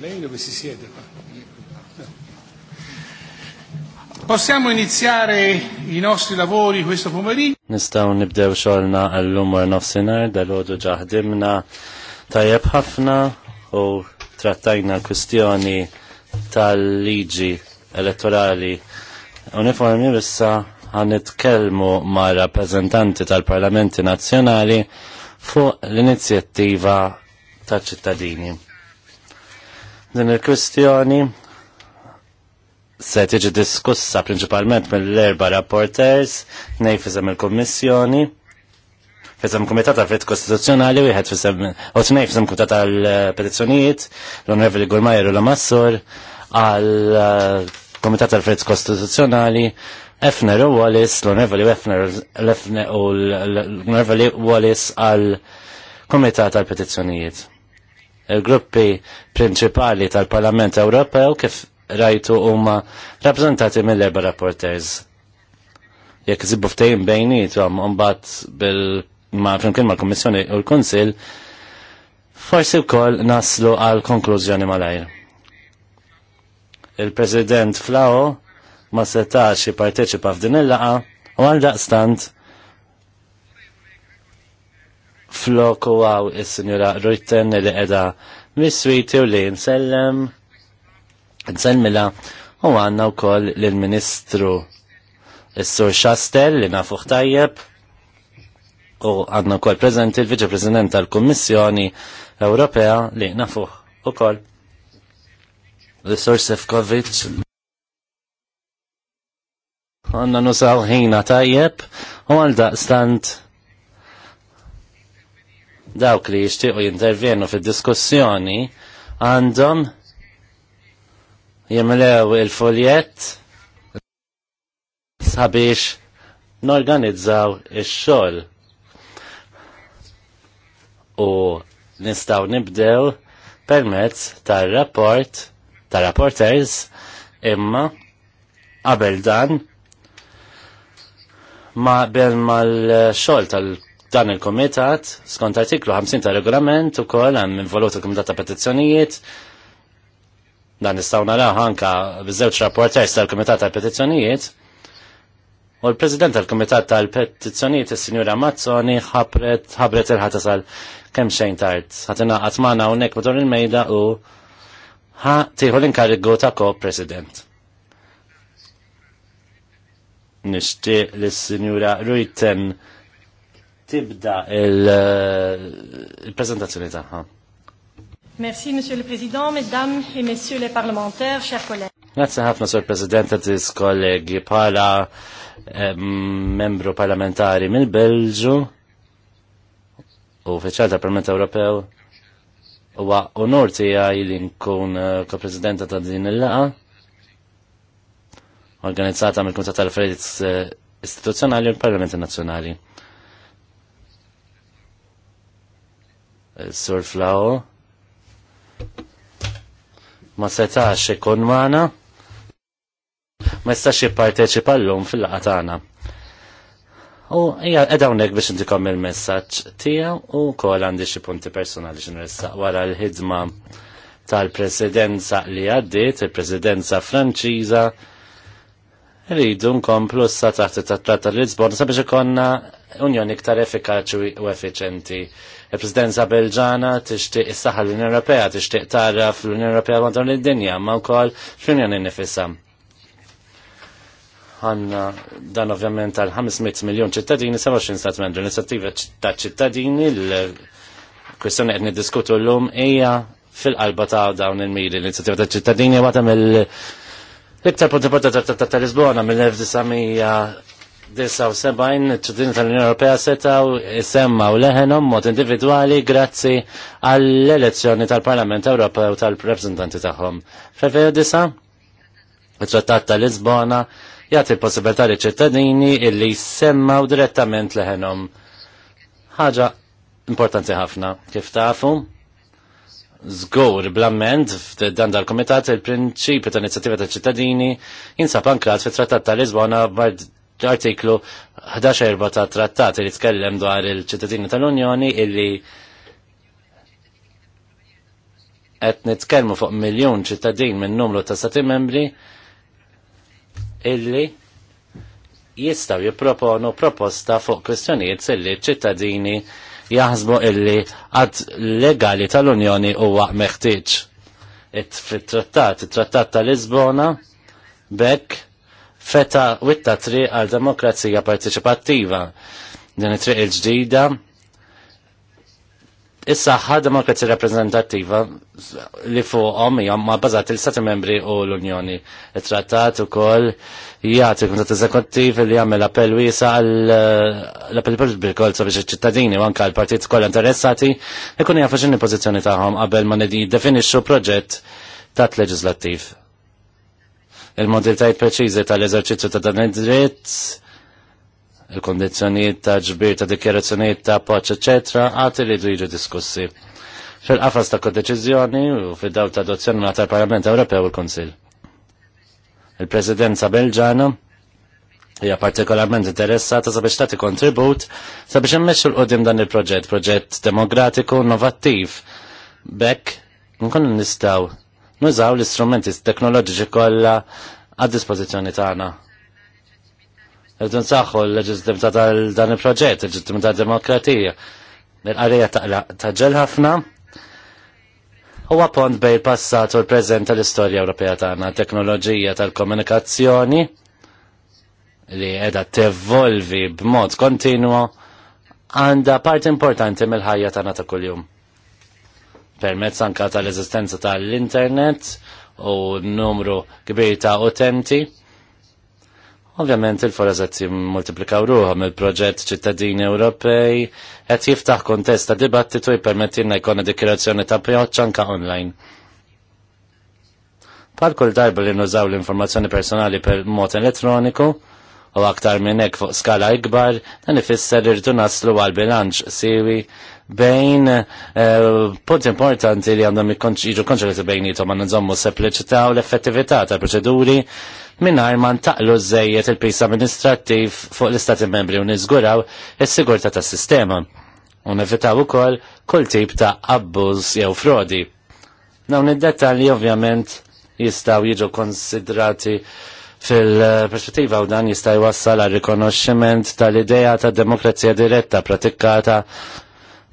Lei dove si siede qua? Possiamo iniziare i nostri lavori questo pomeriggio? Nistaw nibdew xolna għallum war nofsinar, dal-ħodu ġaħdimna tajjeb ħafna u trattajna l tal-liġi elettorali uniformi bissa ħanitkelmu ma' rappresentanti tal-parlamenti nazzjonali fuq l-inizjattiva ta' ċittadini Din il-kwistjoni se tiġi diskussa prinċipalment mill-erba rapporters, nej fizem il-kommissjoni, fizem komitat tal-fit kostituzzjonali, wieħed fizem, u t-nej fizem komitat tal-petizzjonijiet, l-onorevoli Gurmajer u l-Amassur, għal komitat tal-fit kostituzzjonali, Efner u Wallis, l-onorevoli Efner u l-onorevoli Wallis għal komitat tal-petizzjonijiet il-gruppi prinċipali tal-Parlament Ewropew kif rajtu huma rappreżentati mill labor rapporters. Jekk zibu ftejn bejnietom mbagħad bil ma flimkien mal kummissjoni u l-Kunsill, forsi wkoll naslu għal konklużjoni malajr. Il-President Flao ma setax jipparteċipa f'din il-laqa u għal daqstant flok għaw il-sinjura Rujten li edha miswiti u li nsellem nsellmila u għanna u koll l-ministru il-sur Xastel li nafu tajjeb u għanna u koll prezenti il-Viċe-President tal-Kommissjoni Ewropea li nafu u koll l-sur Sefkovic għanna nusaw ħina tajjeb u għal daqstant dawk li jixtiequ jintervjenu fi diskussjoni għandhom jimlew il-foljett sabiex norganizzaw ix-xogħol. U nistgħu nibdew permezz tar-rapport tar-rapporters imma qabel dan ma bel mal-xogħol tal- Dan il-komitat, skont artiklu 50 ta' regolament, u koll għem involut il-komitat ta' petizzjonijiet, dan nistaw naraħ anka bizzewċ rapporters tal-komitat ta' petizzjonijiet, U l-President tal-Komitat tal petizzjonijiet il-Sinjura Mazzoni, ħabret il-ħatasal kemm xejn tard. Għatina għatmana unnek matur il-mejda u ħa tiħu l-inkarigu ta' ko-President. Nishti l-Sinjura Rujten, tibda eh, il-prezentazzjoni tagħha. Merci, Monsieur le Président, Mesdames et Messieurs les parlementaires, chers collègues. Grazie ħafna, Sur President, tiz kollegi pala eh, membru parlamentari mill-Belġu u feċal ta' Parlament Ewropew. Huwa onor tiegħi li nkun ko-Presidenta eh, ta' din il-laqa organizzata mill-Kuntat tal-Affarijiet Istituzzjonali u l-Parlamenti Nazzjonali. Sir Flau. Ma setax ikun mana. Ma jistax jipparteċipa l-lum fil-laqa tagħna. U hija qed hawnhekk biex intikom il-messaġġ tiegħu u wkoll għandi xi punti personali x'inressaq wara l-ħidma tal-presidenza li għaddiet, il-presidenza franċiża, rridu nkomplu sa taħt it tratta tal-Lisbon sabiex ikonna unjoni iktar effikaċi u effiċenti Il-Presidenza Belġana tixtieq is-saħħa l-Unjoni Ewropea, tixtieq tara fl-Unjoni Ewropea madwar id-dinja, ma wkoll fl-Unjoni nifisha. Għanna dan ovvjament għal 500 miljon ċittadini, 27 stat membri, l-inizjattiva ta' ċittadini, l-kwistjoni qed niddiskutu llum hija fil-qalba ta' dawn il-miri, l-inizjattiva ta' ċittadini għata mill- iktar punti importanti ta' ta' Lisbona mill-1900 79 ċittadini tal-Unjoni Ewropea setaw isemmaw leħenhom mod individwali grazzi għall-elezzjoni tal-Parlament Ewropew tal reprezentanti tagħhom. Fevju disa', it-Trattat tal-Lisbona jagħti l-possibilità li ċittadini illi semmaw direttament leħenhom. Ħaġa importanti ħafna, kif tafu? Zgur, blamment, f'dan dal-komitat, il-prinċipju ta' inizjattiva ta' ċittadini jinsab anklat fit trattat ta' Lisbona l artiklu 11-4 ta' trattat li tkellem dwar il-ċittadini tal-Unjoni illi qed nitkellmu fuq miljun ċittadin minn numru ta' stati membri illi jistaw jipproponu proposta fuq kwestjonijiet illi ċittadini jaħsbu illi għad legali tal-Unjoni huwa meħtieġ. Fit-trattat, it-trattat tal-Lisbona, bekk feta witta tri għal demokrazija partiċipattiva. Din it-triq il-ġdida Is-saħħa demokrazija rappreżentattiva li fuqhom hija ma bażat il-Stati membri u l-Unjoni. It-trattat ukoll jagħti kuntat eżekuttiv li jagħmel appell wiesa għall-appell eh, pubbliku għal sabiex iċ-ċittadini u anke l-partit kollha interessati ikun jafu x'inhi pożizzjoni tagħhom qabel ma jiddefinixxu proġett tat leġislattiv il-modiltajt preċiżi tal-eżerċizzju ta' dan id-dritt, il-kondizjonijiet ta' ġbir ta' dikjerazzjonijiet ta' poċ, eċetera, għad li jiġu diskussi fil-qafas ta' kodeċiżjoni u fid-daw ta' adozzjoni tal-Parlament Ewropew u l-Konsil. Il-Presidenza Belġana hija partikolarment interessata sabiex tagħti kontribut sabiex immexxu l qudiem dan il-proġett, proġett demokratiku innovattiv. Bekk nkun nistgħu nużaw l-istrumenti teknoloġiċi kollha għad dispozizjoni tagħna. Irdu nsaħħu l-leġislatività ta' dan il-proġett, il ta' demokratija. il ta' ġel ħafna, huwa pont bej il-passat u l-preżent tal-istorja Ewropea tagħna, teknoloġija tal-komunikazzjoni li qiegħda tevolvi b'mod kontinwo għandha parti importanti mill-ħajja tagħna ta' kuljum permezz anka tal-eżistenza tal-internet u numru kbir ta' utenti. Ovvjament il-forazzetti multiplikaw ruħom il-proġett ċittadini Ewropej qed jiftaħ kontest ta' dibattitu jipermettinna jkollna dikirazzjoni ta' pjoċ anka online. Bħal kull darba li nużaw l-informazzjoni personali per mod elettroniku u aktar minn hekk fuq skala ikbar dan ifisser irdu naslu għal bilanċ siwi bejn eh, punt importanti li għandhom jiġu konċerti jitom għandhom nżommu sempliċità u l-effettività ta' proċeduri minnar ma ntaqlu żejjed il-pis amministrattiv fuq l-Istati membri u niżguraw is-sigurtà tas-sistema u nevitaw ukoll kull tip ta' abbuż jew frodi. Dawn id-dettalji ovvjament jistgħu jiġu konsidrati fil-perspettiva u dan jista' jwassal għal rikonoxximent tal-idea ta' demokrazija diretta pratikata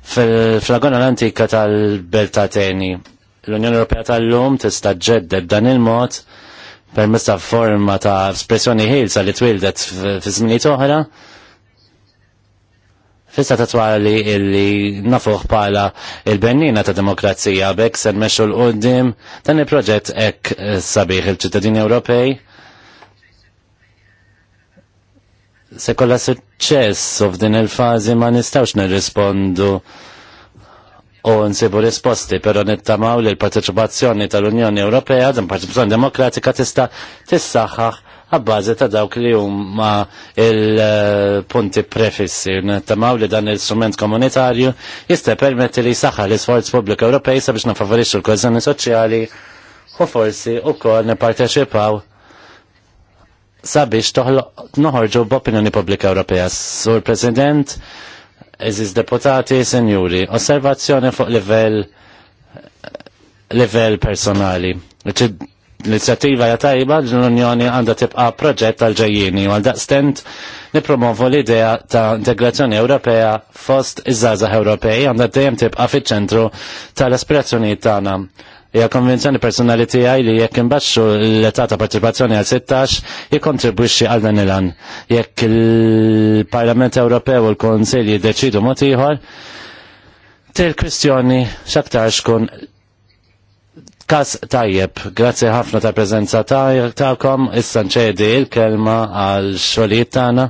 fil-flagona l-antika tal-belt Ateni, teni. L-Unjoni Ewropea tal-lum tista' ġedded dan il-mod permezz ta' forma ta' espressjoni ħilsa li twildet fi żminijiet oħra. Fissa tatwali illi nafuħ pala il-bennina ta' demokrazija bekk se nmexxu l-qoddim dan il-proġett ek eh, sabiħ il-ċittadini Ewropej se kolla suċċess of f'din il-fazi ma nistawx nirrispondu u nsibu risposti, pero nittamaw li l-parteċipazzjoni tal-Unjoni Ewropea, din parteċipazzjoni demokratika tista tissaħħaħ għabbażi ta' dawk li huma il-punti prefissi. Nittamaw li dan l-istrument komunitarju jista' permetti li saħħa l-isforz pubbliku Ewropej sabiex nafavorixxu l-kozzjoni soċjali u forsi wkoll nipparteċipaw sabiex toħloq noħorġu b'opinjoni pubblika Ewropea. Sur President, eżis deputati, senjuri, osservazzjoni fuq livell livell personali. L-inizjattiva ja tajba l-Unjoni għandha tibqa' proġett għal ġajjini u daqstent nipromovu l-idea ta' integrazzjoni Ewropea fost iż żazah Ewropej għandha dejjem tibqa' fiċ-ċentru tal-aspirazzjonijiet tagħna Ja konvenzjoni personali tiegħi li jekk imbaxxu l-età ta' partipazzjoni għal 16 jikkontribwixxi għal dan il-għan. Jekk il-Parlament Ewropew u l-Konsilj jiddeċidu mod ieħor, til kwistjoni x'aktar xkun kas tajjeb. Grazzi ħafna ta' preżenza ta'kom, issa nċedi l kelma għal xogħlijiet tagħna.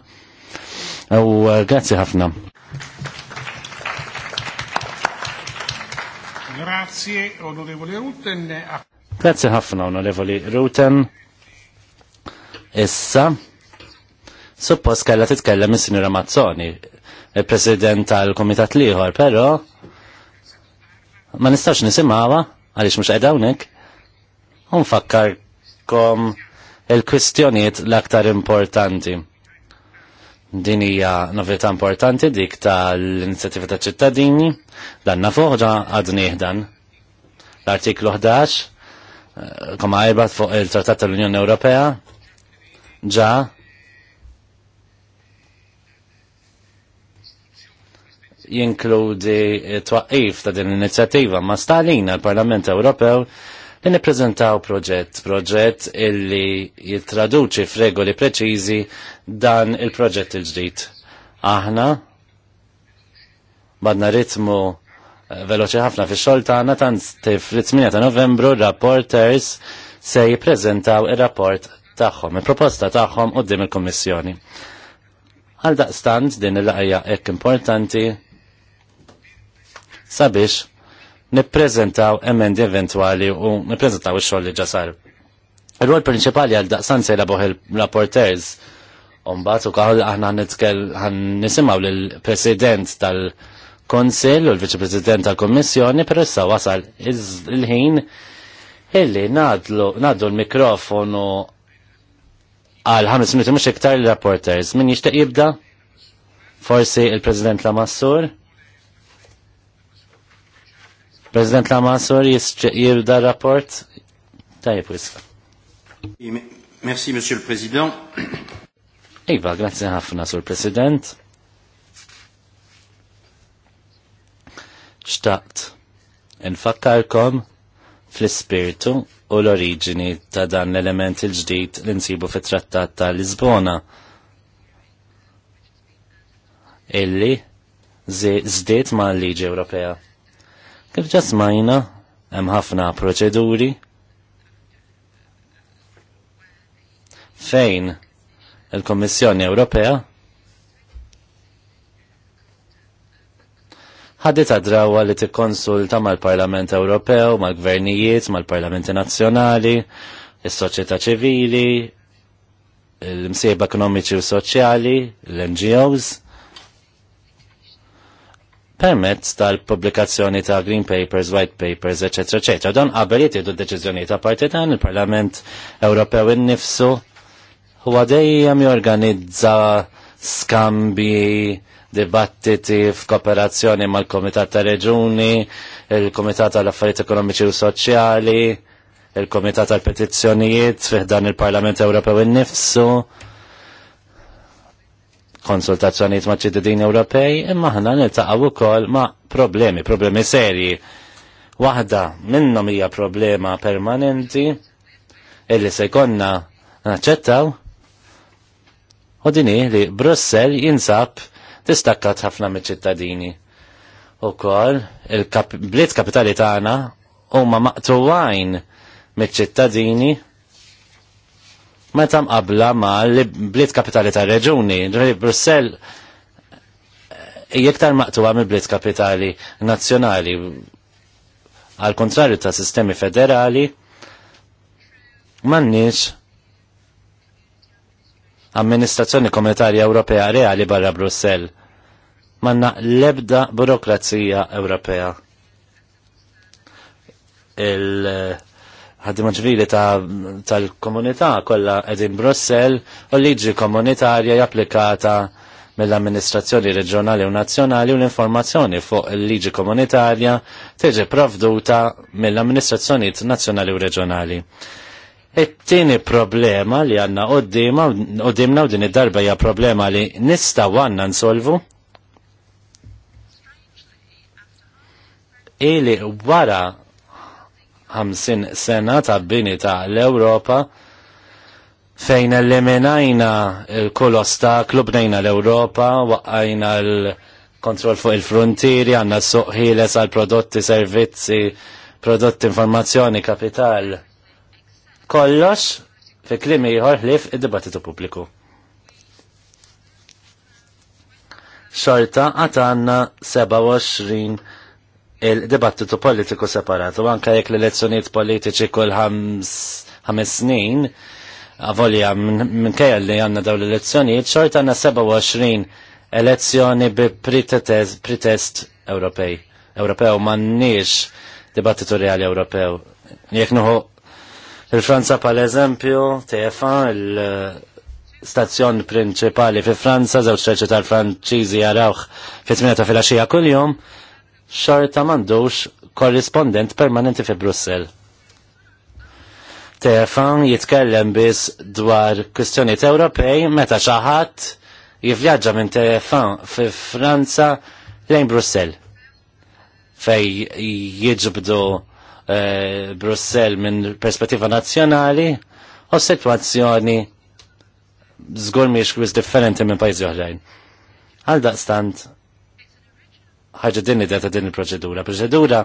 U eh, grazzi ħafna. Grazie, onorevole Rutten. Grazie ħafna, onorevoli Ruten. Issa, suppost kella titkellem is-Sinjura Mazzoni, il-President tal-Komitat liħor, però ma nistax nisimawa, għaliex mhux qed hawnhekk. U nfakkarkom il-kwistjonijiet l-aktar importanti. Din hija novità importanti dik tal-inizjattiva ta' ċittadini, dan għanna foħġa għad nieħdan. L-artiklu 11 eh, koma għajbat fuq il-Trattat tal-Unjoni Ewropea ġa jinkludi twaqif ta' din l-inizjattiva ma' stalina l-Parlament Ewropew li nippreżentaw proġett, proġett illi jittraduċi f'regoli preċiżi dan il-proġett il-ġdid. Aħna badna ritmu veloċi ħafna fi xol tagħna tant fl-8 ta' Novembru rapporters se jippreżentaw ir-rapport tagħhom, il-proposta tagħhom qudiem il-Kummissjoni. Għal daqstant din il-laqja hekk importanti sabiex nippreżentaw emendi eventwali u nippreżentaw ix xol li ġasar. Il-rol prinċipali għal daqstant se jilabuħ il-rapporters Umbat u kħal aħna nitkell għan nisimaw l-president tal- konsil u l-Viċi-President tal-Kommissjoni, pero issa wasal il-ħin illi naddu l-mikrofonu għal 5 minuti mux iktar l-rapporters. Min jishtaq jibda? Forsi il-President Lamassur? President Lamassur jishtaq jibda rapport? Tajib wisa. Merci, Monsieur le President. Iva, grazie ħafna, Sur President. xtaqt infakkarkom fl-ispirtu u l-oriġini ta' dan l-element il-ġdid li nsibu fit-trattat ta' Lisbona illi zdiet ma' l-liġi Ewropea. Kif ġasmajna, hemm ħafna proċeduri fejn il-Kommissjoni Ewropea ħadet drawa li tikkonsulta mal-Parlament Ewropew, mal-Gvernijiet, mal-Parlamenti Nazzjonali, is-soċjetà ċivili, l msieba ekonomiċi u soċjali, l-NGOs, permezz tal-pubblikazzjoni ta' green papers, white papers, ecc. ecc. Don qabel jitidu d-deċizjoni ta' partitan il-Parlament Ewropew innifsu huwa dejjem jorganizza skambi dibattiti f'kooperazzjoni mal-Komitat ta' Reġuni, il-Komitat tal-Affarijiet Ekonomiċi u Soċjali, il-Komitat tal-Petizzjonijiet fih dan il-Parlament Ewropew innifsu, konsultazzjonijiet ma' ċittadini Ewropej, imma ħna niltaqgħu wkoll ma' problemi, problemi serji. Waħda minnhom hija problema permanenti illi se jkollna naċċettaw u dini li Brussel jinsab Tistakkat ħafna mill-ċittadini. Ukoll il-bliet kapitali tagħna huma maqtuwajn mill-ċittadini meta mqabla ma l-bliet kapitali tar-reġuni. Brussell eh, jektar maqtuwa mill bliet kapitali nazzjonali għal kontrarju ta' sistemi federali mannix amministrazzjoni komunitarja Ewropea reali barra Brussell. Manna lebda burokrazija Ewropea. Il- ħaddim ġvili tal-komunità ta kolla edin Brussel u liġi komunitarja japplikata mill-amministrazzjoni reġjonali u nazzjonali u l-informazzjoni fuq il-liġi komunitarja tiġi provduta mill-amministrazzjoni nazzjonali u reġjonali. It-tieni problema li għanna qoddimna u din id-darba hija problema li nista' għanna nsolvu. Ili wara 50 sena ta' bini ta' l-Ewropa fejn eliminajna il-kull ostaklu bnejna l-Ewropa, waqqajna l-kontroll fuq il-frontieri, għanna suqħiles għal prodotti, servizzi, prodotti, informazzjoni, kapital kollox fi klim ieħor ħlief id-dibattitu pubbliku. Xorta għad għandna 27 il-dibattitu politiku separatu, anka jekk l-elezzjonijiet politiċi kull ħames snin, avolja kajal li għandna dawn l-elezzjonijiet, xorta għandna 27 elezzjoni bi pretest Ewropej. Ewropew m'għandniex dibattitu reali Ewropew. Jek nuhu Il-Franza pal eżempju, tefa il-stazzjon prinċipali fi Franza, żewġ reċi tal-Franċiżi jarawh fit mina ta' filgħaxija kuljum, xorta m'għandux korrispondent permanenti fi Brussell. Tefa jitkellem biss dwar kwistjoniet Ewropej meta xaħat ħadd jivvjaġġa minn Tefa fi Franza lejn Brussell fej jiġbdu Eh, Brussel Brussell minn perspettiva nazzjonali u situazzjoni żgur miex kwiż differenti minn pajjiżi oħrajn. Għal daqstant ħagġa din id din il-proċedura. Proċedura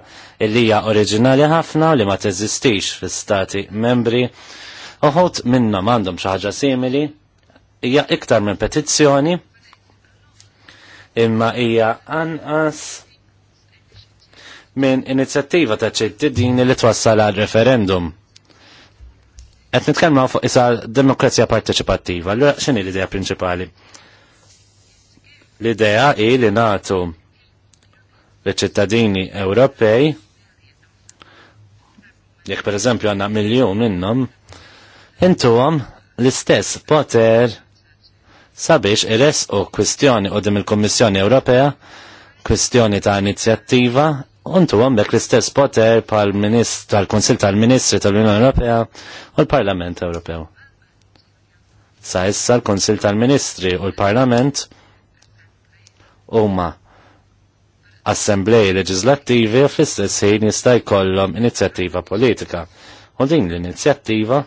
illi hija oriġinali ħafna li ma teżistix fl-stati membri. Uħut minnhom għandhom xi ħaġa simili hija iktar minn petizzjoni imma hija anqas minn inizjattiva ta' ċittadin li twassal għal referendum. Qed nitkellmu fuq isa demokrazija parteċipattiva. Allura x'inhi l-idea prinċipali? L-idea hi li nagħtu l-ċittadini Ewropej jekk pereżempju għandna miljun minnhom, intuhom l-istess poter sabiex ires u kwistjoni u dim il-Kommissjoni Ewropea, kwistjoni ta' inizjattiva Untu għambek l-istess poter pal-Ministru tal-Konsil tal-Ministri tal-Unjoni Ewropea u l-Parlament Ewropew. Sa issa l-Konsil tal-Ministri u l-Parlament huma assembleji leġislattivi fl-istess ħin jista' jkollhom inizjattiva politika. U din l-inizjattiva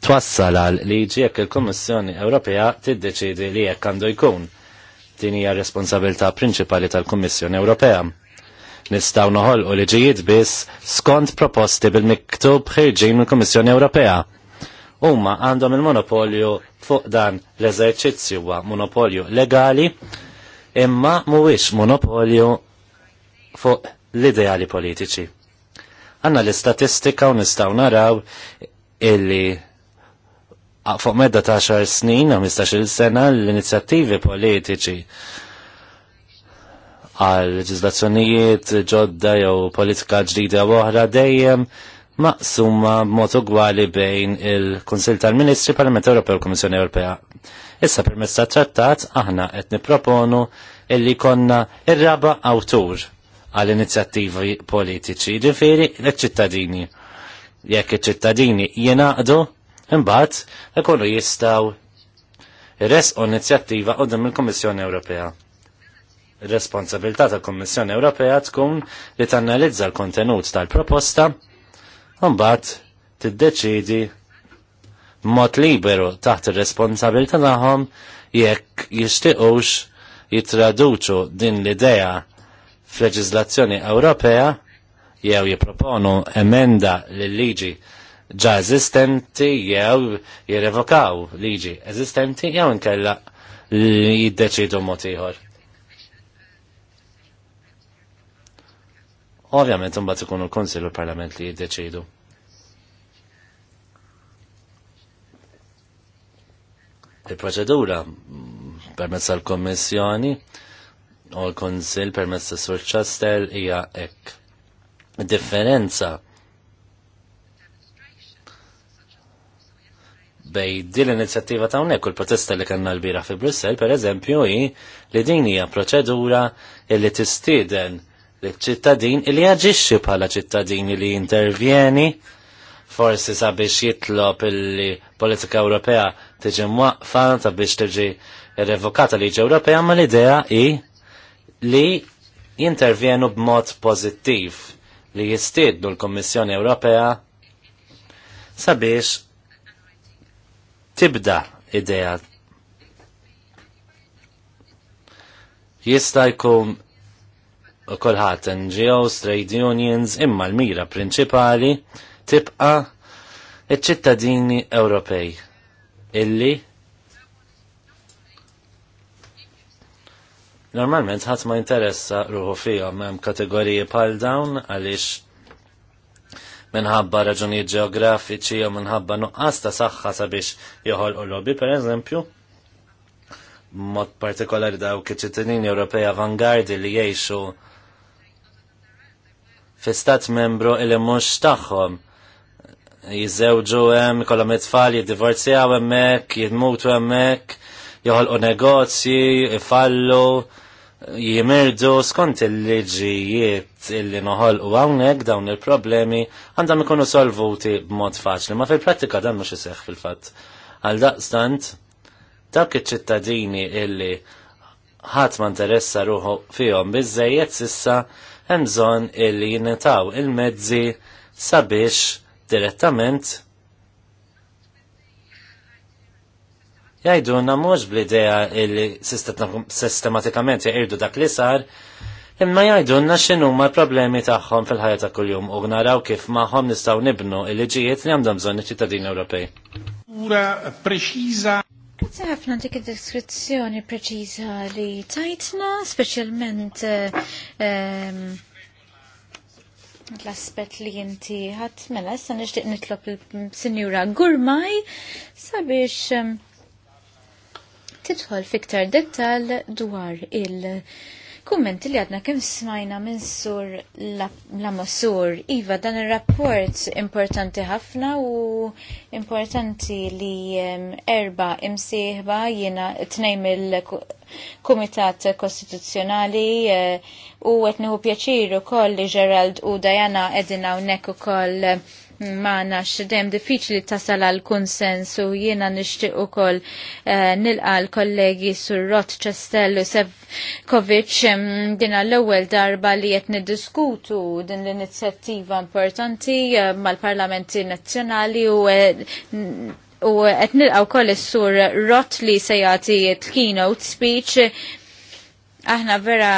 twassal għal liġi jekk il-Kummissjoni Ewropea tiddeċidi li jekk għandu jkun Din hija responsabilità prinċipali tal-Kummissjoni Ewropea. Nistgħu noħolqu liġijiet biss skont proposti bil-miktub ħirġin mill-Kummissjoni Ewropea. Huma għandhom il-monopolju fuq dan l-eżerċizzju huwa monopolju legali imma mhuwiex monopolju fuq l-ideali politiċi. Għanna l-istatistika u nistaw naraw illi fuq medda ta' xar snin, 15 sena, l-inizjattivi politiċi għal leġizlazzjonijiet ġodda jew politika ġdida oħra dejjem maqsuma b'mod ugwali bejn il kunsill tal-Ministri Parlament Ewropew u Kummissjoni Ewropea. Issa permezz ta' trattat aħna qed nipproponu illi konna ir-raba awtur għal inizjattivi politiċi, ġifieri l-ċittadini. Jekk iċ-ċittadini jenaqdu Imbagħad ikollu jistgħu resqu inizjattiva qudiem il-Kummissjoni Ewropea. Responsabilità tal-Kummissjoni Ewropea tkun li tanalizza l-kontenut tal-proposta u mbagħad tiddeċidi mod liberu taħt ir-responsabilità tagħhom jekk jixtiequx jitraduċu din l-idea f'leġiżlazzjoni Ewropea jew jipproponu emenda lill-liġi ġa eżistenti jew jirrevokaw liġi eżistenti jew nkella li jiddeċidu mod ieħor. Ovvjament imbagħad ikun l-Kunsill u l-Parlament li jiddeċidu. Il-proċedura permezz tal-Kommissjoni u l-Kunsill permezz tas-Sur Chastel hija hekk. Differenza bej din l-inizjattiva ta' unnek u l-protesta li kanna l-bira fi Brussel, per eżempju, li din hija proċedura li tistieden li ċittadin li jaġixxi bħala ċittadin li intervjeni forsi sabiex jitlob il-politika Ewropea tiġi mwaqfa sabiex tiġi revokata liġi Ewropea ma l-idea i li jintervjenu b'mod pozittiv li jistidnu l-Kommissjoni Ewropea sabiex tibda ideja jista' jkun kolħat NGOs, trade unions, imma l-mira prinċipali tibqa iċ-ċittadini Ewropej illi normalment ħadd ma interessa ruħu fihom hemm kategoriji bħal dawn għaliex minħabba raġunijiet ġeografiċi u minħabba nuqqas ta' saħħa sabiex joħolqu lobby, per eżempju, mod partikolari dawk iċ-ċittadini Ewropej avangardi li jgħixu fi stat membru illi mhux tagħhom Jiżewġu hemm, kollhom it-tfal jiddivorzjaw hemmhekk, jidmutu hemmhekk, joħolqu negozji, ifallu, jimerdu skont il-liġijiet illi noħol u għawnek dawn il-problemi għandhom ikunu solvuti b'mod faċli, ma fil-prattika dan mux iseħ fil-fat. Għal daqstant, dak iċ-ċittadini illi ħadd ma interessa ruħu fihom biżejjed sissa hemm bżonn illi jinetaw il-mezzi sabiex direttament jajdu mux bl-idea illi sistematikament jgħirdu dak li sar, imma jajdunna xinu ma problemi taħħom fil-ħajja ta' kuljum u naraw kif maħħom nistaw nibnu il-liġijiet li għandhom zonni ċittadini Ewropej. Ura preċiza. Grazie ħafna dik id-deskrizzjoni preċiża li tajtna, speċjalment eh, ehm, l-aspet li jinti ħadd mela s nixtieq nitlob il-Sinjura Gurmaj sabiex ehm, tidħol fiktar dettal dwar il- Kumment li għadna kem smajna minn sur la, la Mosur, Iva, dan il-rapport importanti ħafna u importanti li um, erba imsieħba jena tnejn mill-Kumitat Kostituzzjonali uh, u għetniħu pjaċiru koll li Gerald u Dajana edina u u koll uh, maħna xedem diffiċli tasal għal konsens eh, u jiena nishtiq u koll nilqa l-kollegi sur Rot Cestellu Sevkovic dina l-ewel darba li jett diskutu din l-inizjattiva importanti eh, mal-parlamenti nazzjonali u eh, u qed nilqgħu koll is-sur Rot li se jagħti keynote speech aħna vera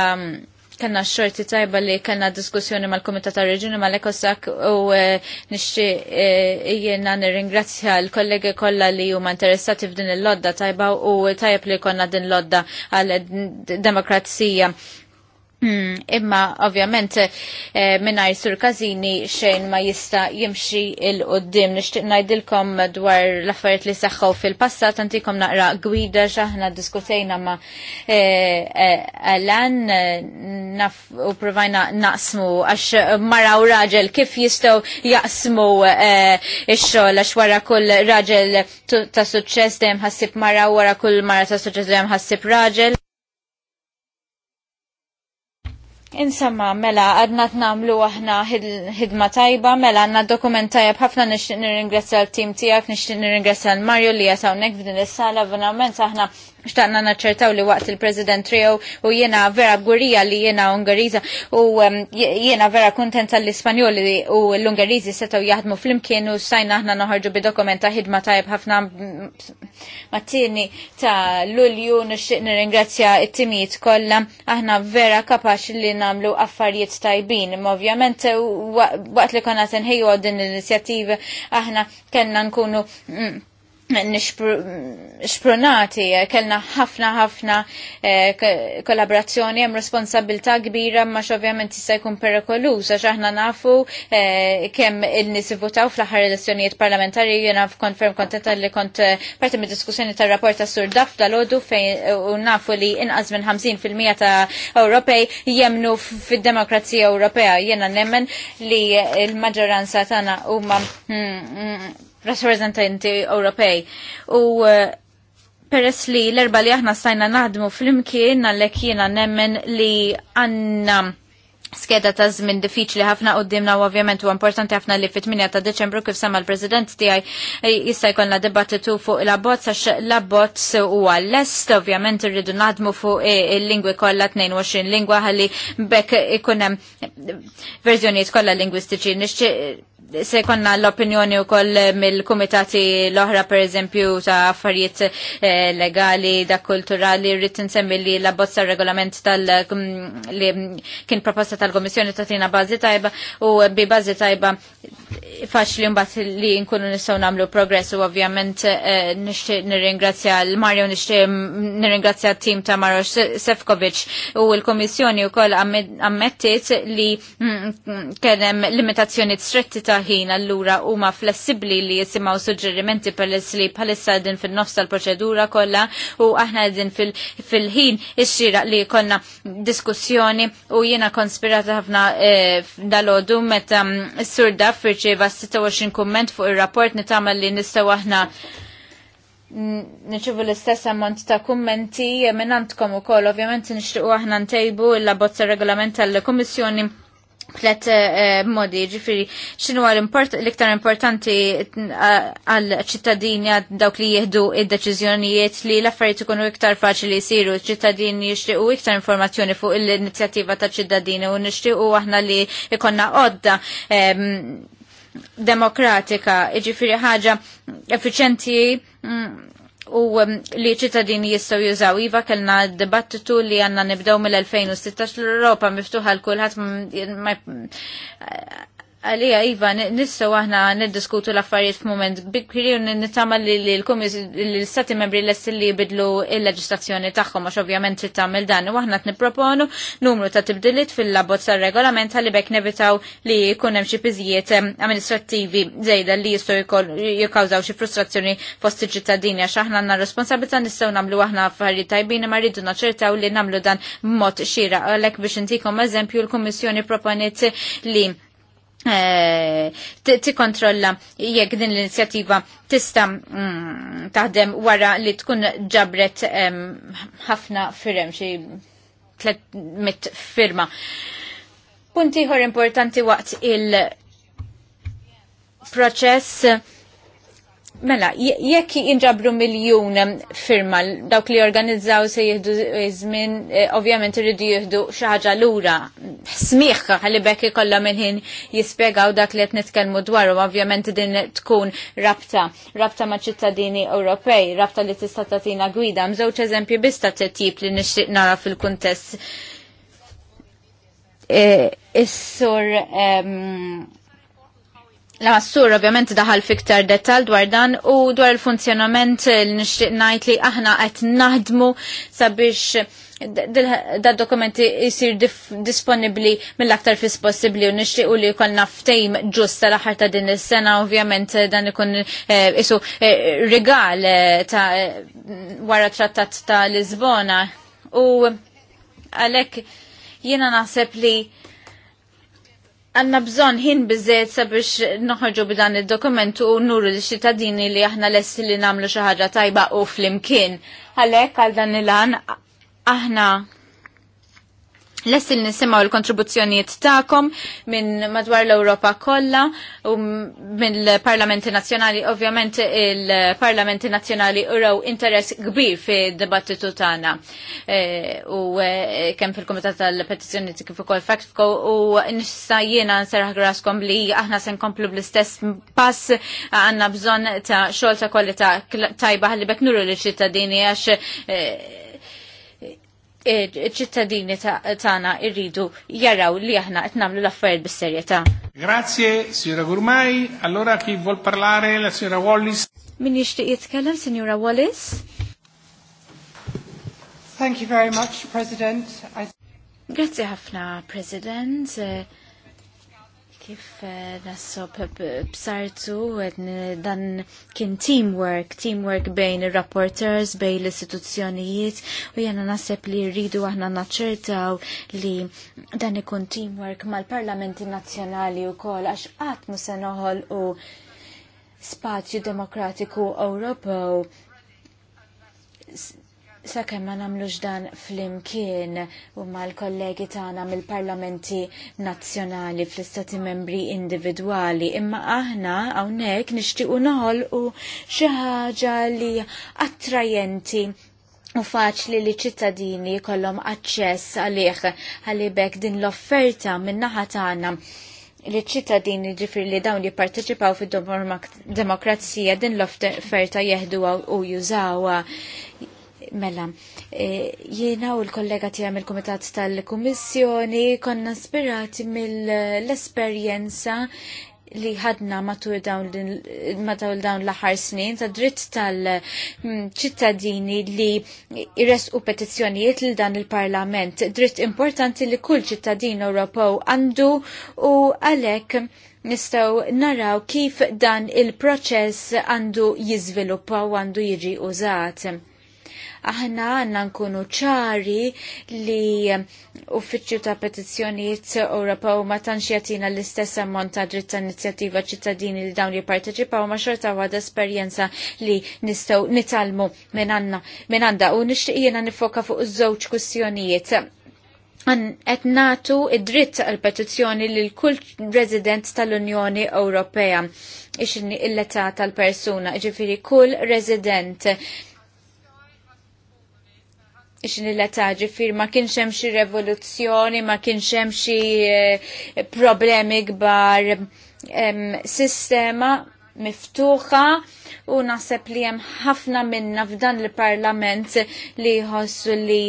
kanna xorti tajba li kanna diskussjoni mal-Komitat Reġuni l ekosak u eh, nixxi eh, jiena nirringrazzja l-kollegi kollha li huma interessati f'din il-lodda tajba u tajb li konna din lodda għal demokrazija Hmm, imma ovvjament eh, minnaj sur kazini xejn ma jista jimxi il-qoddim. Nishtiq najdilkom dwar l-affariet li saħħaw fil-passat, antikom naqra gwida xaħna diskutejna ma għalan eh, eh, Alan eh, naf u provajna naqsmu għax u raġel kif jistaw jaqsmu ix-xogħol għax wara kull raġel ta' suċċess dejjem ħassib mara wara kull mara ta' suċċess dejjem ħassib raġel. Insamma, mela, għadna t-namlu għahna ħidma tajba, mela, għanna dokument tajab ħafna nishtiq nir-ingressa l team tijak, nishtiq nir-ingressa l-Mario li jatawnek f'din is-sala, verament aħna xtaqna naċċertaw li waqt il-President Trio u jiena vera gurija li jiena Ungariza u um, jiena vera kontenta l-Ispanjoli u l-Ungarizi setaw jaħdmu fl-imkien u sajna aħna noħarġu bi dokumenta ħidma tajb ħafna mattini ta' Lulju nixtieq nirringrazzja it-timijiet kollha aħna vera kapax li namlu affarijiet tajbin. ovvjament eh, waqt li konna tenħiju din l-inizjattiva aħna kellna nkunu mm, xprunati, eh, kellna ħafna ħafna eh, kollaborazzjoni, hemm responsabilta kbira ma ovvjament tista' jkun perikolus, għax aħna nafu eh, kemm il-nies votaw fl-aħħar elezzjonijiet parlamentari, jiena konferm kontenta li kont parti mid diskussjoni tar-rapport ta' Sur Daf dal odu fejn u nafu li inqas minn 50% ta' Ewropej jemnu fid-demokrazija Ewropea. Jiena nemmen li l-maġġoranza tagħna huma hmm, hmm, rappresentanti Ewropej. U eh, peress li l-erba li aħna stajna naħdmu fl-imkien għallek jiena nemmen li għanna skeda ta' żmien diffiċli ħafna qudiemna u ovvjament u importanti ħafna li fit-8 ta' Deċembru kif sema l-President tiegħi eh, jista' jkollna dibattitu fuq l-abbozz għax l-abbozz huwa lest ovvjament irridu naħdmu fuq eh, il-lingwi kollha 22 lingwa ħalli bekk ikun hemm verżjonijiet kollha lingwistiċi se konna l-opinjoni u koll mill-komitati l-oħra per eżempju ta' affarijiet eh, legali da' kulturali rrit nsemmi li la bozza regolament tal li kien proposta tal-komissjoni ta' tina bazi tajba u bi bazi tajba faċli mbagħad li nkunu nistgħu nagħmlu progress u ovvjament eh, nixtieq nirringrazzja l-Mario nixtieq nirringrazzja t-tim ta' Maro Sefkovic u l-Komissjoni wkoll ammettit li mm, mm, kien hemm limitazzjoni stretti ta' ħin allura huma flessibbli li jisimgħu suġġerimenti l li bħalissa din fin-nofs tal-proċedura kollha u aħna din fil-ħin ix-xira li konna diskussjoni u jiena konspirata ħafna eh, dal-għodu meta s-surda mm, firċeva 26 kumment fuq ir-rapport nitgħamel li nistgħu aħna mm, nċivu l-istess ammont ta' kummenti eh, minn għandkom u kol, ovvjament nishtiqu aħna ntejbu il-labbozza regolament tal-Komissjoni Flet eh, eh, modi, ġifiri, xinu għal l-iktar importanti eh, għal ċittadini għad dawk li jihdu id-deċizjonijiet li l-affarijiet ikunu iktar faċli jisiru, ċittadini jixtiqu iktar informazzjoni fuq l-inizjattiva ta' ċittadini u nixtiqu aħna li ikonna għodda demokratika, ġifiri ħaġa efficienti mm, u um, li ċittadini jistaw jużaw. Iva kellna dibattitu li għanna nibdew mill-2016 l-Europa miftuħa l-kulħat mm, Għalija, Iva, nistaw aħna niddiskutu l-affarijiet f'moment bikri u nittama li l-Stati membri l essi li bidlu il-leġislazzjoni tagħhom għax ovvjament trid tagħmel dan u aħna nipproponu numru ta' tibdiliet fil labot sa' regolament għalli bek nevitaw li jkun hemm xi amministrativi amministrattivi żejda li jistgħu jikkawżaw xi frustrazzjoni fost iċ-ċittadini għax aħna għandna responsabilità nistgħu nagħmlu aħna affarijiet tajbin ma rridu naċċertaw li nagħmlu dan mod xieraq għalhekk biex intikom eżempju l-Kummissjoni proponiet li Eh, tikkontrolla jekk din l-inizjattiva tista mm, taħdem wara li tkun ġabret ħafna firem xi 300 firma. Punti ħor importanti waqt il-proċess Mela, jekk jinġabru miljun firma dawk li organizzaw se jihdu żmien, eh, ovvjament irridu jihdu xi ħaġa lura. Smieħ ħalli bekk ikollha minn ħin jispjegaw dak li qed nitkellmu dwaru, ovvjament din tkun rabta, rabta ma' ċittadini Ewropej, rabta li tista' tagħtina gwida. Mżewġ eżempju bista tip li nixtieq nara fil-kuntest. Eh, is-sur L-Assur ovvjament daħal fiktar dettal dwar dan u dwar il-funzjonament l-nixtieq eh, ngħid li aħna qed naħdmu sabiex da dokumenti jisir disponibli mill-aktar fis possibbli u nixtiequ li jkollna ftejm ġust tal-aħħar ta' din is-sena ovvjament eh, dan ikun eh, isu rigal ta' wara trattat ta' Lisbona u għalhekk jiena naħseb li għanna bżon ħin bizzejt sabiex noħħġu b'dan il dokumentu u nuru li xittadini li aħna lessi li namlu xaħġa tajba u flimkien. Għalek għal dan il-għan aħna Lessil nisimaw il-kontribuzzjonijiet ta'kom minn madwar l-Europa kollha u mill parlamenti Nazzjonali. Ovvjament il-Parlamenti Nazzjonali uraw interess kbir fi dibattitu tagħna. E, u e, kemm fil-Kumitat tal-Petizzjoni kif ukoll Factco u nista' jiena nserħ graskom li aħna se nkomplu bl-istess pass għandna bżonn ta' xogħol ta' kwalità tajba ħalli bekk nuru l-ċittadini għax e, ċittadini tagħna irridu jaraw li aħna qed nagħmlu l-affarijiet bis-serjetà. Grazie, signora Gurmai. Allora chi vuol parlare la signora Wallis? Min jixtieq jitkellem, signora Wallis? Thank you very much, President. I... Grazie ħafna, President. Uh, kif eh, nassob b'sartu dan kien teamwork, teamwork bejn il-rapporters, bejn l-istituzzjonijiet u jena nasib li rridu aħna naċċertaw li dan ikun teamwork mal-parlamenti nazzjonali u kol għax qatt mu se noħol u spazju demokratiku Ewropew sakemm ma nagħmlux dan flimkien u mal-kollegi tagħna mill-parlamenti nazzjonali fl-istati membri individwali, imma aħna hawnhekk nixtiequ noħolqu xi ħaġa li attrajenti u faċli li ċittadini kollhom aċċess għalih għalibek din l-offerta min-naħa tagħna li ċittadini ġifir li dawn li parteċipaw fid demokrazija din l-offerta jihdu u jużawa Mela, e, jiena u l-kollega tiegħi il kumitat tal-Kummissjoni konna spirati mill-esperjenza li ħadna matul dawn l-aħħar snin ta' dritt tal-ċittadini li jresqu petizzjonijiet lil dan il-Parlament. Dritt importanti li kull ċittadin Ewropew għandu u għalhekk nistaw naraw kif dan il-proċess għandu jizviluppa u għandu jiġi użat aħna għanna nkunu ċari li uffiċċju ta' petizzjonijiet u ma tantx jagħtina l-istess ammont ta' dritt ta' inizjattiva ċittadini li dawn jipparteċipaw ma xorta waħda esperjenza li nistgħu nitalmu minn minn għandha u nixtieq jiena nifoka fuq żewġ kwistjonijiet qed natu id-dritt għal petizzjoni lil kull resident tal-Unjoni Ewropea ix il-età tal-persuna, ġifiri kull resident xin il-leta ġifir ma kienx hemm xi revoluzzjoni, ma kienx hemm xi eh, problemi kbar sistema miftuħa u naħseb li hemm ħafna minna f'dan il-parlament li jħossu li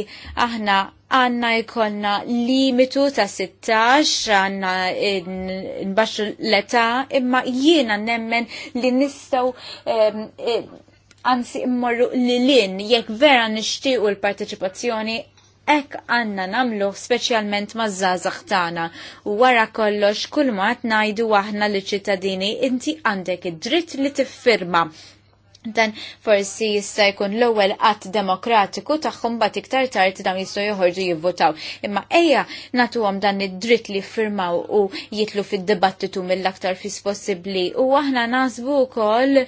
aħna għanna jkollna limitu ta' 16 għanna nbaxxu l-età imma jiena nemmen li nistaw um, anzi immorru li l-in jekk vera nixtiequ l-parteċipazzjoni ek għanna namlu specialment maż zaħtana tagħna u wara kollox kull ma qed ngħidu aħna li ċittadini inti għandek id-dritt li tiffirma Dan forsi jista' jkun l-ewwel qatt demokratiku tagħhom bat iktar tard dawn jistgħu joħorġu jivvotaw. Imma ejja nagħtuhom dan id-dritt li firmaw u jitlu fid-dibattitu mill-aktar fis possibbli. U aħna nasbu wkoll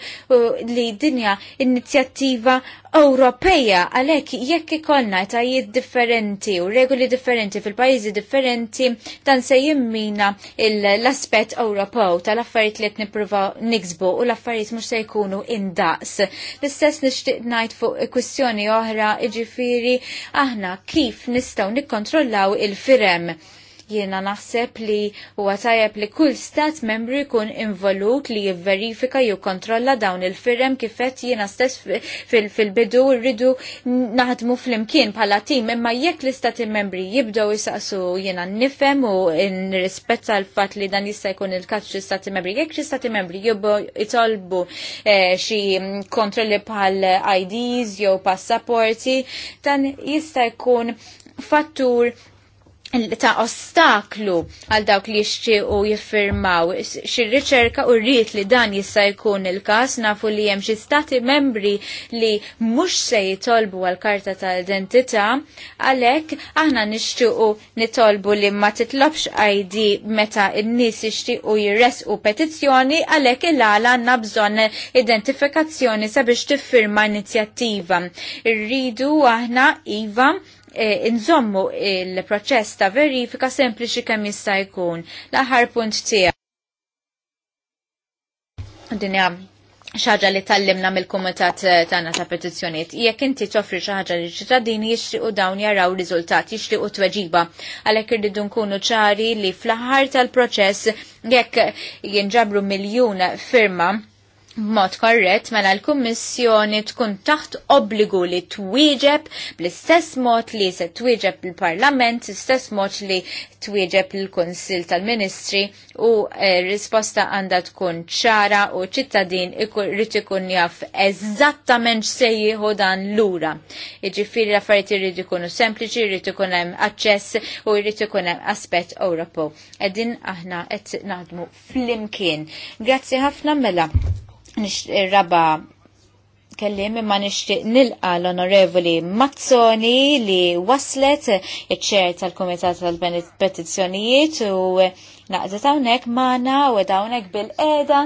li dinja inizjattiva Ewropeja għalhekk jekk ikollna tajiet differenti u regoli differenti fil-pajjiżi differenti dan se jimmina l-aspett Ewropew tal-affarijiet li qed nippruvaw niksbu u l-affarijiet mhux se jkunu indaqs indaqs. L-istess nixtieq ngħid fuq kwistjoni oħra, jiġifieri aħna kif nistgħu nikkontrollaw il-firem. Jiena naħseb li huwa tajjeb li kull stat membri jkun involut li jivverifika jew kontrolla dawn il-firem kifet jiena stess fil-bidu rridu naħdmu fl-imkien bħala tim imma jekk l-istati membri jibdew jisaqsu jiena nifhem u nrispetta l-fatt li dan jista' jkun il-każ xi stati membri. Jekk xi stati membri jibgħu jitolbu eh, xi kontrolli bħal IDs jew passaporti dan jista' jkun fattur ta' ostaklu għal dawk li jixtiequ jiffirmaw. xi riċerka u rrit li dan jista' jkun il-każ nafu li hemm xi stati membri li mhux se jitolbu għal karta ta' identità, għalhekk aħna nixtiequ nitolbu li ma titlobx ID meta n-nies jixtiequ jirresqu petizzjoni għalhekk il-għala għandna bżonn identifikazzjoni sabiex tiffirma inizjattiva. Irridu aħna iva E, inżommu il-proċess ta' verifika sempliċi kemm jista' jkun. L-aħħar punt tiegħek. Dinja xaġa li tallimna mill-Kumitat eh, tagħna ta' petizzjoniet. Jekk inti toffri xi ħaġa li ċittadini jixtiequ dawn jaraw riżultat, jixtiequ tweġiba. Għalhekk irridu nkunu ċari li fl-aħħar tal-proċess jekk jinġabru miljun firma mod korret mela l-Kummissjoni tkun taħt obbligu li twieġeb bl-istess mod li se twieġeb il parlament istess mod li twieġeb il kunsil tal-Ministri u eh, risposta għandha tkun ċara u ċittadin irid ikun jaf eżattament se jieħu dan lura. Jiġifieri l-affarijiet irid ikunu sempliċi, irid ikun hemm aċċess u jrid ikun hemm aspett Ewropew. Qegħdin aħna qed naħdmu flimkien. Grazzi ħafna mela. Raba kelli imma nixtieq nilqa l-Onorevoli Mazzoni li waslet iċ tal-Kumitat tal-Petizzjonijiet u naqdet hawnhekk magħna u hawnhekk bil-qeda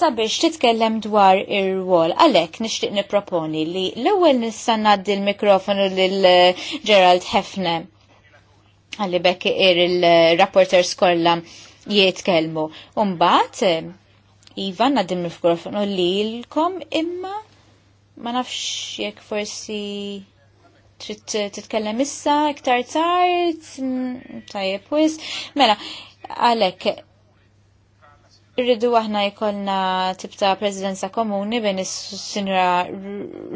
sabiex titkellem dwar ir-rwol. Għalek nixtieq nipproponi li l-ewwel nista' ngħaddi l-mikrofonu lil Gerald Hefne għalli bekk ir il-rapporters kollha jitkellmu. Umbat, Ivan nadim il-mikrofonu lilkom imma ma nafx jekk forsi titkellem issa iktar tard, mm, tajjeb wis. Mela, għalek irridu aħna jkollna tibta prezidenza komuni bejn is-sinra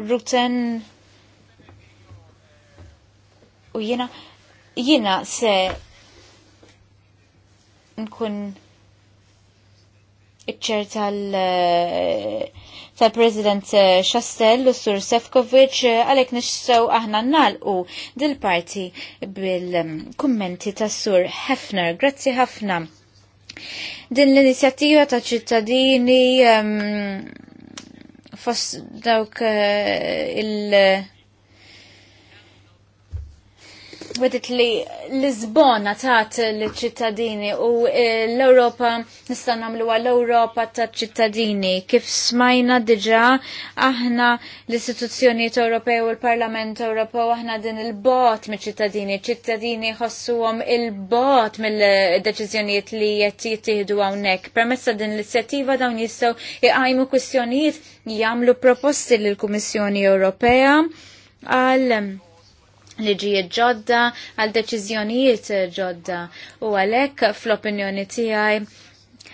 Ruten u jiena jiena se nkun iċ-ċer tal- eh, tal-President eh, Chastel u Sur Sefkovic eh, għalek nixsew aħna nalqu dil-parti bil-kummenti ta' Sur Hefner. Grazzi ħafna. Din l-inizjattiva ta' ċittadini um, dawk uh, il- wedet li Lisbona tat l-ċittadini u eh, l-Europa nistan namlu għall-Europa taħt ċittadini. Kif smajna diġa aħna l-istituzzjonijiet Ewropew u l-Parlament Ewropew aħna din il-bot mill ċittadini ċittadini għom il-bot mill-deċiżjonijiet li qed jittieħdu hawnhekk. Permessa din l-inizjattiva dawn jistgħu iqajmu kwistjonijiet jagħmlu proposti lill-Kummissjoni Ewropea għal liġijiet ġodda għal deċiżjonijiet ġodda u għalhekk fl-opinjoni tiegħi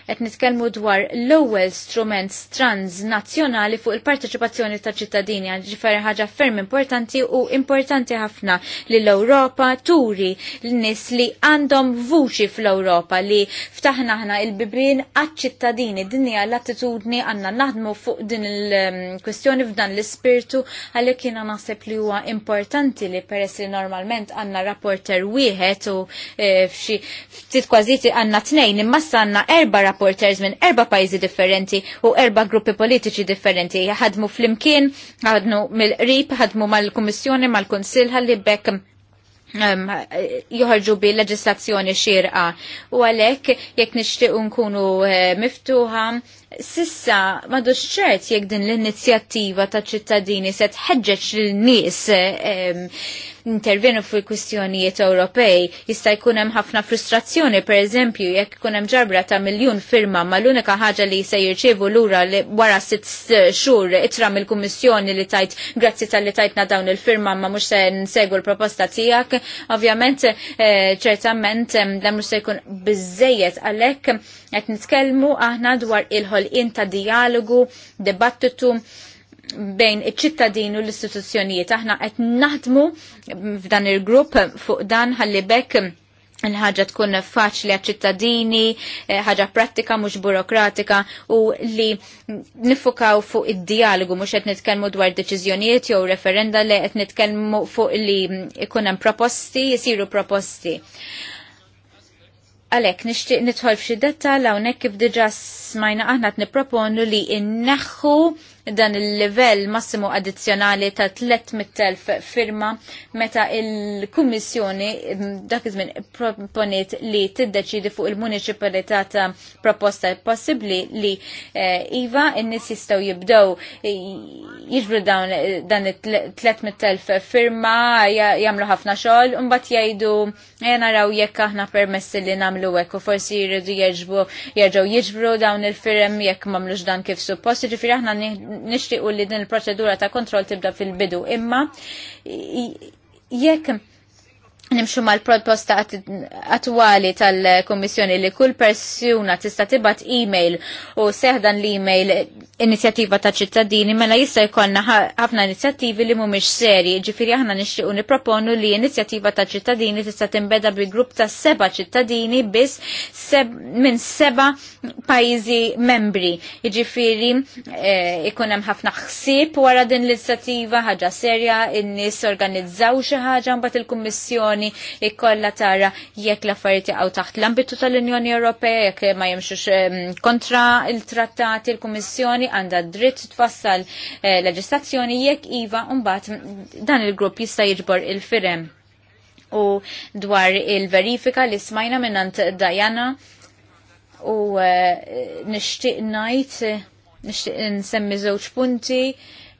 qed nitkellmu dwar l-ewwel strument transnazzjonali fuq il-parteċipazzjoni ta' ċittadini ġifieri ħaġa ferm importanti u importanti ħafna li l-Ewropa turi l-nies li għandhom vuċi fl-Ewropa li ftaħna ħna il-bibrin għaċ-ċittadini din hija l-attitudni għandna naħdmu fuq din il-kwestjoni f'dan l-ispirtu għalhekk jiena naħseb li huwa importanti li peress li normalment għandna rapporter wieħed u eh, f'xi ftit kważiti għandna tnejn imma s erba' rapporters minn erba pajjiżi differenti u erba gruppi politiċi differenti. Ħadmu fl-imkien, ħadnu mill-qrib, ħadmu mal-Kummissjoni, mal-Kunsill, għalli bekk um, joħarġu bi leġislazzjoni xirqa u għalek jekk nixtiequ nkunu uh, miftuħa Sissa, madu xċert jek din l-inizjattiva ta' ċittadini se tħeġġeġ l-nis intervenu fuq kwistjonijiet Ewropej, jista' jkun hemm ħafna frustrazzjoni, per eżempju, jekk ikun hemm ġarbra ta' miljun firma ma l-unika ħaġa li se jirċievu lura li wara sitt eh, xhur itra mill-Kummissjoni li tajt grazzi tal-li tajtna dawn il-firma ma mhux se nsegwu l-proposta tiegħek. Ovvjament, eh, ċertament, dan mhux se jkun biżejjed għalhekk qed nitkellmu aħna dwar il ħol all-in ta' dialogu, debattitu bejn iċ-ċittadin u l-istituzzjonijiet. Aħna qed naħdmu f'dan il-grupp fuq dan ħalli bekk il-ħagġa tkun faċli għal-ċittadini, eh, ħaġa pratika mhux burokratika u li nifukaw fuq id-dialogu mhux qed nitkellmu dwar deċiżjonijiet jew referenda li qed nitkellmu fuq li ikun hemm proposti, jisiru proposti. Għalek, nishtiq nitħol f'xi detta lawnek kif diġa smajna aħna t-niproponu li inneħħu dan il-level massimu addizzjonali ta' 300.000 firma meta il-Kummissjoni mm, dak iż-żmien proponiet li tiddeċidi fuq il-municipalità ta' proposta possibbli li eh, iva in nies jistgħu jibdew eh, jiġbru dawn dan 300.000 firma jagħmlu ħafna xogħol u mbagħad jgħidu eh, raw jekk aħna permessi li nagħmlu hekk u forsi jridu jerġbu jerġgħu jiġbru dawn il-firm jekk m'għamlux dan kif suppost, ġifieri aħna nixtiequ li din il-proċedura ta' kontroll tibda fil-bidu. Imma jekk nimxu mal-proposta attwali tal-Kommissjoni li kull persuna tista' e email u seħdan l-email inizjattiva ta' ċittadini mela jista' jkollna ħafna inizjattivi li mhumiex seri. ġifieri aħna nixtiequ nipproponu li inizjattiva ta' ċittadini tista' tinbeda bi grupp ta' seba' ċittadini biss seb, minn seba' pajjiżi membri. Jiġifieri eh, ikun hemm ħafna ħsieb wara din l-inizjattiva, ħaġa serja, in-nies organizzaw xi ħaġa mbagħad il-Kummissjoni il-Kummissjoni tara jekk l-affarijiet jaqgħu taħt l-ambitu tal-Unjoni Ewropea jekk ma jimxux ehm, kontra il-trattati il-Kummissjoni għandha dritt tfassal eh, leġislazzjoni jekk iva mbagħad dan il-grupp jista' jiġbor il-firem u dwar il-verifika li smajna minnant Dajana u eh, nishtiq najt, nishtiq nsemmi zewċ punti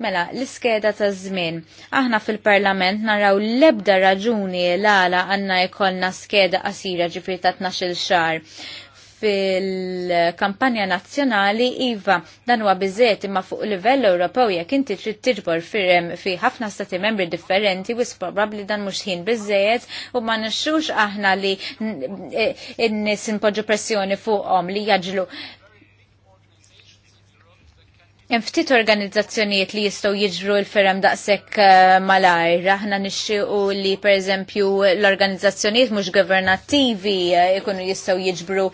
Mela, l-iskeda ta' żmien. Aħna fil-Parlament naraw l-ebda raġuni l-għala għanna jkollna skeda qasira ġifri ta' 12 xar fil-kampanja nazzjonali iva dan huwa biżiet imma fuq livell Ewropew jekk inti trid tiġbor firem fi ħafna stati membri differenti wis probabbli dan mhux ħin biżejjed u ma nixxux aħna li n-nies pressjoni fuqhom li jaġlu Hemm ftit organizzazzjonijiet li jistgħu jiġru l-ferem daqshekk eh, malajr. Aħna nixxiequ li pereżempju l-organizzazzjonijiet mhux governattivi jkunu eh, jistgħu jiġbru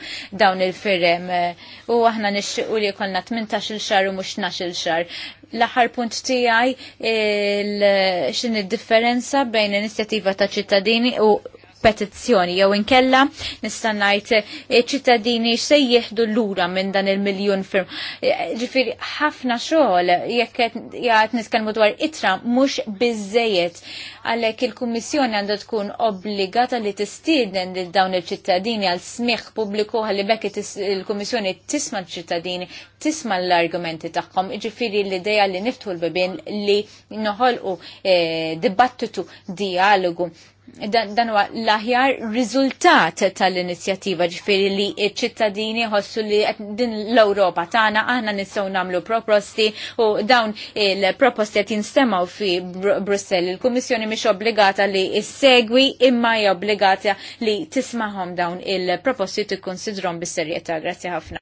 dawn il-firem. Eh, u aħna nixxiequ li jkollna 18-il xahar u mhux 12-il xahar. L-aħħar punt tiegħi x'in id-differenza bejn inizjattiva ta' ċittadini u petizzjoni jew inkella nista' ngħid eh, ċittadini se jieħdu lura minn dan il-miljun firm. Eh, Ġifieri ħafna xogħol jekk qed nitkellmu dwar itra mhux biżejjed għalhekk il-Kummissjoni għandha tkun obbligata li tistieden lil dawn il-ċittadini għal smigħ pubbliku ħalli bekk il-Kummissjoni tisma' l-ċittadini, tisma' l-argumenti tagħhom. Ġifieri l-idea li niftu l-bibin li noħolqu eh, dibattitu dialogu dan huwa l-aħjar riżultat tal-inizjattiva ġifieri li ċ-ċittadini ħossu li din l-Ewropa tagħna aħna nistgħu nagħmlu proposti u dawn il-proposti qed jinstemaw fi Brussell. Il-Kummissjoni mhix obbligata li issegwi imma hija obbligata li tisma'hom dawn il-proposti tikkonsidrom bis-serjetà. Grazzi ħafna.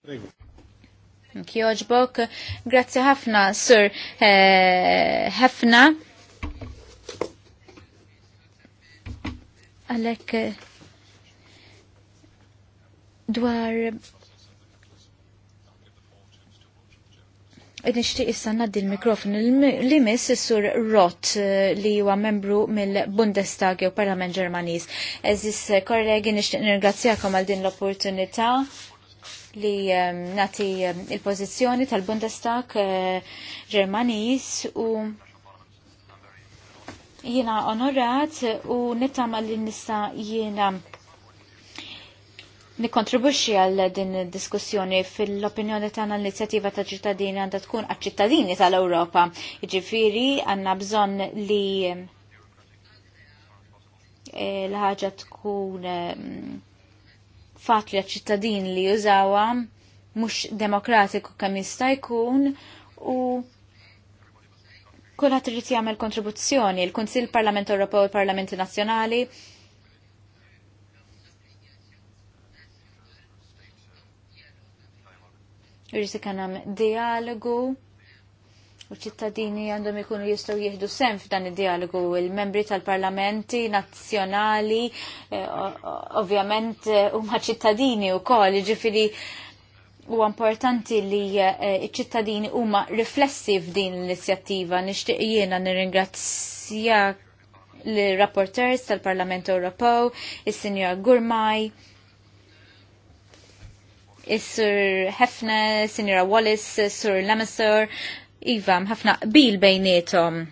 Kjoġbok, grazzi ħafna, Sir eh, Hefna. Eh, għalek eh, dwar eh, Nishtiq issa naddi l-mikrofon li miss sur Rott eh, li huwa membru mill-Bundestag jew Parlament Ġermaniż. Eżis kollegi nixtieq nirgrazzjakom għal din l-opportunità li nati il-pożizzjoni tal-Bundestag Ġermaniż u Jiena onorat u nittama li nista jiena nikontribuxi għal din diskussjoni fil-opinjoni tagħna l inizjativa ta' ċittadini għandha tkun għal ċittadini tal-Ewropa. Iġifiri għandna bżonn li eh, l-ħaġa tkun mm, fatli għal ċittadini li jużawha mhux demokratiku kemm jista' jkun u Kulħadd irid jagħmel kontribuzzjoni, il-Kunsill Parlament Ewropew u l-Parlamenti Nazzjonali. Irrid ikun hemm dialogu u ċittadini għandhom ikunu jistgħu jieħdu sem f'dan id-dialogu il-membri tal-parlamenti nazzjonali eh, ovvjament eh, huma ċittadini wkoll, jiġifieri u importanti li eh, iċ-ċittadini huma riflessi f'din l-inizjattiva. Nixtieq jiena nirringrazzja l-rapporters tal-Parlament Ewropew, is-Sinjor Gurmaj, is-Sur Hefne, Sinjora Wallis, Sur Lamasser, Iva, ħafna qbil bejnietom.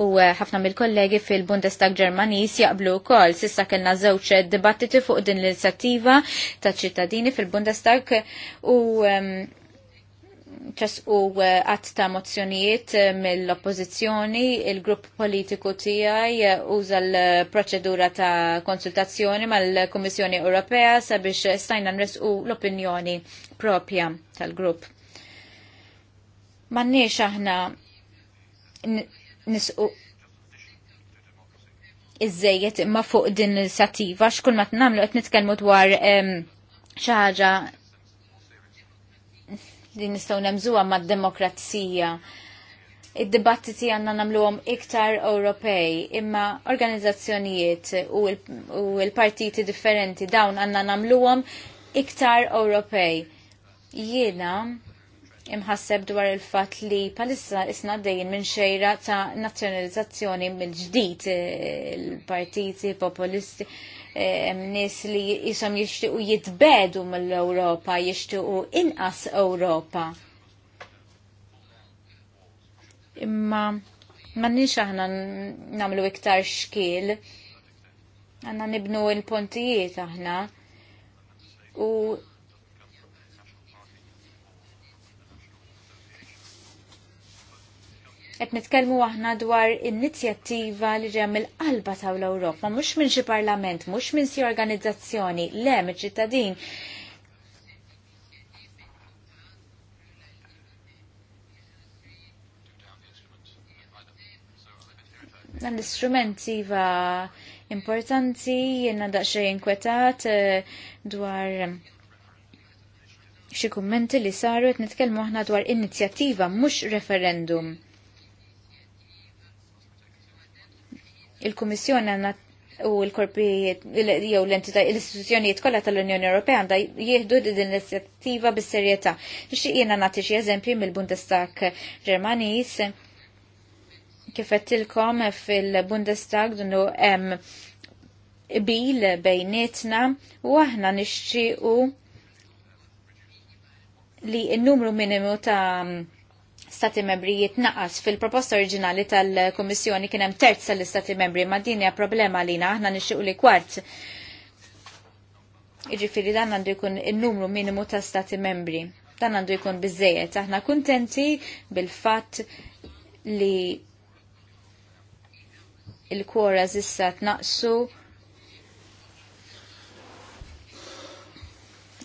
U eh, ħafna mill-kollegi fil-Bundestag Ġermanis jaqblu wkoll sissa kellna żewġ dibattiti fuq din l-inizjattiva ta' ċittadini fil-Bundestag u u eh, għat ta' mozzjonijiet eh, mill-oppozizjoni, il-grupp politiku tijaj uża l-proċedura ta' konsultazzjoni mal-Komissjoni Ewropea sabiex stajna nresqu l-opinjoni propja tal-grupp. Mannix aħna nisqu iżejjed imma fuq din l-sativa xkun ma t-namlu qed nitkellmu dwar xi ħaġa li nistgħu nemżuha mad-demokrazija. Id-dibattiti għandna nagħmluhom iktar Ewropej, imma organizzazzjonijiet u l-partiti differenti dawn għandna nagħmluhom iktar Ewropej. Jiena imħasseb dwar il-fat li palissa isna dejjem minn xejra ta' nazzjonalizzazzjoni mill-ġdid eh, il-partiti populisti eh, nis li jisom jishtiqu jitbedu mill-Europa, jishtiqu inqas Europa. Imma ma nix aħna namlu iktar xkil, għanna nibnu il-pontijiet aħna u qed nitkellmu aħna dwar inizjattiva li ġem mill-qalba ta' l-Ewropa, mhux minn xi parlament, mhux minn xi organizzazzjoni, le mill-ċittadin. Dan l-istrument iva importanti, jenna daqxej inkwetat eh, dwar xi kummenti li saru qed nitkellmu aħna dwar inizjattiva mhux referendum. Il-Kummissjoni għanna u l-korpi jew l-entità l-istituzzjonijiet kollha tal-Unjoni Ewropea għandha jieħdu din l-inizjattiva bis-serjetà. Nixtieq jiena nagħti xi eżempji mill-Bundestag Ġermaniż kif qedtilkom fil-Bundestag dunu hemm bil bejnietna u aħna nixtiequ li n-numru minimu ta' stati membri jitnaqas fil-proposta oriġinali tal-Komissjoni kien hemm terz tal-istati membri ma' din hija problema lina aħna nixtiequ li kwart. Iġifieri dan għandu jkun in-numru minimu ta' stati membri. Dan għandu jkun biżejjed. Aħna kuntenti bil-fatt li il-kwora zissa tnaqsu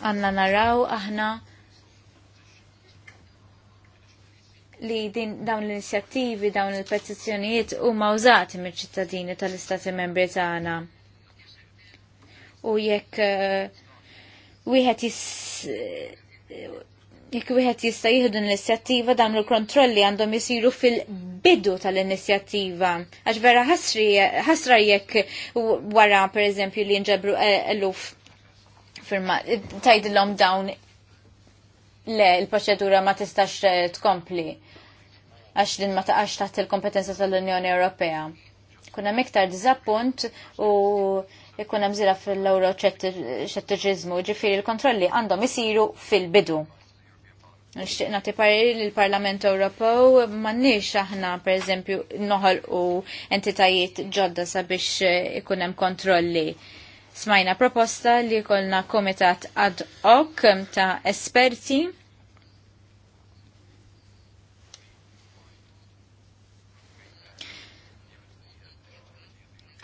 għanna naraw aħna li din dawn l-inizjattivi, dawn il-petizzjonijiet huma użati mill-ċittadini tal-Istati Membri tagħna. U jekk eh, wieħed eh, jekk wieħed jista' jieħdu l-inizjattiva dawn il-kontrolli għandhom isiru fil-bidu tal-inizjattiva. Għax vera ħasra jekk wara pereżempju li nġabru eh, eluf firma tajdilhom dawn le, il-proċedura ma tistax tkompli għax din ma taqax taħt il-kompetenza tal-Unjoni Ewropea. Kuna miktar dizappunt u jkun hemm żira fil-euro ċettiġiżmu, ġifieri l-kontrolli għandhom isiru fil-bidu. Nixtieq nagħti pariri li l-Parlament Ewropew m'għandniex aħna pereżempju noħolqu entitajiet ġodda sabiex ikun hemm kontrolli smajna proposta li kolna komitat ad hoc ta' esperti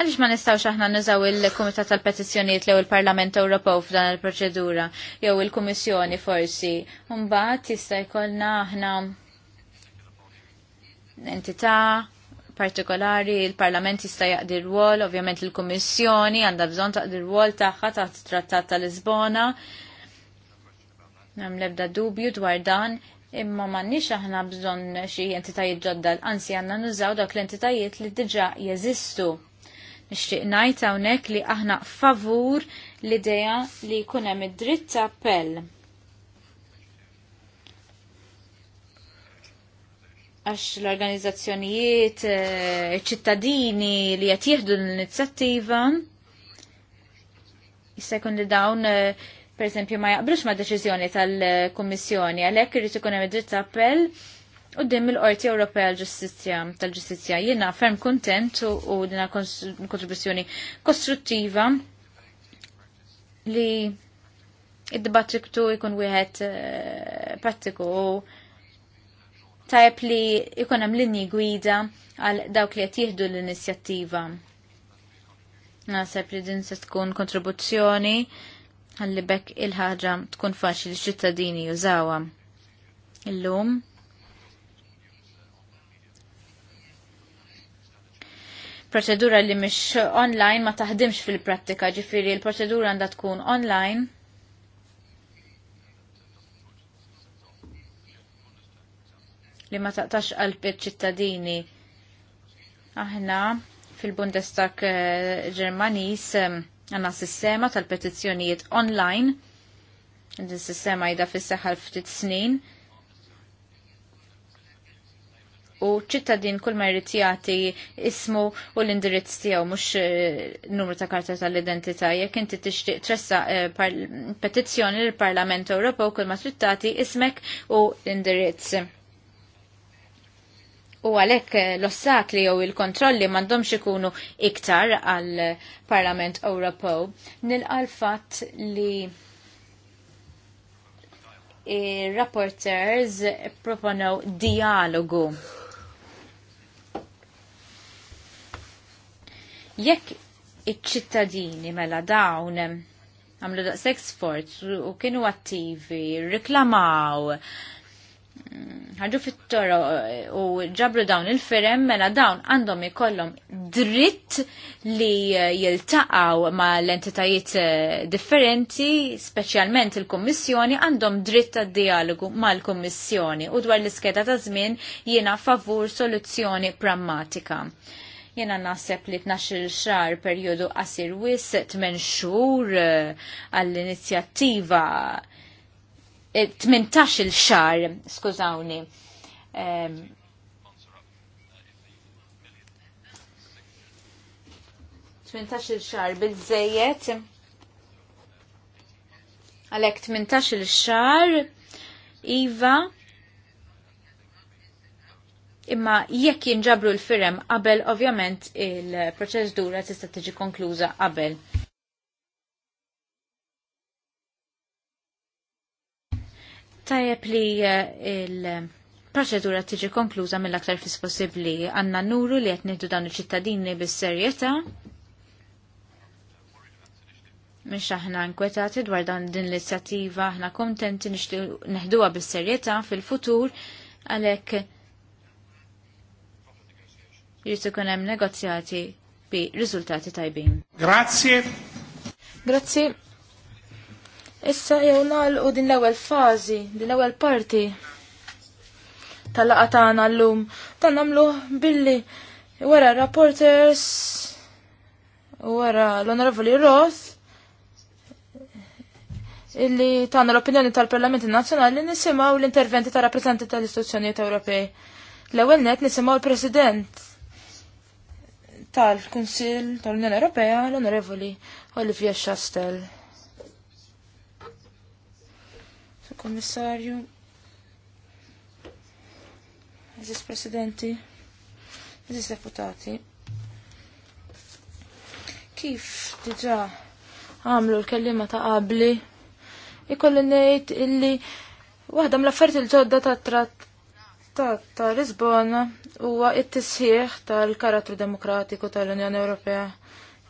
Għalix ma nistawx aħna nużaw il-Komitat tal-Petizzjonijiet lew il-Parlament Ewropew f'dan il-proċedura, jew il-Kummissjoni forsi. Mbagħad tista' jkollna aħna entità partikolari, il-Parlament jista' jaqdi rwol, ovvjament il-Kummissjoni għandha bżonn taqdi rwol tagħha taħt trattat tal-Lisbona. Nam lebda dubju dwar dan, imma m'għandniex aħna bżonn xi entitajiet ġodda, anzi għandna nużaw dak l-entitajiet li diġà jeżistu Nixtieq ngħid hawnhekk li aħna favur l-idea li jkun hemm id-dritt ta' appell. għax l-organizzazzjonijiet, eh, ċittadini li qed jieħdu l-inizjattiva, jista' jkun li dawn eh, per esempio ma jaqbrux ma' deċiżjoni tal-Kummissjoni, għalhekk irid ikun hemm id-dritt appell dim il-Qorti Ewropea l-Ġustizja tal-Ġustizja jiena ferm kontent u dina kontribuzzjoni kostruttiva li id-dibattitu jkun wieħed eh, prattiku u tajb li jkun hemm linji gwida għal dawk li qed jieħdu l-inizjattiva. Naħseb li din se tkun kontribuzzjoni għalli bekk il-ħaġa tkun faċli ċittadini jużawha. Illum, proċedura li mhix online ma taħdimx fil-prattika, ġifieri l-proċedura għandha tkun online. li ma taqtax qalb ċittadini Aħna fil-Bundestag eh, Ġermanis eh, għanna sistema tal-petizzjonijiet online. Din sistema jida fis ftit snin u ċittadin kull ma jrid jagħti ismu u l-indirizz tiegħu mhux eh, numru ta' karta tal-identità jekk inti tixtieq tressa eh, petizzjoni lill parlament Ewropew kull ma trid tagħti ismek u l-indirizz. U għalhekk eh, l-ossakli jew il-kontrolli m'għandhomx ikunu iktar għall Parlament Ewropew. Nilqa' fatt li rapporters proponew dialogu Jekk iċ-ċittadini mela dawn għamlu daqseg sforz u kienu attivi, riklamaw, mm, ħarġu fit-toro u ġabru dawn il-firem mela dawn għandhom ikollhom dritt li jiltaqaw ma l-entitajiet eh, differenti, speċjalment il-Kummissjoni, għandhom dritt għad dialogu ma l-Kummissjoni u dwar l-iskeda ta' żmien jiena favur soluzzjoni prammatika. Jena nasib li 12 xar periodu qasir wis 8 xur eh, għall-inizjattiva 18 eh, xar, skużawni. Um, il xar bil żejet Għalek 18 il xar Iva imma jekk jinġabru l-firem qabel ovvjament il-proċedura tista' tiġi konkluża qabel. Tajjeb li eh, il-proċedura tiġi konkluża mill-aktar fis possibbli għandna nuru li qed nieħdu dan iċ-ċittadini bis-serjetà Mhix aħna nkwetati dwar dan din l-inizjattiva, aħna kontenti nixtieq neħduha bis-serjetà fil-futur għalhekk Jrid ikun hemm negozjati bi riżultati tajbin. Grazzi. Grazzi. Issa jew nagħlqu din l-ewwel fażi, din l-ewwel parti tal-laqa tagħna llum. tan nagħmlu billi wara reporters wara l-Onorevoli Roth illi tagħna l-opinjoni tal-Parlamenti Nazzjonali nisimgħu l-interventi tal rappreżentanti tal-istituzzjonijiet Ewropej. L-ewwel net nisimgħu l-President tal-Kunsill tal-Unjoni Ewropea l-Onorevoli Olivia Chastel. Kommissarju, Aziz Presidenti, Aziz Deputati, kif diġa għamlu l-kellima ta' qabli, ikolli nejt illi waħda mlaffert il-ġodda ta' tratt trattat ta' Lisbona huwa it-tisħiħ tal-karattru demokratiku tal-Unjoni Ewropea.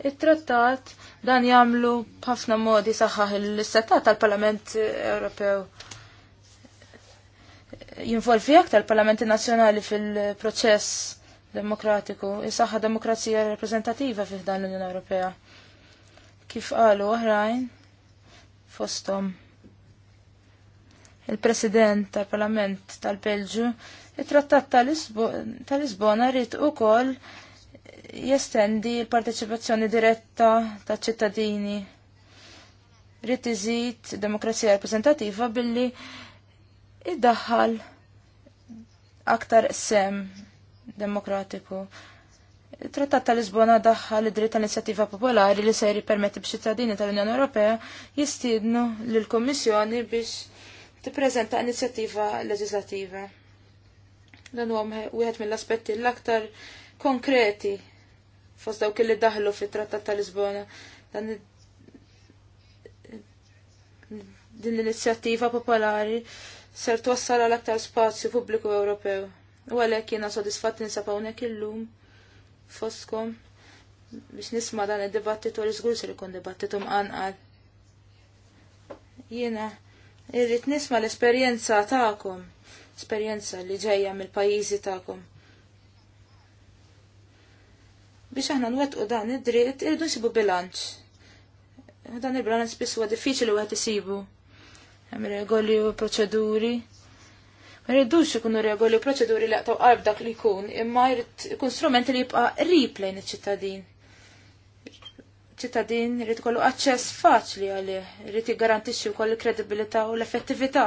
It-trattat dan jagħmlu b'ħafna modi saħħaħ il-settat tal-Parlament Ewropew. Jinvolvi aktar parlamenti Nazzjonali fil-proċess demokratiku, isaħħa demokrazija rappresentativa fih dan l-Unjoni Ewropea. Kif qalu oħrajn fosthom il-President tal-Parlament tal-Belġu, il-Trattat tal-Lisbona rrit u kol jestendi il-parteċipazzjoni diretta ta' ċittadini. Rrit iżid demokrazija rappresentativa billi iddaħħal aktar sem demokratiku. Il-Trattat tal-Lisbona daħħal id-dritt tal-inizjattiva popolari li se jippermetti b'ċittadini tal-Unjoni Ewropea jistiednu lill-Kummissjoni biex tippreżenta inizjattiva leġislattiva. Dan huwa wieħed mill-aspetti l-aktar konkreti fost dawk li daħlu fit-Trattat ta' Lisbona. Dan din l-inizjattiva popolari ser twassal għal aktar spazju pubbliku Ewropew. U għalhekk jiena sodisfatt nisab hawnhekk illum foskom biex nisma' dan id-dibattitu li żgur ser ikun dibattitu mqanqal. Jiena Irrid nisma l-esperjenza tagħkom, esperjenza li ġejja mill-pajjiżi tagħkom. Biex aħna nwettqu dan id-dritt irridu nsibu bilanċ. Dan il-bilanċ spiss huwa diffiċli wieħed isibu. Hemm regoli u proċeduri. Ma rridux ikunu regoli u proċeduri li jaqtaw qalb dak li jkun, imma jrid ikun strumenti li jibqa' replay niċ-ċittadin ċittadin irid kollu aċċess faċli għalih, irid jiggarantixxi wkoll il-kredibilità u l-effettività.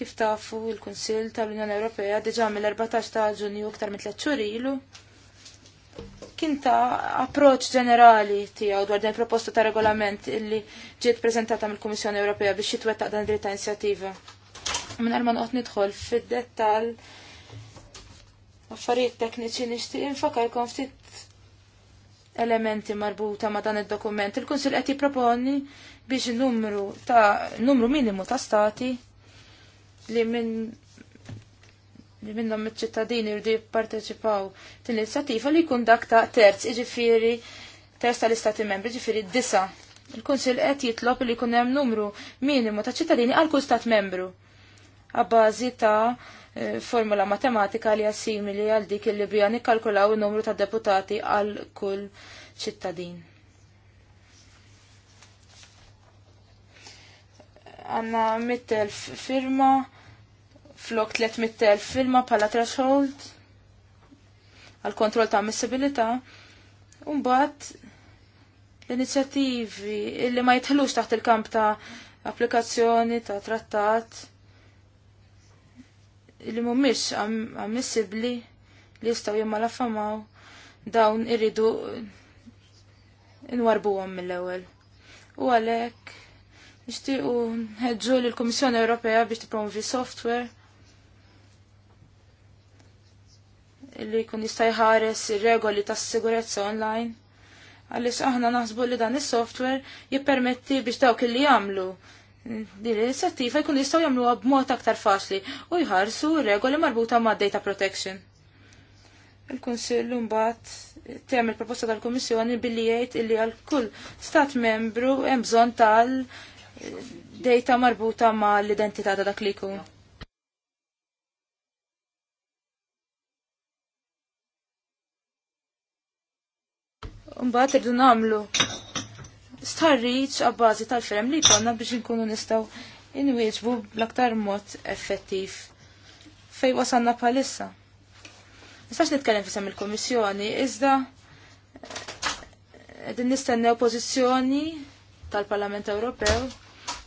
Kif tafu il-Kunsill tal-Unjoni Ewropea diġà mill-14 ta' Ġunju aktar minn tliet xhur ilu kien ta' approċ ġenerali tiegħu dwar din proposta ta' regolament illi ġiet preżentata mill-Kummissjoni Ewropea biex jitwettaq dan dritta inizjattiva. Minn ma noqgħod nidħol fid-dettall affarijiet tekniċi nixtieq infakarkom ftit elementi marbuta ma' dan id-dokument. Il-Kunsil qed jipproponi biex numru ta' numru minimu ta' stati li minn li minnhom iċ-ċittadini rdi jipparteċipaw din l-inizjattiva li jkun dak ta' terz, iġifieri terz tal-istati membri, iġifieri disa. Il-Kunsil qed jitlob li jkun hemm numru minimu ta' ċittadini għal kull stat membru. A bażi ta' Eh, formula matematika li assimili għal dik li bija nikkalkulaw il-numru ta' deputati għal kull ċittadin. Għanna 100.000 firma, flok 300.000 firma pala threshold għal kontroll ta' ammissibilità, un-bat l-inizjativi li ma jitħlux taħt il-kamp ta' applikazzjoni ta' trattat li mhumiex ammissibbli li jistgħu jimma laffamaw dawn irridu inwarbuhom mill-ewwel. U għalhekk nixtiequ nħeġġu lill kummissjoni Ewropea biex tippromovi software li jkun jista' jħares ir-regoli tas-sigurezza online għaliex aħna naħsbu li dan is-software jippermetti biex dawk li jagħmlu din l-inizjattiva jkun jistgħu għab b'mod aktar faċli u jħarsu regoli marbuta ma' data protection. Il-Kunsill mbagħad il proposta tal-Kummissjoni billi jgħid illi għal kull stat membru hemm bżonn tal eh, data marbuta ma' l-identità ta' dak li jkun. Mbagħad irdu nagħmlu starriċ għabbażi tal-ferm li konna biex nkunu nistaw inwieġbu bl-aktar mod effettiv. Fej wasanna palissa. Nistax nitkellem fisem il-Komissjoni, iżda eh, din nistennew pożizzjoni tal-Parlament Ewropew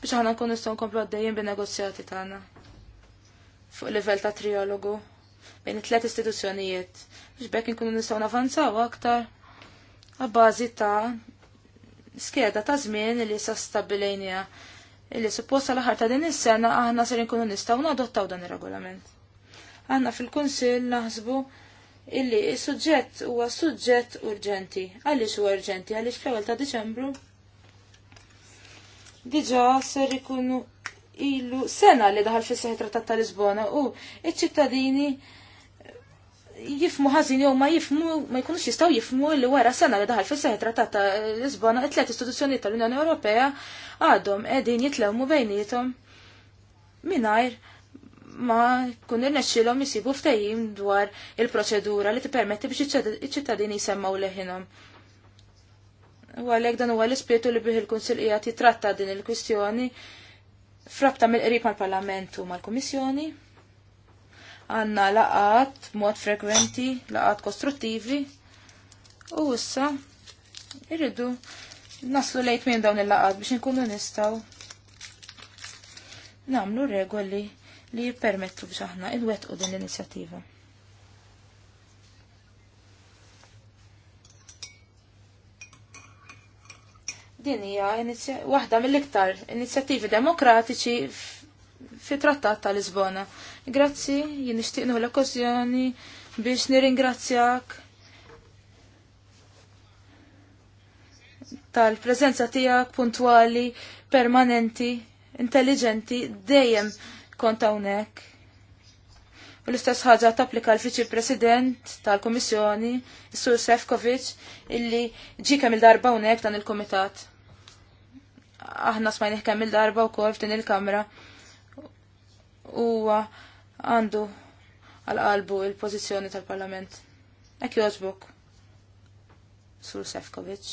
biex ħana nkun nistgħu nkomplu għaddejjin bin-negozjati tagħna fuq livell ta' triologu bejn it-tlet istituzzjonijiet biex bekk nkunu nistgħu navanzaw aktar għabbażi ta' skeda ta' żmien li sa stabilejnija illi supposta l ta' din is-sena aħna ser inkunu nistgħu nadottaw dan ir-regolament. Aħna fil-Kunsill naħsbu illi s-suġġett huwa suġġett urġenti. Għaliex huwa urġenti? Għaliex fl-ewwel ta' Diċembru diġà ser ikunu ilu sena li daħal fis seħtra ta' Lisbona u iċ-ċittadini jifmu ħażin jew ma jifmu ma jkunux jistgħu jifmu li wara sena li daħal fis seħħ trattat ta' Lisbona t-tliet istituzzjoni tal-Unjoni Ewropea għadhom qegħdin jitlewmu bejnietom mingħajr ma kun irnexxilhom jisibu ftehim dwar il-proċedura li tippermetti biex iċ-ċittadini jsemmaw leħinhom. U għalhekk dan huwa l-ispirtu li bih il-Kunsil qiegħed jitratta din il-kwistjoni frabta mill-qrib mal-Parlament u mal-Kummissjoni. mal parlamentu mal parlament u mal kummissjoni għanna laqat mod frekwenti, laqat kostruttivi u issa irridu naslu lejt minn dawn il-laqat biex nkunu nistaw namlu regoli li jippermettu biex aħna il-wet u din l-inizjattiva. Din hija waħda mill-iktar inizjattivi demokratiċi fi trattat ta' Lisbona. Grazzi, jien nixtieqnu l okkażjoni biex nirringrazzjak tal-preżenza tiegħek puntwali, permanenti, intelligenti, dejjem kont hawnhekk. U l-istess ħaġa tapplika l-Viċi President tal-Kummissjoni, Sur Sefkovic, illi ġi kemm il-darba hawnhekk dan il-Kumitat. Aħna smajnih kemm il-darba wkoll f'din il-Kamra. il kamra huwa għandu għal qalbu il-pożizzjoni tal-Parlament. Ek joġbok. Sur Sefkovic.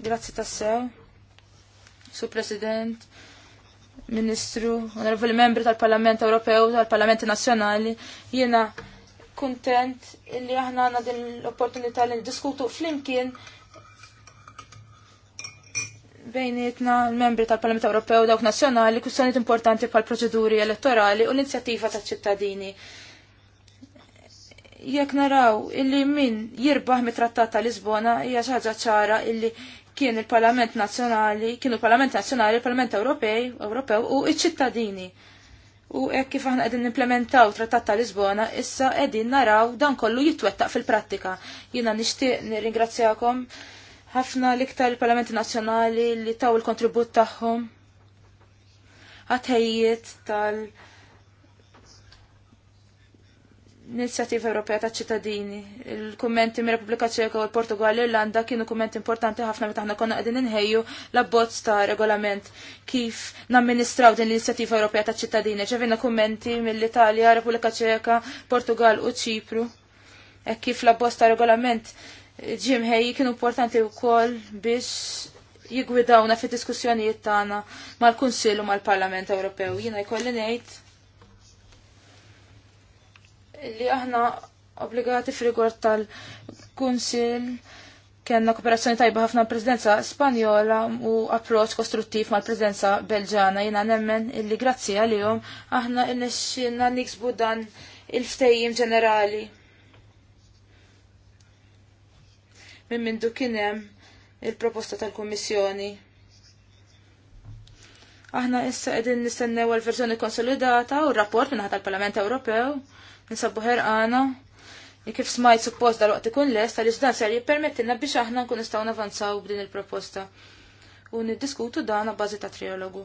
Grazzi tassew. Sur President, Ministru, onorevoli membri tal-Parlament Ewropew, tal-Parlamenti Nazzjonali, jiena kuntent illi aħna għandna din l-opportunità li ndiskutu flimkien bejnietna l-membri tal-Parlament Ewropew dawk nazzjonali kwistjonijiet importanti bħal proċeduri elettorali u l-inizjattiva ta' ċittadini Jekk naraw illi min jirbaħ mit-trattat tal Lisbona hija xi ħaġa ċara illi kien il-Parlament Nazzjonali, kienu il-Parlament Nazzjonali, il-Parlament Ewropej, Ewropew u iċ-ċittadini. U hekk kif aħna qegħdin nimplementaw Trattat ta' Lisbona, issa qegħdin naraw dan kollu jitwettaq fil-prattika. Jiena nixtieq nirringrazzjakom ħafna l-iktar il-Parlamenti Nazzjonali li taw il-kontribut tagħhom għatħejjiet tal- inizjativa Ewropea ta' ċittadini. Il-kummenti mir Repubblika Ċeka u l-Portugal l-Irlanda kienu kummenti importanti ħafna meta aħna konna qegħdin inħejju l-abbozz ta' regolament kif namministraw din l-inizjativa Ewropea ta' ċittadini. Ġevina kummenti mill-Italja, Repubblika Ċeka, Portugal u Ċipru. E kif l-abbozz ta' regolament Jim Hay kienu importanti wkoll biex jigwidawna fi diskussjonijiet tagħna mal-Kunsill u mal-Parlament Ewropew. Jiena jkolli ngħid li aħna obbligati f'rigor tal-Kunsill kienna kooperazzjoni tajba ħafna l-Presidenza Spanjola u approċ kostruttiv mal-Presidenza Belġana. Jiena nemmen illi grazzi għalihom aħna innexxinna niksbu dan il-ftejjim ġenerali minn mindu kienem il-proposta tal-Kummissjoni. Aħna issa qegħdin nistennew għal-verżjoni konsolidata u rapport minn tal-Parlament Ewropew nsabbu ħerqana li kif smajt suppost dal-waqt ikun lest għaliex dan ser jippermettilna biex aħna nkun nistgħu navanzaw b'din il-proposta u niddiskutu dan bażi ta' triologu.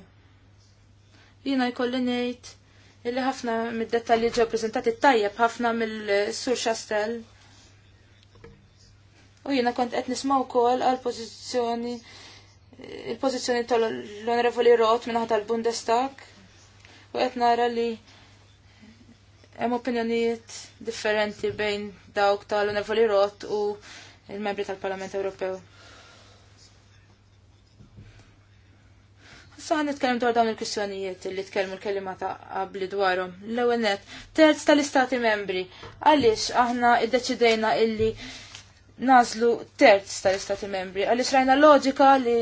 Jiena jkolli ngħid illi ħafna mid-dettalji ġew preżentati tajjeb ħafna mill-Sur Chastel U jiena kont qed nisma' wkoll għal pożizzjoni il-pożizzjoni tal-Onorevoli Rot minnaħa tal-Bundestag u qed nara li hemm opinjonijiet differenti bejn dawk tal-Onorevoli Rot u il-membri tal-Parlament Ewropew. Sa' nitkellem dwar dawn il-kwistjonijiet li tkellmu l-kelima ta' qabli dwarhom. L-ewwel nett, terz tal-istati membri. Għaliex aħna iddeċidejna illi nazlu terz tal-Istati Membri għaliex rajna loġika li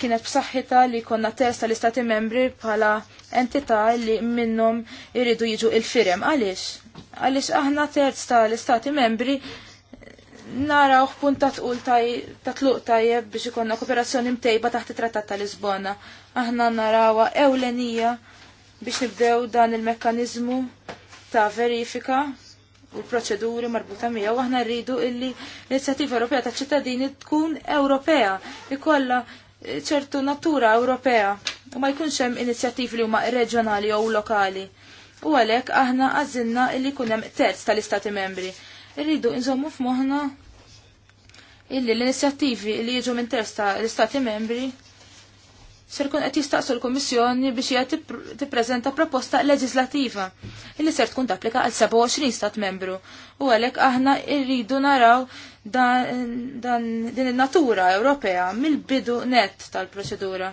kienet b'saħħitha li konna terz tal-Istati Membri bħala entità li minnhom iridu jiġu il-firem għaliex għaliex aħna terz tal-Istati Membri naraw punt ta' tqul ta' tluq tajjeb biex ikonna kooperazzjoni mtejba taħt it-Trattat ta' Lisbona. Aħna narawa ewlenija biex nibdew dan il-mekkanizmu ta' verifika u proċeduri marbuta miegħu aħna rridu illi l-inizjattiva Ewropea taċ ċittadini tkun Ewropea, ikolla eh, ċertu natura Ewropea u ma jkunx hemm inizjattivi li huma reġjonali jew lokali. U għalhekk aħna għażilna illi jkun hemm terz tal-Istati membri. Irridu nżommu f'moħħna illi l-inizjattivi li jiġu minn terz tal-Istati membri ser kun qed jistaqsu l-Kummissjoni biex hija tippreżenta proposta leġislativa illi ser tkun tapplika għal 27 stat membru. U għalhekk aħna rridu naraw dan din in-natura Ewropea mill-bidu net tal-proċedura.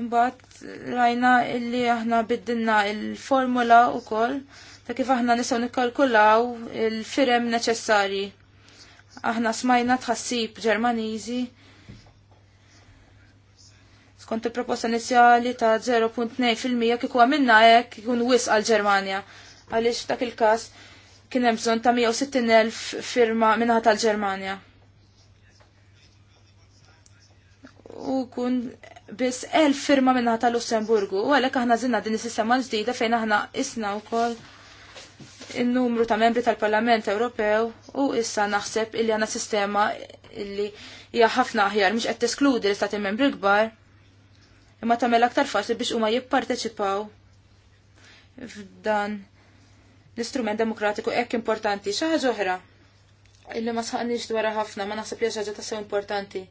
Mbagħad rajna illi aħna biddinna il-formula wkoll ta' kif aħna nistgħu nikkalkulaw il-firem neċessarji. Aħna smajna tħassib Ġermaniżi Kont il-proposta inizjali ta' 0.2% kieku għamilna hekk kikun wis għal-Ġermanja. Għaliex dak il-każ kien hemm bżonn ta' 160,000 firma minħa tal-Ġermanja. U kun biss 1000 firma minnaħa tal-Lussemburgu. U għalhekk aħna żinna din is-sistema ġdida fejn aħna isna wkoll il-numru ta' membri tal-Parlament Ewropew u issa naħseb illi għandna sistema illi hija ħafna aħjar mhux qed teskludi l-istati membri kbar imma tagħmel aktar faċli biex huma jipparteċipaw f'dan l-istrument demokratiku hekk importanti. Xi ħaġa oħra illi ma saqniex dwarha ħafna ma naħseb li ħaġa tassew importanti.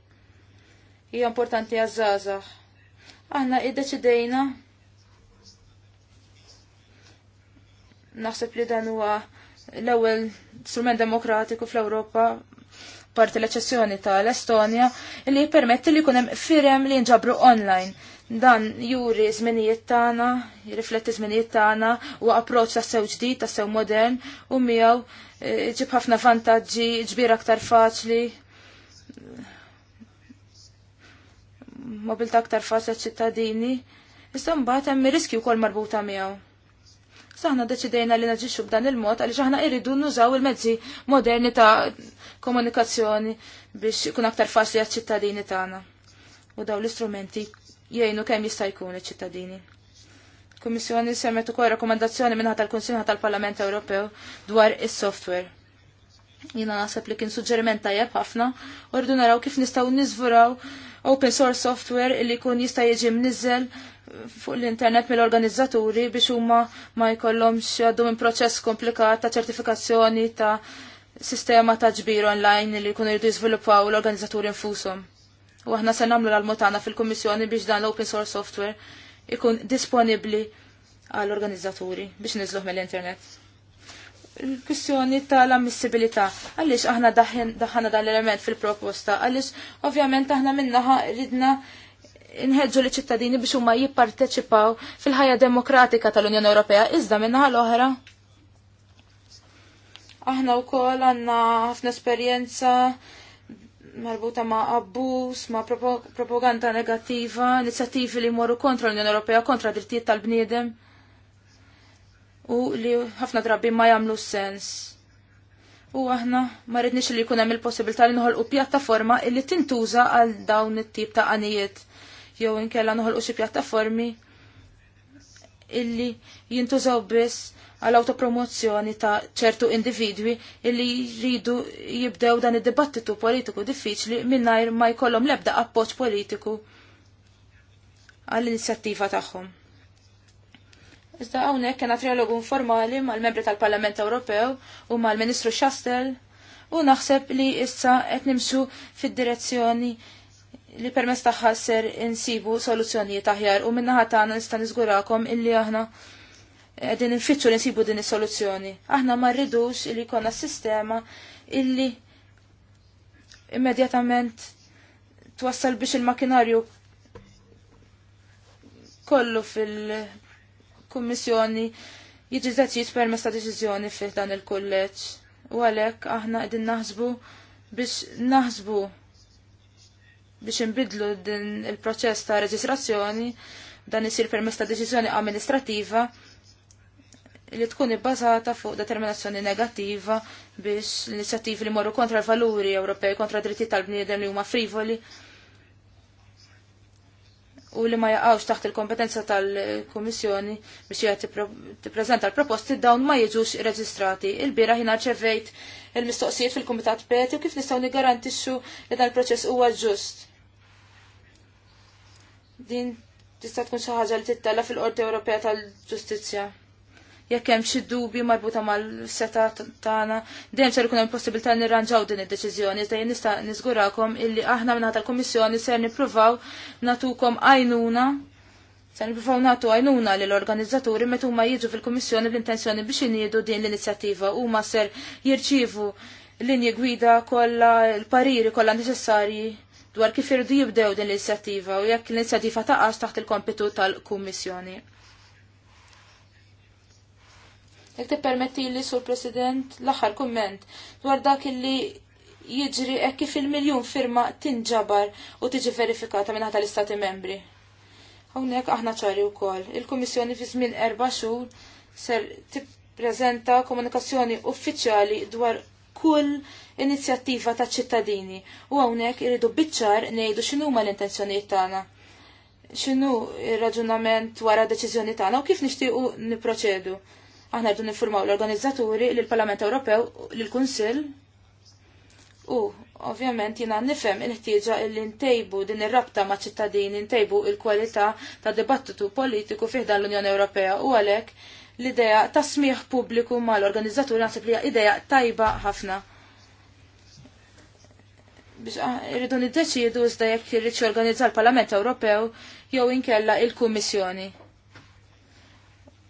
Hija importanti għaż-żgħażagħ. Aħna iddeċidejna naħseb li dan huwa l-ewwel strument demokratiku fl-Ewropa parti l-eċessjoni tal-Estonja li jippermetti li kunem firem li nġabru online. Dan juri żminijiet tagħna, jirrifletti żminijiet tagħna u approċċ tas sew ġdid, tas sew modern u miegħu e, ġib ħafna vantaġġi, ġbir aktar faċli. Mobilta aktar faċli ċittadini. Issa mbagħad hemm riski wkoll marbuta miegħu. Saħna deċidejna li naġixxu b'dan il-mod għaliex aħna irridu nużaw il-mezzi moderni ta' komunikazzjoni biex ikun aktar faċli għaċ-ċittadini tagħna. U daw l-istrumenti jgħinu kemm jista' jkun iċ-ċittadini. Kummissjoni semmet ukoll rakkomandazzjoni minħa tal kunsinja tal-Parlament Ewropew dwar is-software. Jina naħseb li kien suġġeriment tajjeb ħafna u rridu naraw kif nistgħu niżvuraw open source software li kun jista' jiġi mniżel fuq l-internet mill-organizzaturi biex huma ma jkollhomx għaddu minn proċess komplikat ta' ċertifikazzjoni ta' sistema ta' ġbir online li jkunu jridu jiżviluppaw l-organizzaturi infushom u aħna se nagħmlu l motana fil-Kummissjoni biex dan l-open source software ikun disponibbli għall organizzaturi biex niżluh mill-internet. Il-kwistjoni tal-ammissibilità, għaliex aħna daħħana dal-element fil-proposta, għaliex ovvjament aħna minnaħa ridna inħedġu li ċittadini biex huma jipparteċipaw fil-ħajja demokratika tal-Unjoni Ewropea, iżda minnaħa l-oħra. Aħna wkoll għandna ħafna esperjenza marbuta ma' abbus, ma' propaganda negattiva, inizjattivi li moru kontra l-Unjoni Ewropea, kontra drittijiet tal-bniedem u li ħafna drabi ma jagħmlu sens. U aħna ma rridniex li jkun hemm il-possibilità li noħolqu pjattaforma li tintuża għal dawn it-tip ta' għanijiet jew inkella noħolqu xi pjattaformi illi jintużaw biss għal autopromozzjoni ta' ċertu individwi illi jridu jibdew dan id-dibattitu politiku diffiċli minnajr ma jkollhom lebda appoġġ politiku għall-inizjattiva tagħhom. Iżda hawnhekk kena trialogu informali mal-membri tal-Parlament Ewropew u mal-Ministru Xastel u naħseb li issa qed nimxu fid-direzzjoni li permess taħħa ser insibu soluzzjonijiet aħjar u minnaħat tagħna nista' niżgurakom illi aħna qegħdin infittxu li nsibu din is-soluzzjoni. Aħna ma rridux li jkollna sistema illi immedjatament twassal biex il-makinarju kollu fil-kummissjoni jiġi żeċċiż permess ta' deċiżjoni fih dan il-kulleġġ. U għalhekk aħna qegħdin naħsbu biex naħsbu biex inbidlu din il-proċess ta' reġistrazzjoni dan isir permess ta' deċiżjoni amministrativa li tkun ibbażata fuq determinazzjoni negattiva biex l-inizjattivi li morru kontra l-valuri Ewropej, kontra dritti tal-bniedem li huma frivoli u li ma jaqgħux taħt il-kompetenza tal-Kummissjoni biex hija tippreżenta l-proposti dawn ma jiġux irreġistrati. Il-bira ħin ċevejt il-mistoqsijiet fil-Kumitat Peti u kif nistgħu niggarantixxu li dan il-proċess huwa ġust. Din tista' tkun xi ħaġa li tittella fil-Qorti Ewropea tal-Ġustizzja jekk hemm xi dubi marbuta mal-seta tagħna, dejjem ser ikun hemm possibilità nirranġaw din id-deċiżjoni, iżda jien nista' niżgurakom illi aħna minn tal-Kummissjoni ser nippruvaw natukom għajnuna se nippruvaw nagħtu għajnuna lill organizzaturi meta huma jiġu fil-Kummissjoni bl-intenzjoni biex iniedu din l-inizjattiva huma ser jirċievu linji gwida kollha l-pariri kollha neċessarji dwar kif irdu jibdew din l-inizjattiva u jekk l-inizjattiva taqas taħt il-kompitu tal-Kummissjoni. Jek permetti li sur President l-aħħar kumment dwar dak li jiġri hekk kif il-miljun firma tinġabar u tiġi verifikata minn ħata l-Istati membri. Hawnhekk aħna ċari wkoll. Il-Kummissjoni fi żmien erba' xhur ser tippreżenta komunikazzjoni uffiċjali dwar kull inizjattiva ta' ċittadini u hawnhekk iridu biċċar ngħidu x'inhuma l-intenzjonijiet tagħna. X'inhu r-raġunament wara deċiżjoni tagħna u kif nixtiequ nipproċedu. Aħna rridu nifurmaw l-organizzaturi l-Parlament Ewropew l-Kunsill u ovvjament jina nifem il-ħtieġa li ntejbu din ir-rabta ma' ċittadin, ntejbu il-kwalità ta' dibattitu politiku fiħdan l-Unjoni Ewropea u għalhekk l-idea ta' smieħ pubbliku mal-organizzaturi naħseb li idea tajba ħafna. Biex ah, irridu niddeċiedu iżda jekk irrid organizza l-Parlament Ewropew jew inkella il-Kummissjoni.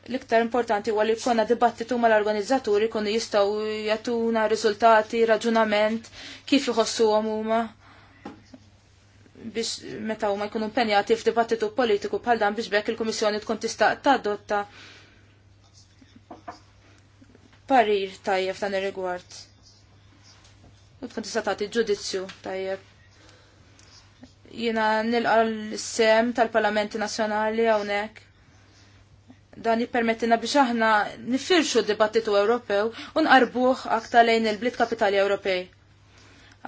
L-iktar importanti huwa li jkollna dibattitu mal-organizzaturi kunu jistgħu jagħtuna riżultati, raġunament, kif iħossuhom huma biex meta huma jkunu impenjati f'dibattitu politiku bħal dan biex bekk il-Kummissjoni tkun tista' tadotta parir tajjeb dan ir-rigward. U tkun tista' tagħti ġudizzju tajjeb. Jiena nilqa l-sem tal-Parlamenti Nazzjonali hawnhekk dan jippermettina biex aħna nifirxu d-dibattitu Ewropew u nqarbuh aktar lejn il-blit kapitali Ewropej.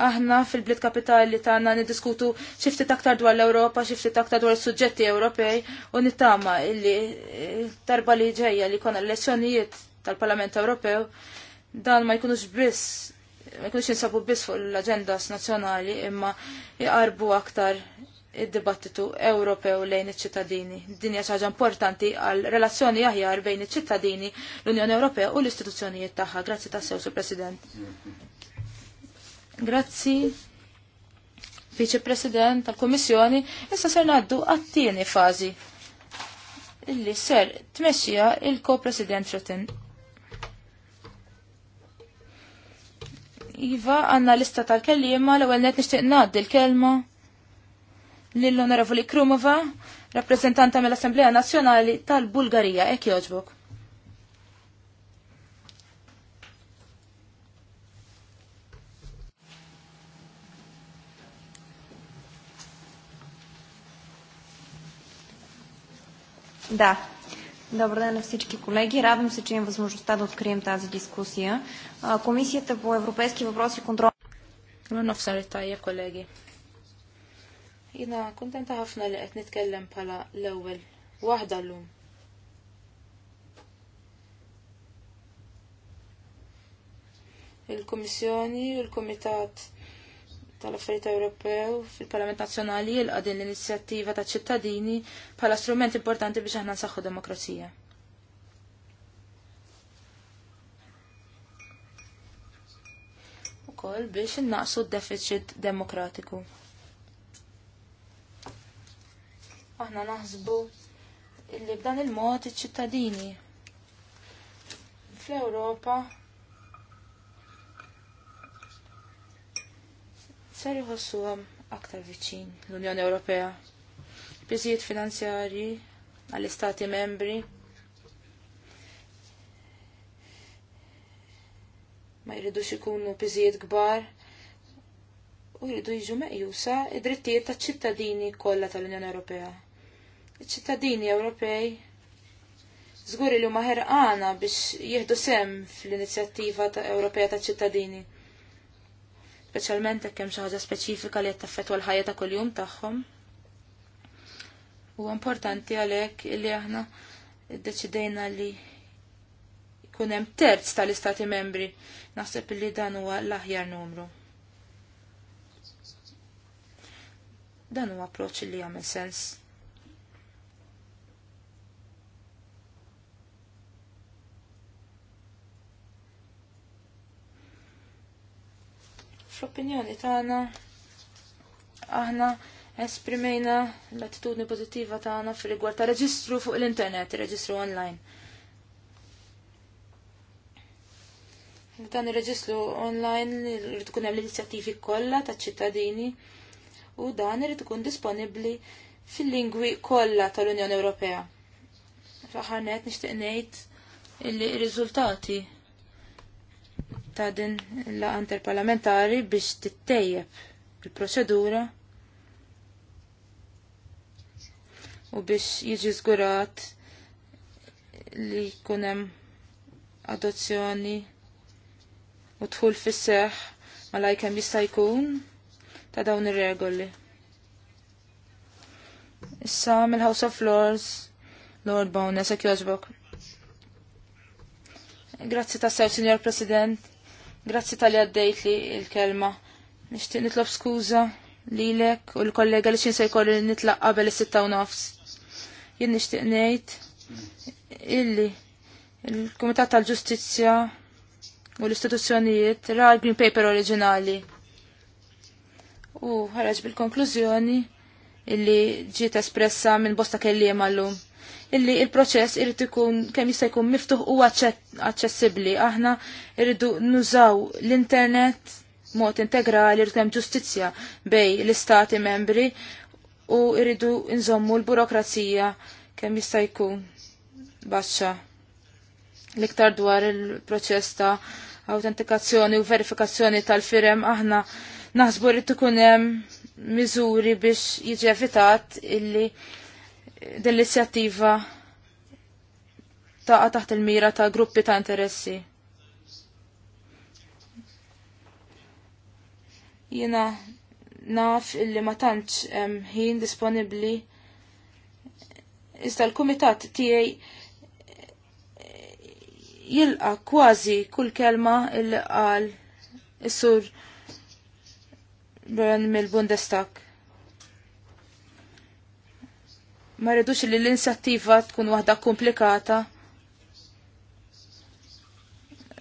Aħna fil-blit kapitali tagħna niddiskutu xi ftit aktar dwar l-Ewropa, xi ftit aktar dwar is-suġġetti Ewropej u nittama illi eh, tarba li ġejja li jkun l-elezzjonijiet tal-Parlament Ewropew dan ma jkunux biss ma jkunux jinsabu biss fuq l-agendas nazzjonali imma jqarbu aktar id-dibattitu Ewropew lejn iċ-ċittadini. Din hija xi importanti għal relazzjoni aħjar bejn iċ-ċittadini, l-Unjoni Ewropea u l-istituzzjonijiet tagħha. Grazzi tassew, Sur President. Grazzi. Viċi President tal-Kummissjoni, issa ser ngħaddu għat-tieni fażi illi ser tmexxija il-Ko-President Rutin. Iva, għanna lista tal-kellima, l-ewwel net nixtieq ngħaddi l-kelma l onorevoli Krumova, rappresentanta mill-Assemblea Nazzjonali tal-Bulgarija, ek joġbok. Да. Добър ден на всички колеги. Радвам се, че имам възможността да открием тази дискусия. Комисията по европейски въпроси и контрол... Нов съвет, колеги. Jina kuntenta ħafna li qed nitkellem bħala l-ewwel waħda llum. Il-Kummissjoni u l-Kumitat tal-Affarijiet Ewropew fil-Parlament Nazzjonali jilqa' din l-inizjattiva ta' ċittadini bħala strument importanti biex aħna nsaħħu demokrazija. Ukoll biex innaqsu d-deficit demokratiku. aħna naħsbu illi b'dan il-mod iċ-ċittadini fl-Ewropa ser iħossuhom aktar viċin l-Unjoni Ewropea. Biżijiet finanzjarji għall-Istati membri ma jridux ikunu piżijiet kbar u jridu jiġu meqjusa id-drittijiet taċ-ċittadini kollha tal-Unjoni Ewropea. Iċ-ċittadini Ewropej żguri li huma ħerqana biex jieħdu sem fl-inizjattiva Ewropea ta' ċittadini. Speċjalment hekk hemm xi ħaġa speċifika li qed taffettwa l-ħajja ta' kuljum tagħhom. Huwa importanti għalhekk li aħna iddeċidejna li jkun hemm terz tal-istati membri. Naħseb li dan huwa l-aħjar numru. Dan huwa approċċ li jagħmel sens. Fl-opinjoni tagħna aħna esprimejna l-attitudni pozittiva tagħna fir-rigward ta' reġistru fuq l-internet, reġistru online. Dan ir-reġistru online irid tkun hemm l-inizjattivi kollha taċ-ċittadini u dan irid ikun disponibbli fil-lingwi kollha tal-Unjoni Ewropea. Fl-aħħar nixtieq ngħid illi r-riżultati ta' din l-laqa parlamentari biex tittejjeb il-proċedura u biex jiġi żgurat li jkun hemm adozzjoni u tħul fis seħħ malaj jista' jkun ta' dawn ir-regoli. Issa mill-House of Lords, Lord Bowness, jogħġbok. Grazzi ta' sew, Signor President. Grazzi tal-li għaddejt li il-kelma. Nishtiq nitlob skuza lilek u l-kollega li xin se jkolli nitlaq qabel is-sitta u nofs. Jien nixtieq ngħid illi il-Kumitat tal-Ġustizzja u l-istituzzjonijiet ra l-Green Paper oriġinali. U ħarġ bil-konklużjoni illi ġiet espressa minn bosta kelliem għallum illi il-proċess irid ikun kemm jista' jkun miftuħ u aċċessibbli. Aħna irridu nużaw l-internet mod integrali irid hemm ġustizzja bej l-istati membri u irridu nżommu l-burokrazija kemm jista' jkun baxxa l-iktar dwar il-proċess ta' autentikazzjoni u verifikazzjoni tal-firem aħna naħsbu li tkun hemm miżuri biex jiġi evitat illi dell inizjattiva taqa taħt il-mira ta' gruppi ta' interessi. Jina naf illi ma tantx hemm ħin disponibbli iżda l-kumitat tiegħi jilqa kważi kull kelma illi qal is-sur Bern mill-Bundestag. Ma rridux li l-inizjattiva tkun waħda komplikata.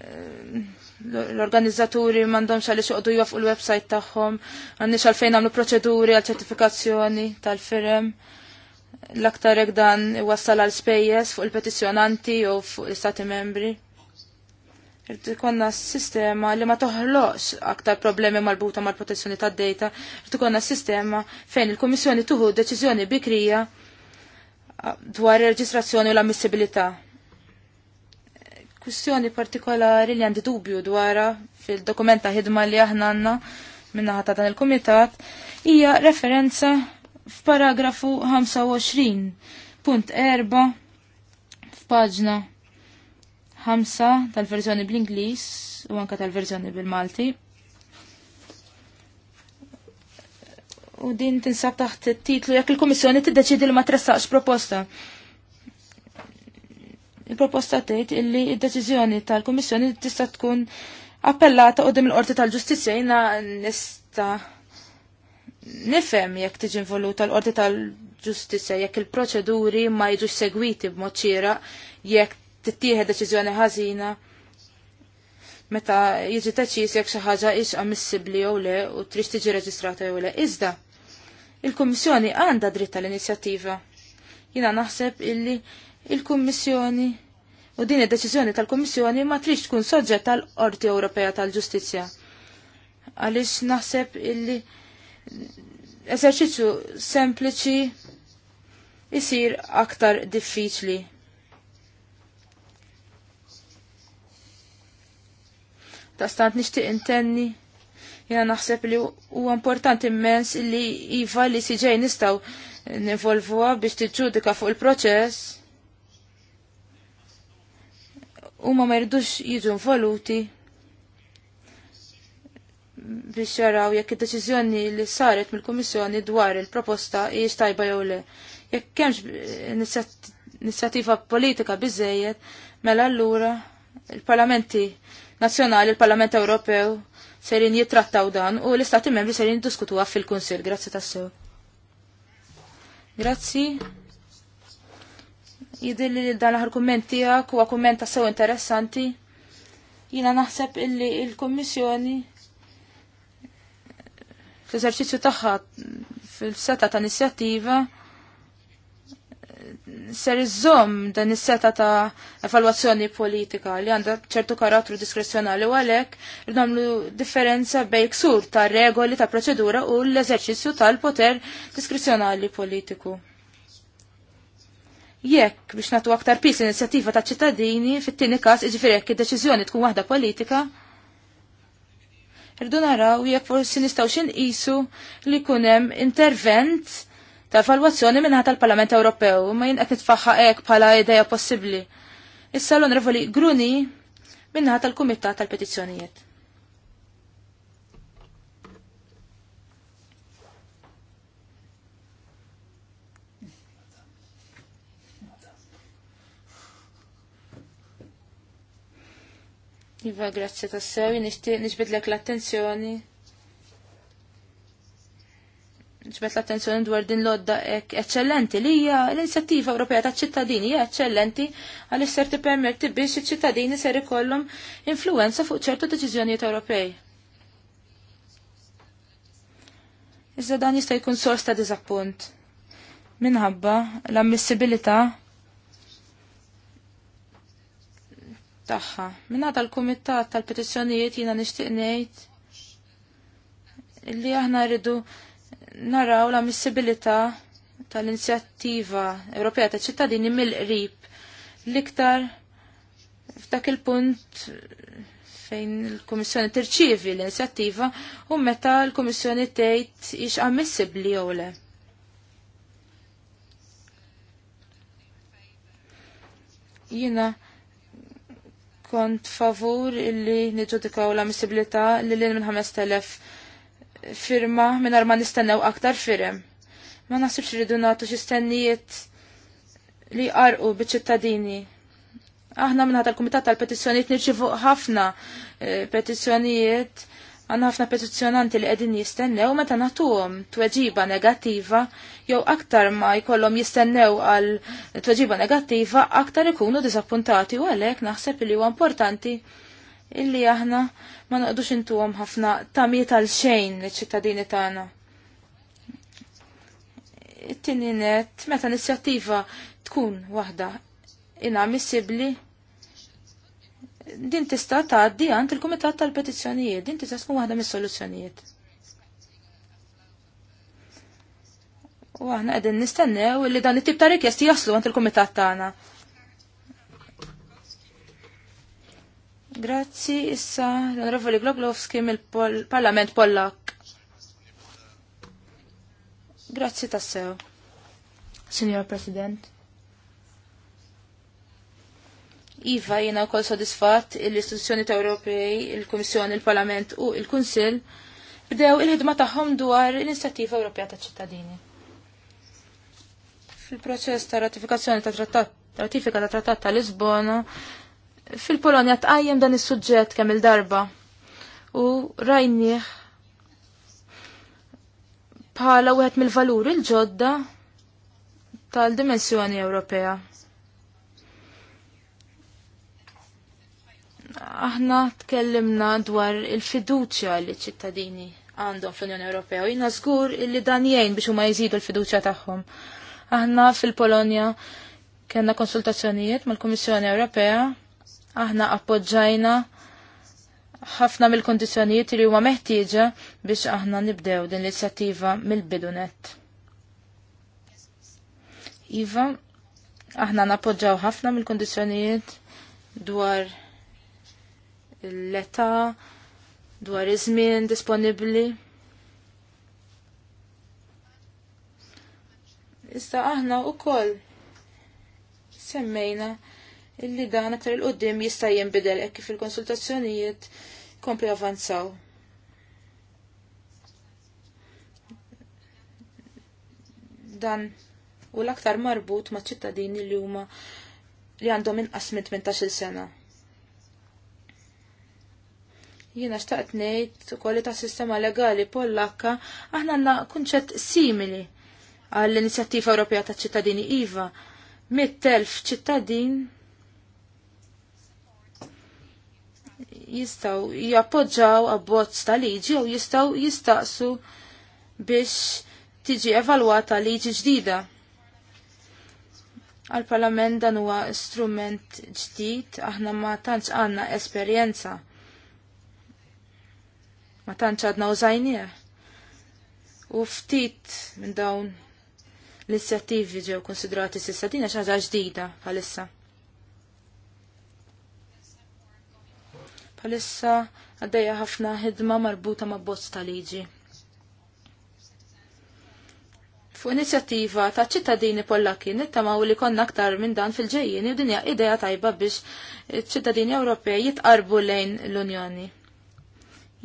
Ehm, l-organizzaturi m'għandhomx xoqdu jwaf u l-website tagħhom, għandniex għalfejn nagħmlu proċeduri għal ċertifikazzjoni tal-firem. L-aktar hekk dan iwassal għal spejjeż fuq il-petizzjonanti jew fuq l-istati membri. Irrid ikollna sistema li ma toħloqx aktar problemi malbuta mal-protezzjoni tad-data, konna s sistema fejn il-Kummissjoni tuħu deċiżjoni bikrija dwar il-reġistrazzjoni u l-ammissibilità. Kwistjoni partikolari li għandi dubju dwara fil-dokumenta ħidma li aħna għanna minnaħa ta' dan il-komitat hija referenza f'paragrafu 25.4 f'paġna 5 tal-verżjoni bl-Ingliż u anka tal-verżjoni bil-Malti. u din tinsab taħt titlu jekk il-Kummissjoni tiddeċidi li ma tressaqx proposta. Il-proposta tgħid illi d-deċiżjoni tal-Kummissjoni tista' tkun appellata qudiem il-Qorti tal-Ġustizzja jiena nista' nifhem jekk tiġi involuta l-Qorti tal-Ġustizzja jekk il-proċeduri ma jiġux segwiti b'mod xieraq jekk tittieħed deċiżjoni ħażina meta jiġi teċis jekk xi ħaġa ix ammissibbli jew le u trix tiġi reġistrata jew le. Iżda il-Kummissjoni għandha dritt tal-inizjattiva. Jina naħseb illi il-Kummissjoni u din id-deċiżjoni tal-Kummissjoni ma trix tkun soġġet tal-Qorti Ewropea tal-Ġustizzja. Għaliex naħseb illi eżerċizzju sempliċi jisir aktar diffiċli. Ta' stant nixtieq intenni Jena naħseb li huwa importanti immens li iva li siġej nistaw nivolvuha biex tiġġudika fuq il-proċess. Huma ma merdux jiġu involuti biex jaraw jekk id-deċiżjoni li saret mill komissjoni dwar il-proposta jiex tajba jew le. Jekk hemmx inizjattiva politika biżejjed, mela allura il-parlamenti nazzjonali, il-Parlament Ewropew serin jitrattaw dan u l-istati membri serin diskutuha fil konsil Grazzi tassew. Grazzi. Jidilli li dan l-ħar kumment tijak u kumment sew interessanti. Jina naħseb illi il-Kommissjoni fl-eżerċizzju tagħha fil-seta ta' inizjattiva ser iżom dan is-seta ta' evalwazzjoni politika li għandha ċertu karattru diskrezjonali u għalhekk nagħmlu differenza bejn ksur ta' regoli ta' proċedura u l-eżerċizzju tal-poter diskrezjonali politiku. Jekk biex natu aktar pis inizjattiva ta' ċittadini fit-tieni każ iġifieri jekk id-deċiżjoni tkun waħda politika, irdu naraw jekk forsi nistgħu xinqisu li kunem intervent ta' evalwazzjoni minnaħa tal-Parlament Ewropew ma jien qed nitfaħħa hekk bħala idea possibbli. Issa l onrevoli Gruni min-ħata tal-Kumitat tal-Petizzjonijiet. Iva, grazie tassew, nisbidlek l-attenzjoni ġbet l-attenzjoni dwar din lodda odda eccellenti li hija l-inizjattiva Ewropea ta' ċittadini hija eccellenti għaliex ser tippermetti biex iċ-ċittadini ser ikollhom influenza fuq ċertu deċiżjonijiet Ewropej. Iżda dan jista' jkun sors ta' diżappunt. Minħabba l-ammissibilità tagħha. Minna tal-Kumitat tal-Petizzjonijiet jiena nixtieq ngħid li aħna rridu naraw l-ammissibilità tal-inizjattiva Ewropea ta' ċittadini mill-qrib l-iktar f'dak il-punt fejn il-Kummissjoni tirċievi l-inizjattiva u meta l-Kummissjoni tgħid hix ammissibbli jew le. Jiena kont favur illi niġudikaw l-ammissibilità lil minn 5000 firma minn ma nistennew aktar firem. Ma nasibx rridu nagħtu xi stennijiet li qarqu biċ-ċittadini. Aħna minn tal-Kumitat tal-Petizzjonijiet nirċivu ħafna eh, petizzjonijiet għanna ħafna petizzjonanti li qegħdin jistennew meta nagħtuhom tweġiba negattiva jew aktar ma jkollhom jistennew għal tweġiba negattiva aktar ikunu diżappuntati u għalhekk naħseb li huwa importanti illi aħna ma noqdux intuhom ħafna tamiet għal xejn li ċittadini tagħna. It-tieni net meta inizjattiva tkun waħda inammissibbli din tista' tgħaddi għand il-Kumitat tal-Petizzjonijiet, din tista' tkun waħda mis-soluzzjonijiet. U aħna qegħdin nistennew li dan it-tip ta' rikjesti jaslu għand il-Kumitat tagħna. Grazzi, issa l-Onorevoli Globlovski mill-Parlament Pollak. Grazzi tassew, Signor President. Iva jena kol sodisfat l-istituzzjoni ta' Ewropej, il-Komissjoni, il-Parlament u il-Kunsil bdew il-ħidma tagħhom dwar l-Inizjattiva Ewropea ta' ċittadini. Fil-proċess ta' ratifikazzjoni ta' trattat, ratifika ta' trattat ta' Lisbona, fil-Polonja tqajjem dan is-suġġett kemm il-darba u rajnieh bħala wieħed mill-valuri l-ġodda tal-dimensjoni Ewropea. Aħna tkellimna dwar il-fiduċja li ċittadini għandhom fl-Unjoni Ewropea u jina żgur li dan jgħin biex huma jżidu l-fiduċja tagħhom. Aħna fil-Polonja kellna konsultazzjonijiet mal-Kummissjoni Ewropea aħna appoġġajna ħafna mill-kondizjonijiet li huma meħtieġa biex aħna nibdew din l-inizjattiva mill-bidunet. Iva, aħna nappoġġaw ħafna mill-kondizjonijiet dwar l-età, dwar iż-żmien disponibbli. Issa aħna wkoll semmejna illi dan aktar il-qoddim jista' jinbidel hekk kif il-konsultazzjonijiet kompli avanzaw. Dan u l-aktar marbut ma' ċittadini li huma li għandhom inqas minn 18-il sena. Jiena xtaqt ngħid ukoll ta' sistema legali Pollakka aħna għandna kunċett simili għall-Inizjattiva Ewropea ta' ċittadini IVA. Mittelf ċittadin jistaw jappoġġaw abbozz ta' liġi u jistaw jistaqsu biex tiġi evalwata liġi ġdida. Għal-parlament dan huwa strument ġdid, aħna ma tantx għandna esperjenza. Ma tantx għadna użajnieh. U ftit minn dawn l-inizjattivi ġew konsidrati sissa din ħaġa ġdida bħalissa. Palissa għaddejja ħafna ħidma marbuta ma' bozz ta' liġi. Fuq inizjattiva ta' ċittadini Pollaki nittamaw li konna aktar minn dan fil-ġejjien u dinja ideja tajba biex ċittadini Ewropej jitqarbu lejn l-Unjoni.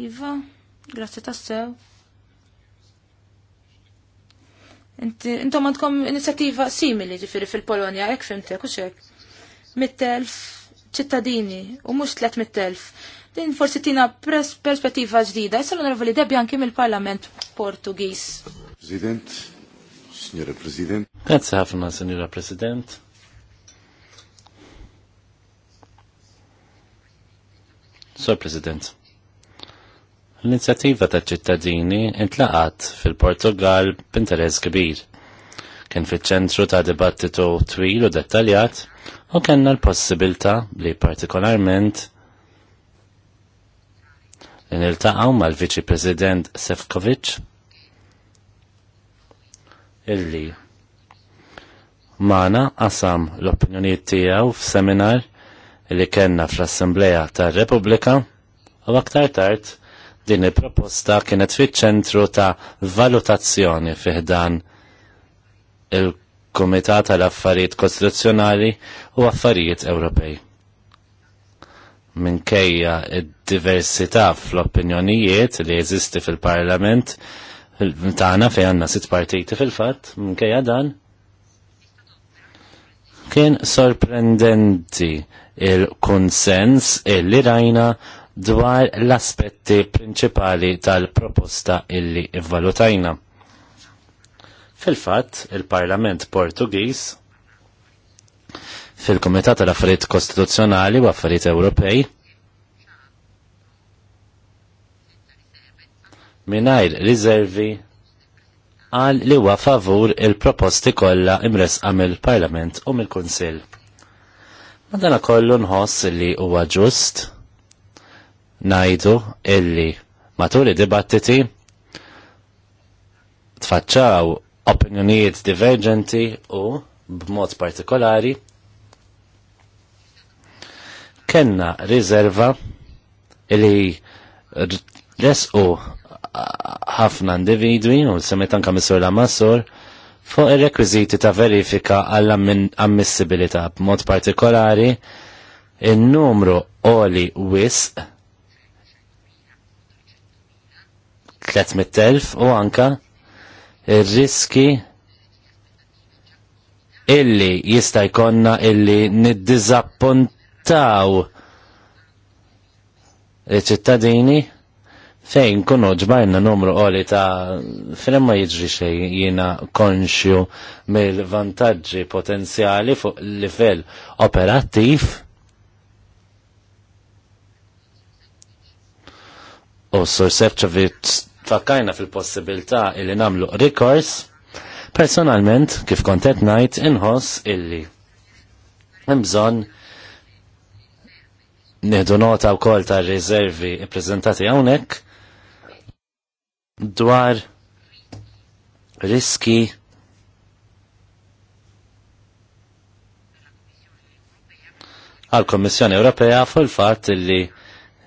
Iva, grazzi sew Intom għandkom inizjattiva simili ġifiri fil-Polonja, ekk fimtek u xek. Mittelf ċittadini u mhux 300,000 din forsi tina perspettiva ġdida. jessal l-onorevoli debja anki mill-Parlament Portugis. Prezident, Signora Prezident. Grazie ħafna, Signora President. Sor President, l-inizjattiva ta' ċittadini intlaqat fil-Portugal b'interess kbir. Kien fiċ-ċentru ta' dibattitu twil u dettaljat U kellna l-possibilità li partikolarment li niltaqgħu mal-Viċi President Sefkovic illi mana qasam l tijaw tiegħu f'seminar li kellna fl-Assembleja tar-Repubblika u aktar tard din il-proposta kienet fiċ-ċentru ta' valutazzjoni fiħdan il- Kumitat għal affarijiet kostituzzjonali u affarijiet Ewropej. Minkejja id-diversità fl-opinjonijiet li jeżisti fil-Parlament tagħna fejn għandna sitt partiti fil-fatt, minkejja dan kien sorprendenti il-konsens illi rajna dwar l-aspetti prinċipali tal-proposta illi ivvalutajna. Fil-fatt, il-Parlament Portugiż fil-Komitat tal-Affarijiet Kostituzzjonali u Affarijiet Ewropej minajr riservi għal li huwa favur il-proposti kollha imresqa mill-Parlament u mill-Kunsill. Madana kollu nħoss li huwa ġust najdu illi matul id-dibattiti tfaċċaw opinjonijiet divergenti u b'mod partikolari kenna riserva li u ħafna individwi u semetan semet missur la massur fuq ir-rekwiżiti ta' verifika għall ammissibilità b'mod partikolari il numru oli wisq 300.000 u anka ir-riski illi jista' jkollna illi niddiżappuntaw iċ-ċittadini fejn kunu ġbajna numru qoli ta' fejn ma jiġri xej jina konxju mill-vantaġġi potenzjali fuq livell operattiv u Sur Sefcovic fakkajna fil-possibilità illi namlu rikors, personalment, kif kontet najt, inħoss illi Mbżon, nieħdu nota wkoll ta' riservi prezentati hawnhekk dwar riski għal Kommissjoni Ewropea fuq l fatt li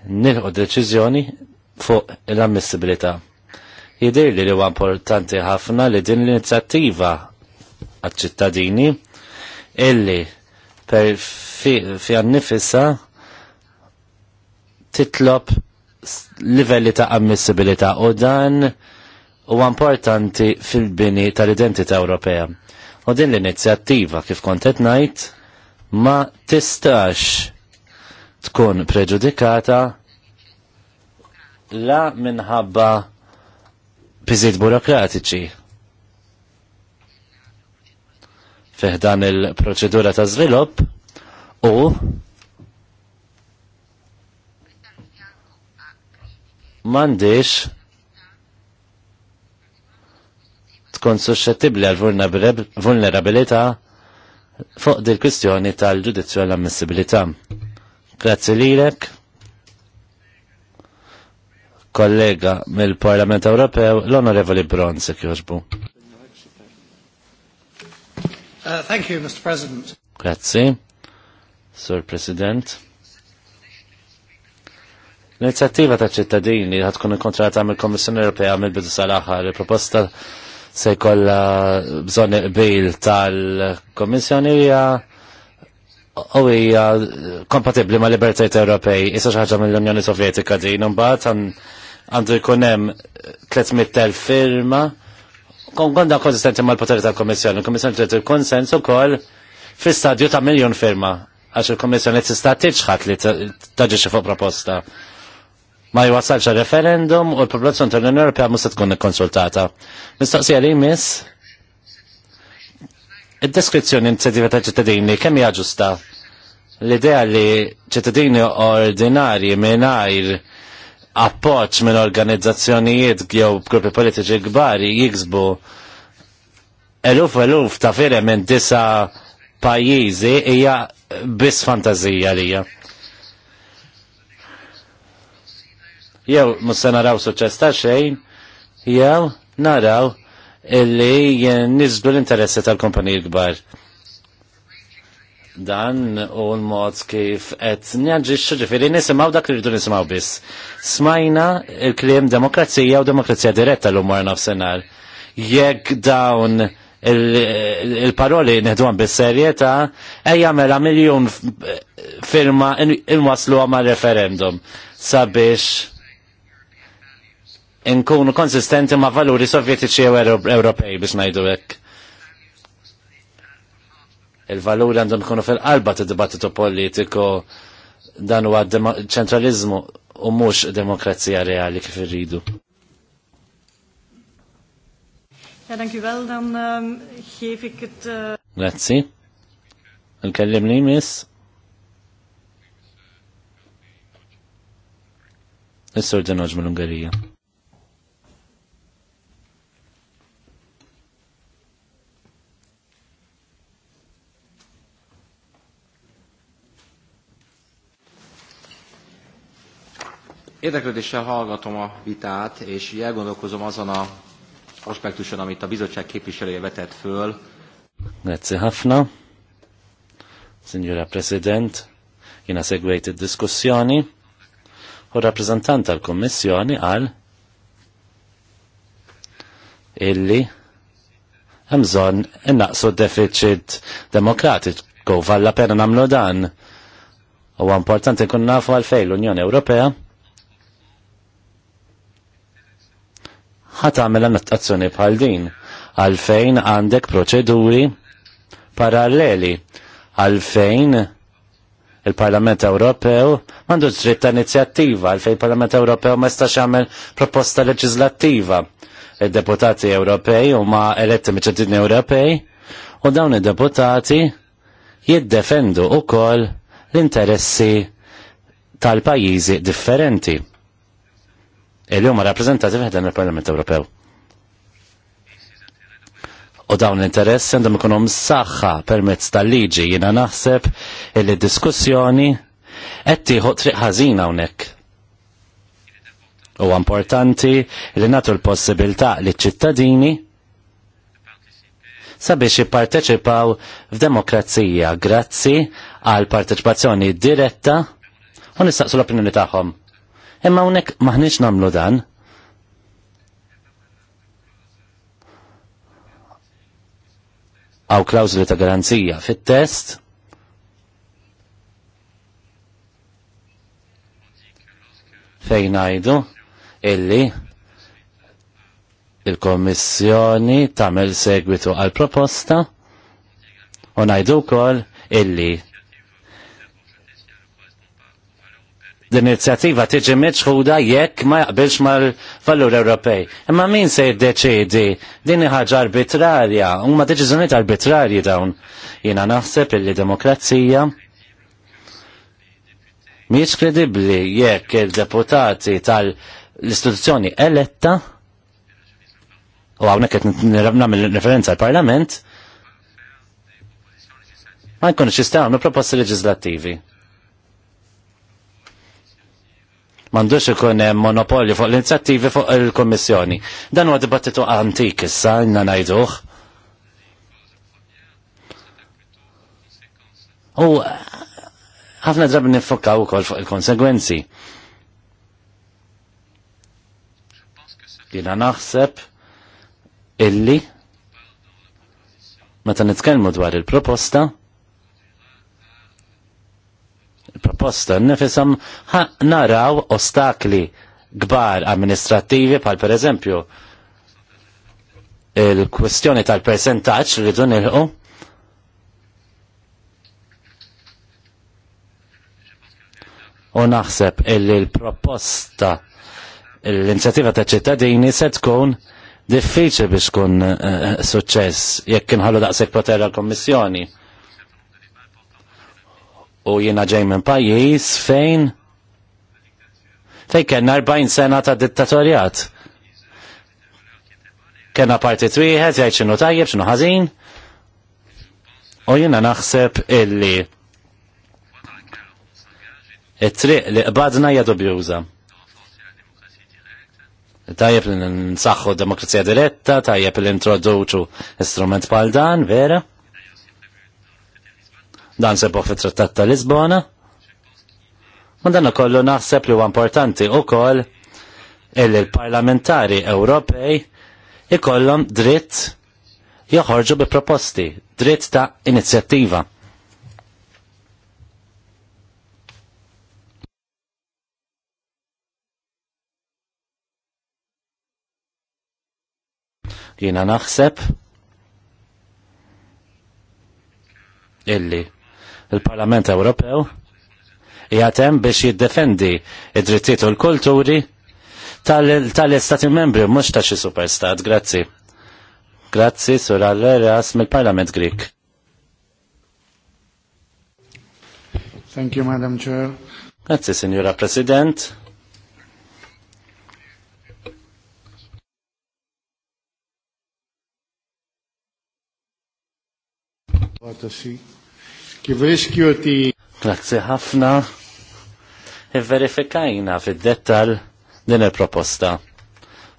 nilħu deċiżjoni fuq l-ammissibilità. Jidir li li huwa importanti ħafna li din l-inizjattiva għal-ċittadini illi per fi għannifissa titlob livelli ta' ammissibilità u dan huwa importanti fil-bini tal-identità Ewropea. U din l-inizjattiva kif kontet najt ma tistax tkun preġudikata la minħabba biżiet burokratiċi. Fiħdan il-proċedura ta' żvilupp u mandiċ tkun suscettibli għal vulnerabilità fuq dil kwistjoni tal-ġudizzju għall ammissibilità Grazzi lilek kollega mill-Parlament Ewropew, l-Onorevoli Bronze kjoġbu. Uh, thank you, Mr. President. Grazie, Sir President. L-inizjattiva ta' ċittadini ħatkun inkontrata mill-Kommissjoni Ewropea mill-bidu sal-aħħar il-proposta se jkollha bżonn qbil tal-Kommissjoni hija u hija kompatibbli ma' libertajiet Ewropej, issa xi ħaġa mill-Unjoni Sovjetika din imbagħad għandu jkun hemm 300.000 firma. Kon gonda konsistenti mal-poteri tal-Kommissjoni. Il-Kommissjoni trid il-konsens ukoll fis-stadju ta' miljon firma għax il-Kommissjoni tista' tiġħat li xi fuq proposta. Ma jwassalx referendum u l-popolazzjoni tal-Unjoni Ewropea mhux se tkun ikkonsultata. Mistoqsija li jmiss id-deskrizzjoni inizjattiva ta' ċittadini kemm hija L-idea li ċittadini ordinarji mingħajr appoċ minn organizzazzjonijiet jew gruppi politiċi kbar jiksbu eluf eluf ta' firem minn disa pajjiżi hija biss fantazija lija. Jew mhux se naraw suċċess ta' xejn, jew naraw illi nisbdu l-interessi tal-kumpaniji kbar dan u l-mod kif qed njaġġixxu ġifieri nisimgħu dak li rridu nisimgħu biss. Smajna il-kliem demokrazija u demokrazija diretta l f-senar. Jekk dawn il-paroli għan bis-serjetà ejja mela miljun firma il-waslu ma' referendum sabiex inkunu konsistenti ma' valuri sovjetiċi u europej biex ngħidu hekk Il-valuri għandhom ikunu fil-qalba ta' dibattitu politiku dan huwa ċentralizmu u mhux demokrazija reali kif irridu. Ja, dank u Dan um, geef eh, Nkellim li Is-sur mill-Ungerija. Érdeklődéssel hallgatom a vitát, és elgondolkozom azon a aspektuson, amit a bizottság képviselője vetett föl. Grazie Hafna, Signora President, jina segwejt id-diskussjoni u rappresentant tal-Kommissjoni għal illi hemżon innaqsu deficit demokratiku valla pena namlu dan. U importanti kun nafu għalfej l-Unjoni Ewropea ħatamel annotazzjoni bħal din għalfejn għandek proċeduri paralleli għalfejn il-Parlament Ewropew mandu dritt ta' inizjattiva għalfejn il-Parlament Ewropew ma jistax jagħmel proposta leġislattiva. Id-deputati Ewropej huma eletti miċ Ewropej u dawn id-deputati jiddefendu ukoll l-interessi tal-pajjiżi differenti. E il huma rappreżentati f'ħdan il-Parlament Ewropew. U dawn l-interess għandhom ikunhom saħħa permezz tal-liġi jiena naħseb il diskussjoni qed tieħu triq ħażin hawnhekk. Huwa importanti li nagħtu l-possibilità li ċittadini sabiex jipparteċipaw f'demokrazija grazzi għal parteċipazzjoni diretta u nistaqsu l-opinjoni tagħhom. Imma hawnhekk maħniex nagħmlu dan. Aw klawzli ta' garanzija fit-test. Fejn ngħidu illi il komissjoni tagħmel segwitu għal proposta u ngħidu wkoll illi l-inizjattiva tiġi meċħuda jekk ma jaqbilx mal-valur Ewropej. Imma min se jiddeċidi din ħaġa arbitrarja, huma deċiżjonijiet arbitrarji dawn. Jiena naħseb illi demokrazija miex kredibbli jekk il-deputati tal-istituzzjoni eletta u hawnhekk qed nagħmel referenza għall parlament ma jkunx jistgħu proposti leġislattivi Mandux ikun hemm monopolju fuq l-inizjattivi fuq il-Kommissjoni. Dan huwa dibattitu antik issa inna ngħiduh. U ħafna drabi nifokaw ukoll fuq il-konsegwenzi. Jiena naħseb illi meta nitkellmu dwar il-proposta, il proposta proposta nifisam naraw ostakli gbar amministrativi pal per eżempju il-kwestjoni tal-percentaċ li dun il U naħseb illi l-proposta l-inizjativa ta' ċittadini se tkun diffiċli biex kun uh, eh, suċċess jekk inħallu daqshekk poter għall-Kommissjoni u jiena ġej minn pajjiż fejn fejn kena 40 sena ta' dittatorjat. Kena partit wieħed jgħid x'inhu tajjeb, x'inhu ħażin. U jiena naħseb illi it-triq li qbadna hija dubjuża. Tajjeb li nsaħħu demokrazija diretta, tajjeb li introduċu istrument bħal dan, vera? dan sebu fit trattat ta' Lisbona. Ma dan kollu naħseb li huwa importanti wkoll koll il parlamentari Ewropej ikollhom dritt joħorġu bi proposti, dritt ta' inizjattiva. Jiena naħseb illi il-Parlament Ewropew jgħatem biex jiddefendi id drittiet u l-kulturi tal-istati membri, mux ta' xi superstat. Grazzi. Grazzi, sur Alleras mill-Parlament Grik. Thank you, Madam Chair. Grazzi, Signora President. Għata Kif riskju ti. Grazzi ħafna. E verifikajna fid-dettal din il-proposta.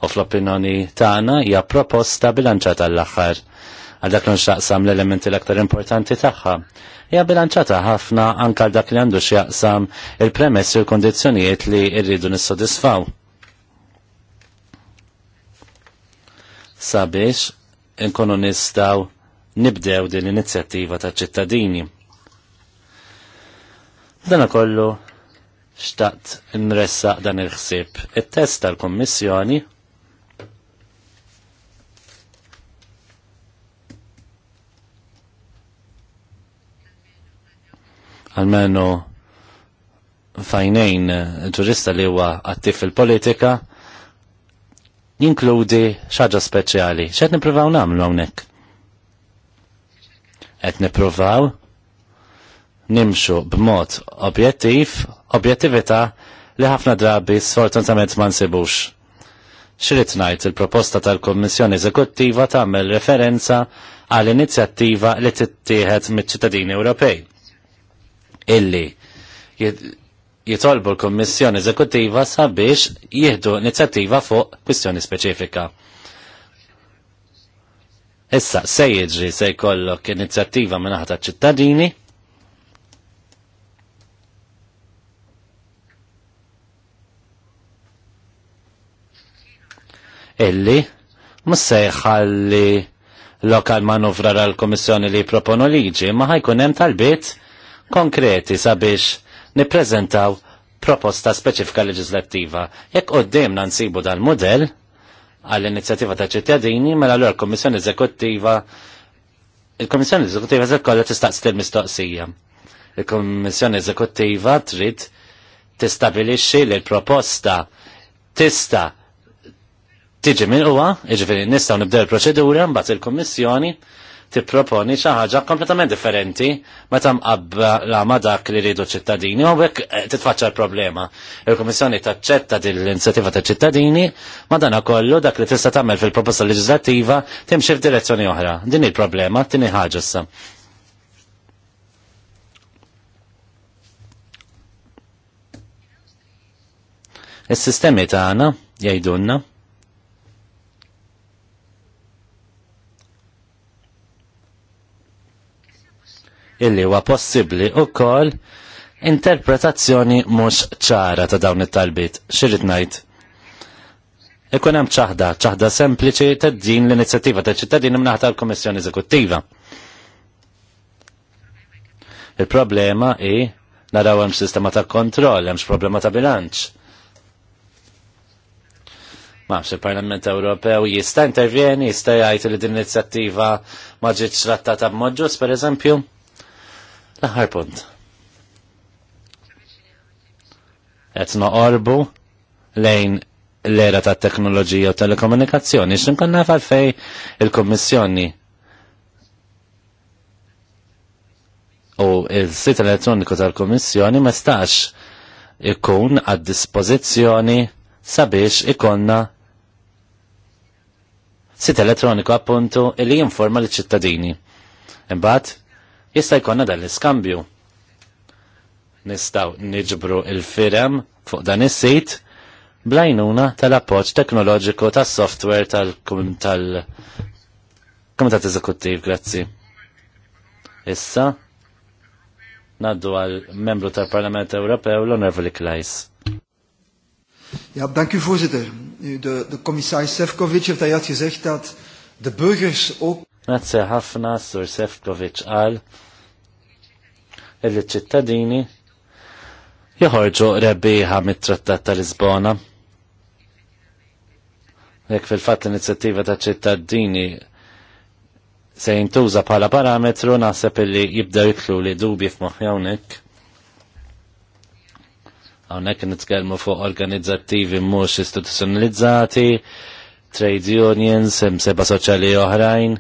U fl-opinjoni tagħna hija proposta bilanċata l-aħħar għal dak nxaqsam l-elementi l-aktar importanti tagħha. Hija bilanċata ħafna anke għal dak li għandu x'jaqsam il-premessi u l-kondizzjonijiet li rridu nissodisfaw. Sabiex inkunu nistgħu nibdew din l-inizjattiva ta' ċittadini. Dan kollu xtaqt nressaq dan il-ħsieb. It-test tal-Kommissjoni almenu fajnejn turista li huwa attiv fil-politika jinkludi xaġa speċjali. Xed niprovaw namlu hawnhekk? Qed niprovaw nimxu b'mod objettiv, objettivita li ħafna drabi sfortunatament ma nsibux. Xirrit ngħid il-proposta tal-Kommissjoni Eżekuttiva tagħmel referenza għall inizjattiva li tittieħed miċ-ċittadini Ewropej. Illi jitolbu l-Kommissjoni Eżekuttiva sabiex jieħdu inizjattiva fuq kwistjoni speċifika. Issa se jiġri se jkollok inizjattiva minn aħta ċittadini, illi musse lokal manuvra għal-Komissjoni li proponu liġi, ma ħajkun hemm talbiet konkreti sabiex nippreżentaw proposta speċifika leġislattiva. Jekk qoddimna nsibu dal-modell għall-inizjattiva ta' ċittadini, mela l l-Komissjoni Eżekuttiva il kommissjoni Eżekuttiva se kollha tistaqsi l-mistoqsija. il kommissjoni Eżekuttiva trid tistabilixxi li l-proposta tista' tiġi minn huwa, jiġifieri nistgħu nibdew il-proċedura mbagħad il-Kummissjoni tipproponi xi ħaġa kompletament differenti meta mqabbla ma dak li rridu ċittadini u hekk eh, titfaċċa l-problema. Il-Kummissjoni taċċetta din l-inizjattiva ta' ċittadini ma dana kollu dak li tista' tagħmel fil-proposta leġislattiva timxi f'direzzjoni oħra. Din il-problema tieni ħaġa issa. Is-sistemi tagħna jgħidulna illi huwa possibbli wkoll interpretazzjoni mhux ċara ta' dawn it talbit Xirrid ngħid? Ikun hemm ċaħda, ċaħda sempliċi tad din l-inizjattiva ta' ċittadin imnaħta l-Kummissjoni Eżekuttiva. Il-problema hi naraw hemm sistema ta' kontroll, hemmx problema ta' bilanċ. Mafx il-Parlament Ewropew jista' intervjeni, jista' jgħid li din l-inizjattiva ma ġietx trattata b'mod ġust, pereżempju? L-aħħar punt. Qed noqorbu lejn l-era ta' teknoloġija u telekomunikazzjoni, x'inkun naf fej il-Kommissjoni u il-sit elettroniku tal-Kommissjoni ma stax ikun għad dispożizzjoni sabiex ikonna sit elettroniku appuntu li jinforma l-ċittadini. Imbagħad jista' jkollna dan l-iskambju. Nistgħu niġbru il-firem fuq dan is-sit blajnuna tal-appoġġ teknoloġiku tas-software tal-Kumitat Eżekuttiv, grazzi. Issa naddu għal membru tal-Parlament Ewropew l-Onorevoli Klajs. Ja, dank u voorzitter. De, de commissaris Sefcovic heeft gezegd dat de burgers ook... Grazie ħafna, Sur Sefcovic għal il-ċittadini joħorġu rebbieħa mit-trattat ta' Lisbona. Jekk fil-fatt l-inizjattiva ta' ċittadini se jintuża bħala parametru naħseb illi jibda iklu li dubji f'moħħ hawnhekk. Hawnhekk nitkellmu fuq organizzattivi mhux istituzzjonalizzati, trade unions, imseba soċjali oħrajn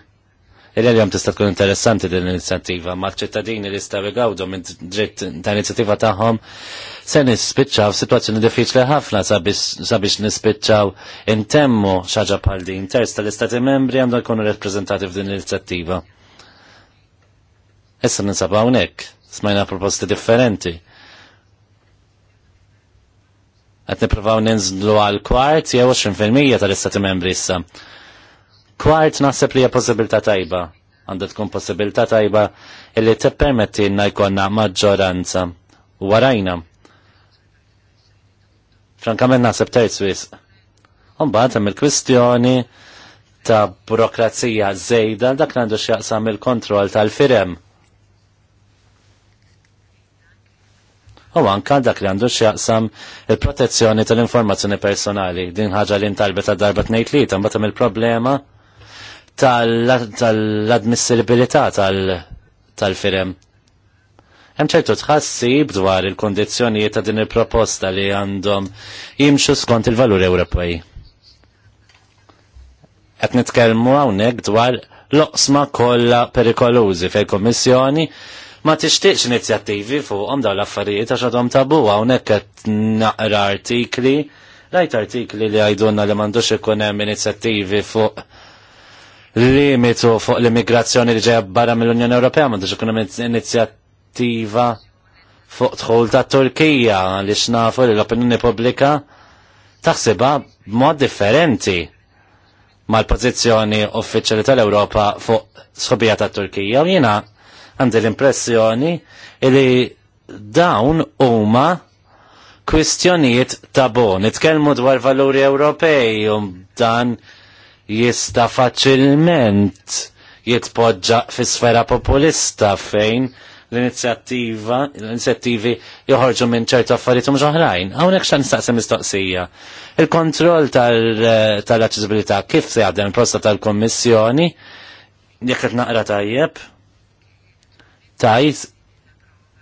Il-għaljom tista' tkun interessanti din l-inizjattiva, ma' ċittadini li stawi għawdu minn dritt ta' inizjattiva tagħhom se nispiċċaw situazzjoni diffiċli ħafna sabiex nispiċċaw intemmu xaġa bħal din terz tal-istati membri għandu jkunu reprezentati f'din l-inizjattiva. Issa ninsabaw hawnhekk, smajna proposti differenti għat niprofaw ninżlu għal kwart jew 20% tal-istati membri issa. Kwart naħseb li hija possibilità tajba. għandu tkun possibilità tajba illi t-permetti lna jkollna maġġoranza u warajna. Frankament naħseb terz wisq. Umbagħad hemm il-kwistjoni ta' burokrazija zejda, dak għandu x'jaqsam il-kontroll tal-firem. u anka dak li għandu xjaqsam il-protezzjoni tal-informazzjoni personali. Din ħaġa li ntalbet ta' darba tnejt li tam il-problema tal-admissibilità tal-firem. Hemm ċertu tħassib dwar il-kondizzjonijiet ta' din il-proposta li għandhom jimxu skont il-valur Ewropej. Qed nitkellmu hawnhekk dwar loqsma kollha perikolużi fil-Kommissjoni ma tixtieqx inizjattivi fuqhom dawn l-affarijiet għax għadhom tabu hawnhekk qed naqra artikli rajt artikli li għajdunna li mandux ikun hemm inizjattivi fuq limitu fuq l-immigrazzjoni li ġeja barra mill-Unjoni Ewropea, m'għandux ikun inizjattiva fuq tħol ta' Turkija li xnafu li l-opinjoni pubblika taħsibha b'mod differenti mal-pożizzjoni uffiċjali tal-Ewropa fuq sħobija ta' Turkija u jiena għandi l-impressjoni li dawn huma kwistjonijiet tabu. Nitkellmu dwar valuri Ewropej u dan jista faċilment jitpoġġa fi sfera populista fejn l-inizjattiva, l-inizjattivi joħorġu minn ċertu affarijiet mhux oħrajn. Hawnhekk xa nistaqsi mistoqsija. Il-kontroll eh, tal-aċċessibilità tal kif se jaħdem il-prosta tal-Kommissjoni jekk qed naqra tajjeb tajt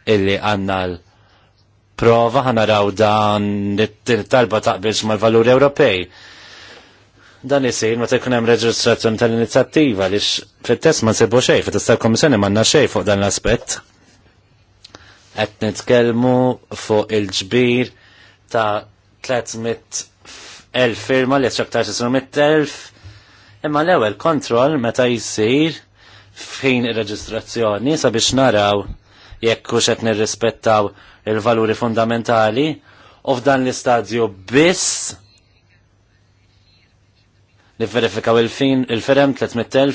illi għandna l-prova ħanaraw dan it-talba taqbilx mal-valuri Ewropej Dan isir meta jkun hemm reġistrazzjoni tal-inizjattiva li fit-test ma nsibu xejn, fit-test tal-Kommissjoni m'għandna xejn fuq dan l-aspett. Qed nitkellmu fuq il-ġbir ta' 300,000 firma li mit-telf, imma l-ewwel kontroll meta jsir f'ħin ir-reġistrazzjoni sabiex naraw jekk hux qed nirrispettaw il-valuri fundamentali u f'dan l-istadju biss li verifikaw il-firem 300.000.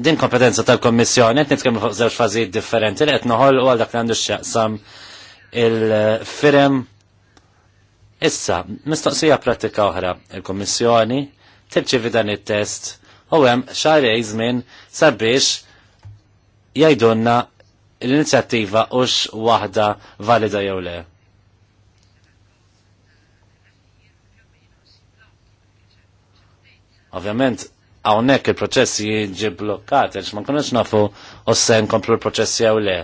Din kompetenza tal-Kommissjoni qed nitkellmu fuq żewġ fażijiet differenti li qed u għal dak li għandu x'jaqsam il-firem. Issa, mistoqsija pratika oħra, il-Kommissjoni tirċivi dan it-test u hemm xarri żmien sabiex jajdunna l-inizjattiva ux waħda valida jew le. Ovvjament, għawnek il-proċess jiġi blokkat, għax ma konnax nafu ossen komplu l-proċess jew le.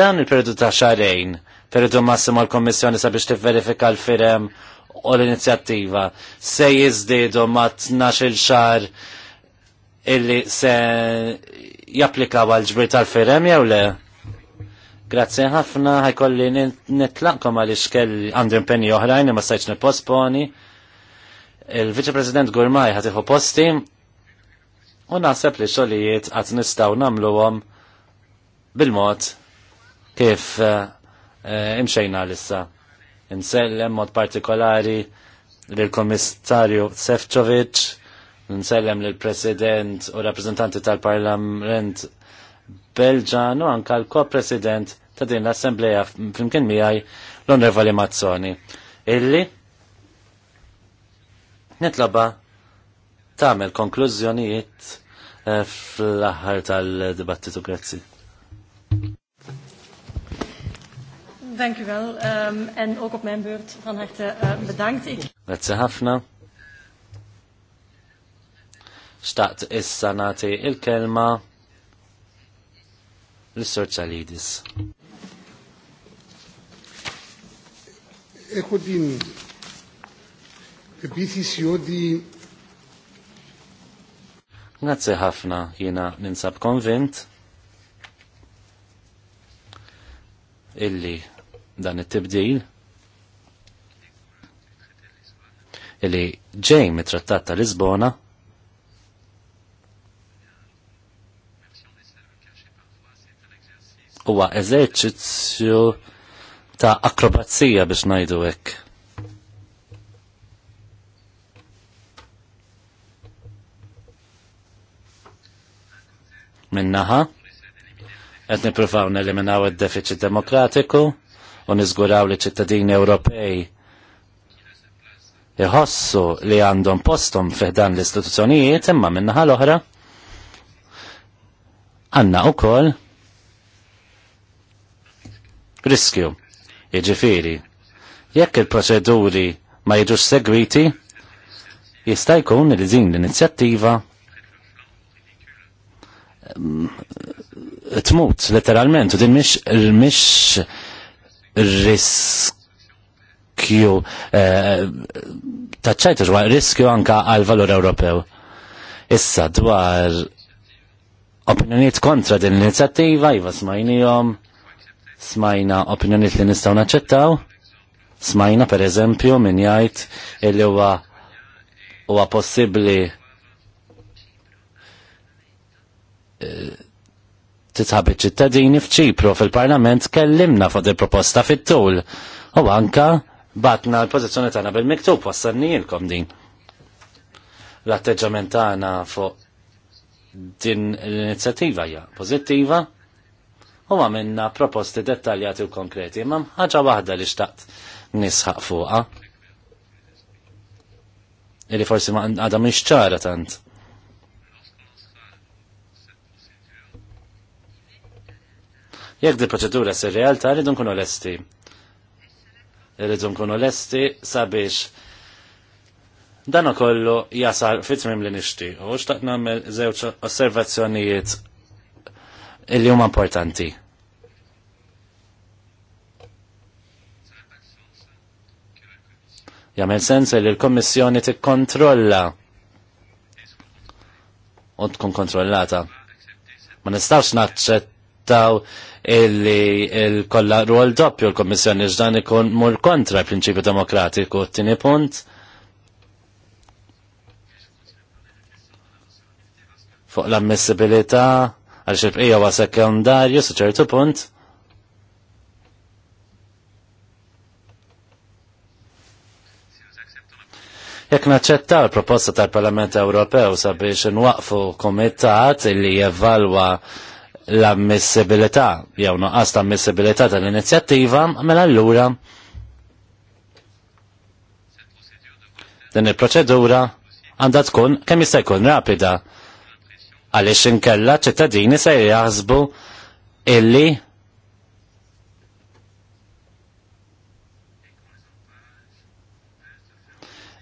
Dan il-periodu ta' xarejn, periodu massimo l-Kommissjoni sabiex t-verifika l-firem u l-inizjattiva, se jizdidu ma 12 xar illi se japplikaw għal-ġbir tal-firem jew le. Grazie ħafna, ħajkolli nitlaqkom għal-iċkelli għandu impenni oħrajn, ma sajċni posponi il-Viċe President Gurmaj ħat posti u naħseb li xogħlijiet nistaw nistgħu nagħmluhom bil-mod kif eh, eh, imxejna l-issa. Insellem mod partikolari lill-Komissarju Sefcovic, nsellem lill-President u rappreżentanti tal-Parlament Belġan u anka l-Ko-President ta' din l-Assembleja flimkien miħaj l-Onorevoli Mazzoni. Illi Nitloba tagħmel konklużjonijiet eh, fl-aħħar tal-dibattitu. Grazzi. Dank u wel. Um, en ook op mijn beurt van harte uh, bedankt. Ik... Grazie hafna. Staqt is sanate il-kelma l-Sorċalidis. Ekudin, Grazie ħafna jiena ninsab konvint illi dan it-tibdil illi ġej mit-trattat ta' Lisbona huwa eżerċizzju ta' akrobazija biex ngħidu hekk. Minnaħa, qed nippruvaw neliminaw id-deficit demokratiku u niżguraw li ċittadini Ewropej iħossu li għandhom postom fiħdan l-istituzzjonijiet imma minnaħa l-oħra għanna u kol riskju iġifiri jekk il-proċeduri ma jiġux segwiti jista' jkun li din l-inizjattiva tmut letteralment u din mish riskju eh, taċċajtu ġwa riskju anka għal valur Ewropew. Issa dwar opinjoniet kontra din l-inizjattiva, jiva smajnijom, smajna opinjoniet li nistaw naċċettaw, smajna per eżempju min jgħid il huwa huwa possibbli titħabit ċittadini f'ċipru fil-Parlament kellimna fuq il-proposta fit-tul u anka batna l-pożizzjoni tagħna bil-miktub wassannilkom din. L-atteġġament tagħna fuq din l-inizjattiva hija pożittiva u għamilna proposti dettaljati u konkreti, imma ħaġa waħda li xtaqt nisħaq fuqa. Illi forsi ma għadha mhix ċara tant Jekk di proċedura sir realtà rridu nkun onesti. Rridu nkun onesti sabiex dan kollu jasal fit-tmim li nixti. U xtaqt nagħmel żewġ osservazzjonijiet illi huma importanti. Jamel sens li l-Kommissjoni tikkontrolla u tkun kontrollata. Ma nistax naċċett naċċettaw illi il-kolla rol doppju l-Kommissjoni ġdan ikun mur kontra l-prinċipju demokratiku. Tini punt. Fuq l-ammissibilità għal bqija wa sekundarju suċertu ċertu punt. Jekk naċċettaw l proposta tal-Parlament Ewropew sabiex nwaqfu komitat illi jevalwa l-ammissibilità, jew nuqqas ta' ammissibilità tal-inizjattiva, mela allura din il-proċedura għandha tkun kemm jista' jkun rapida għaliex inkella ċittadini se jaħsbu illi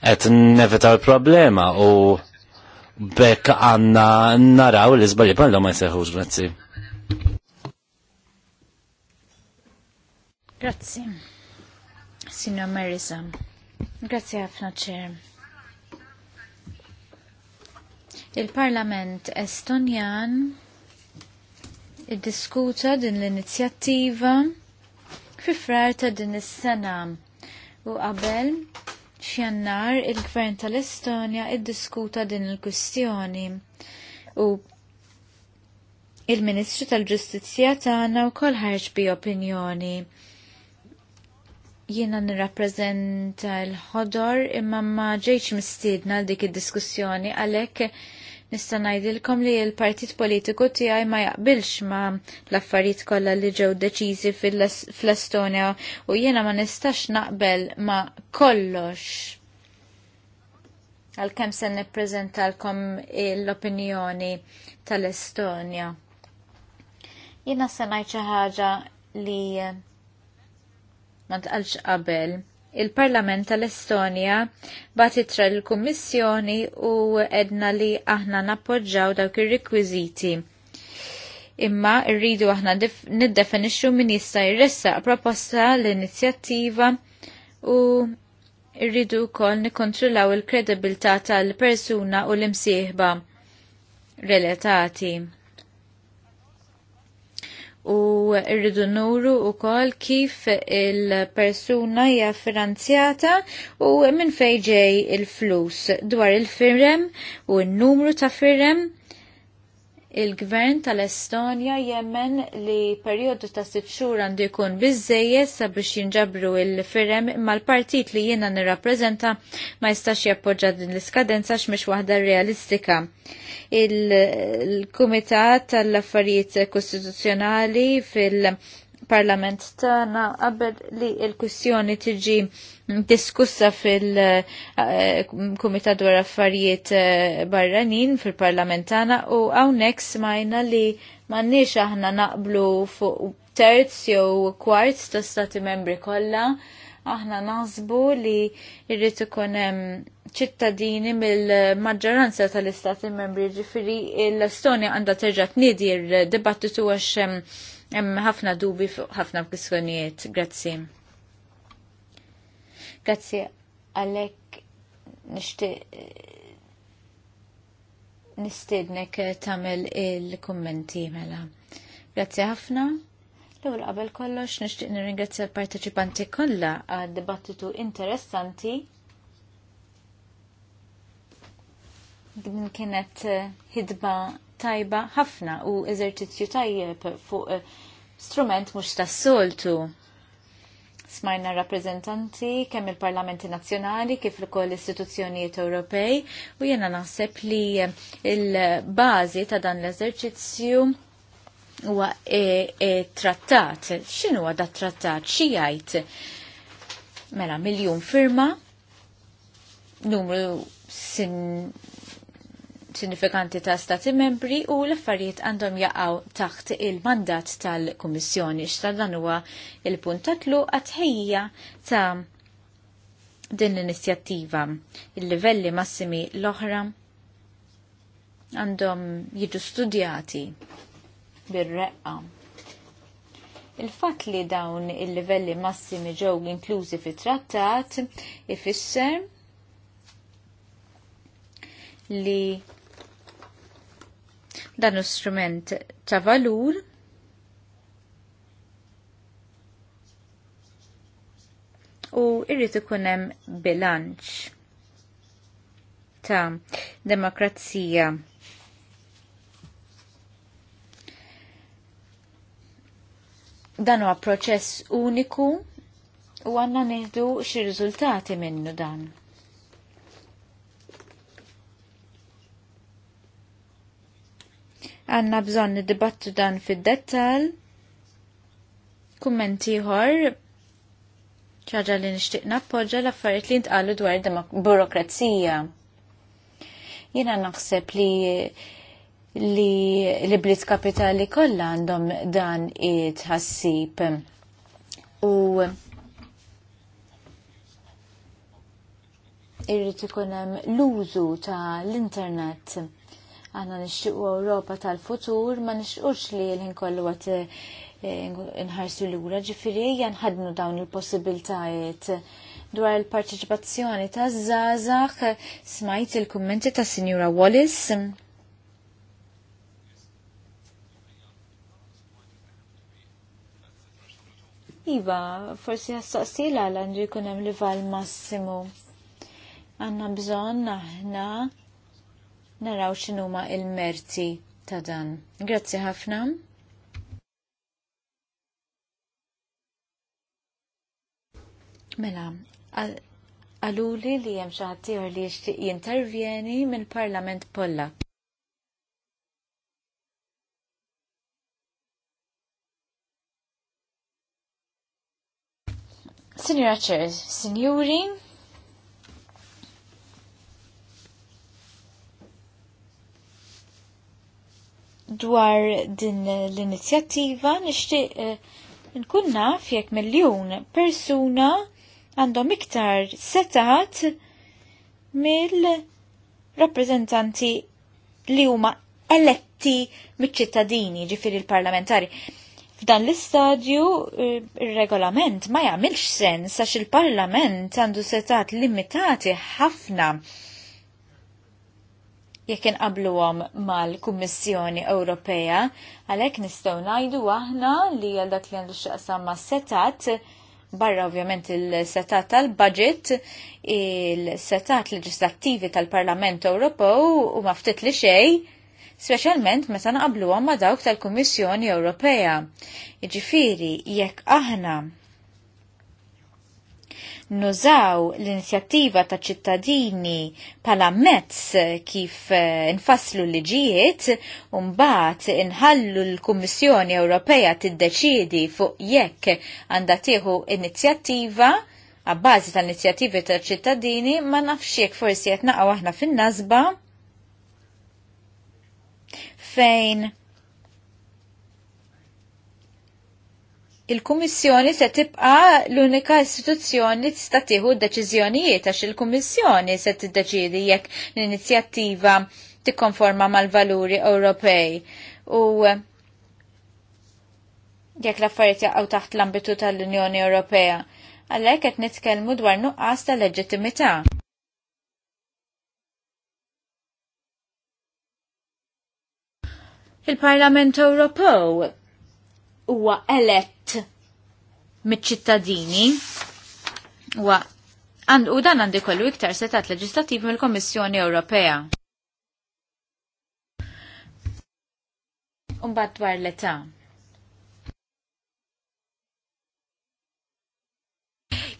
qed nevitaw il-problema u bekk għanna naraw li iżbalji pan ma jseħux, grazzi. Grazzi. Signor Marisa. Grazzi ħafna ċer. Il-Parlament Estonjan iddiskuta din l-inizjattiva fi frar ta' din is-sena u qabel f'jannar il-Gvern tal-Estonja iddiskuta din il-kwistjoni u il-Ministru tal-Ġustizzja tagħna wkoll ħarġ bi opinjoni. Jiena nirrappreżenta l-ħodor imma ma ġejx mistiedna dik id-diskussjoni għalhekk nista' ngħidilkom li l-partit politiku tiegħi ma jaqbilx ma l-affarijiet kollha li ġew deċiżi fl-Estonja u jiena ma nistax naqbel ma kollox. Għalkemm se nippreżentalkom l-opinjoni tal-Estonja. Jina sanajt xi ħaġa li ma tqalx qabel. Il-Parlament tal-Estonja batitra l-Kummissjoni u edna li aħna nappoġġaw dawk ir-rekwiżiti. Imma rridu aħna niddefinixxu min jista' jressaq proposta l-inizjattiva u rridu wkoll nikkontrollaw il-kredibilità tal-persuna u l-imsieħba relatati u rridu nuru u kol kif il-persuna hija finanzjata u minn fejġej il-flus dwar il firrem u n-numru ta' firrem. Il-gvern tal-Estonja jemmen li periodu ta' sitt xhur għandu jkun biżejjed sabiex jinġabru il-firem mal-partit li jiena nirrappreżenta ma jistax jappoġġa din l-iskadenza x'mhix waħda realistika. Il-Kumitat tal-Affarijiet Kostituzzjonali fil- il parlament tagħna qabel li l-kwistjoni tiġi diskussa fil-Kumitat eh, dwar Affarijiet eh, Barranin fil-Parlament tagħna u hawnhekk smajna li m'għandniex aħna naqblu fuq terz jew kwarz ta' stati membri kollha aħna naħsbu li irrid ikun hemm ċittadini mill-maġġoranza tal-istati membri ġifiri l-Estonja għandha terġa' tniedi r dibattitu għax Hemm ħafna dubi fuq ħafna kwistjonijiet. Grazzi. Grazzi għalhekk nixtieq nistednek tagħmel il-kummenti mela. Grazzi ħafna. L-ewwel qabel kollox nixtieq nirringrazzja l-parteċipanti kollha għad dibattitu interessanti. Din kienet ħidba tajba ħafna u eżerċizzju tajjeb fuq eh, strument mhux tas-soltu. Smajna rappreżentanti kemm il-Parlamenti Nazzjonali kif ukoll l-istituzzjonijiet Ewropej u jiena naħseb li l-bażi ta' dan l-eżerċizzju huwa e, e trattat. X'inhu huwa da trattat? Xi jgħid? Mela miljun firma numru sin sinifikanti ta' stati membri u l-affarijiet għandhom jaqaw taħt il-mandat tal-Kummissjoni x'tadan huwa il-punt tatlu għatħejja ta' din l-inizjattiva. Il-livelli massimi l-oħra għandhom jiġu studjati bir-reqqa. Il-fatt li dawn il-livelli massimi ġew inklużi fit-trattat ifisser li dan l strument ta' valur u irrit ikun hemm bilanċ ta' demokrazija dan huwa proċess uniku u għanna nieħdu xi riżultati minnu dan. Għanna bżon nidibattu dan fid-dettal. Kummenti ħor ċaġa li nishtiq nappoġġa l-affarijiet li ntqalu dwar burokrazija. Jiena naħseb li li li blitz kapitali kollha għandhom dan it-ħassib. U irrid ikun hemm l-użu ta' l-internet Għanna nixtiqu Ewropa tal-futur, ma nixtiqux li l-ħin kollu għat eh, nħarsu l għura ġifiri, janħadnu dawn il-possibiltajiet dwar il-parteċipazzjoni ta' Zazax smajt il-kummenti ta' Signora Wallis. Iva, forsi għastaqsila l-għandu jkun hemm val massimu. Għanna bżon aħna naraw x'inhuma il-merti ta' dan. Grazzi ħafna. Mela, għaluli li hemm xi ħadd li jixtieq jintervjeni mill-Parlament Polla. Signora Chairs, signori, dwar din l-inizjattiva nixtieq eh, nkun naf jekk miljun persuna għandhom iktar setat mill-rappreżentanti li huma eletti miċ-ċittadini ġifiri l-parlamentari. F'dan l-istadju eh, ir-regolament ma jagħmilx sens għax il-parlament għandu setat limitati ħafna jekk inqabluhom mal-Kummissjoni Ewropea, għalhekk nistgħu ngħidu aħna li għal dak li għandu x'aqsam ma' setat barra ovvjament il-setat tal-budget, il-setat leġislattivi tal-Parlament Ewropew u ma ftit li xej, speċjalment meta naqablu ma dawk tal-Kummissjoni Ewropea. Jiġifieri jekk aħna nużaw l-inizjattiva ta' ċittadini pala mezz kif eh, nfasslu l-liġijiet, baħt inħallu l-Kummissjoni Ewropea tiddeċidi fuq jekk għandha tieħu inizjattiva għabbażi tal-inizjattivi ta' ċittadini ma nafx jekk forsi qed naqgħu aħna fin nazba fejn il-Kummissjoni se tibqa l-unika istituzzjoni li tista' tieħu d-deċiżjonijiet għax il-Kummissjoni se tiddeċiedi jekk l-inizjattiva tikkonforma mal-valuri Ewropej. U jekk l-affarijiet jaqgħu taħt l-ambitu tal-Unjoni Ewropea. Għalhekk qed nitkellmu dwar nuqqas ta' leġittimità. Il-Parlament Ewropew huwa elett mit-ċittadini u dan għandi kollu iktar setat leġislativi mill-Kommissjoni Ewropea. Umbat dwar l-età.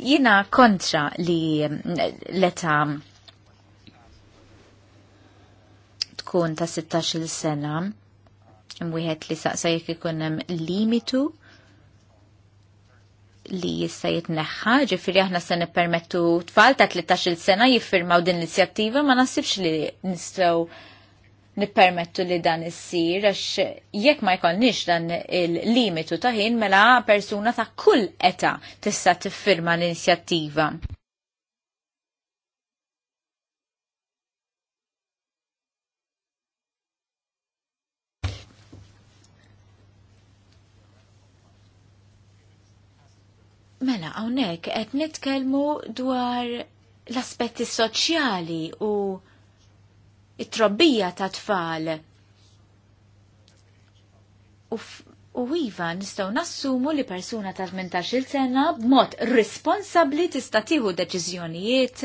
Jina kontra li l-età tkun ta' 16 sena, imwieħed li saqsa jekk ikun hemm limitu li jista' jitneħħa, ġifiri aħna se nippermettu tfal ta' 13-il sena jiffirmaw din l-inizjattiva ma nasibx li nistgħu nippermettu li dan issir għax jekk ma jkollniex dan il-limitu ta' ħin mela persuna ta' kull età tista' tiffirma l-inizjattiva. Mela, hawnhekk qed nitkellmu dwar l-aspetti soċjali u it-trobbija ta' tfal. U iva nistgħu nassumu li persuna ta' 18-il sena b'mod responsabbli tista' tieħu deċiżjonijiet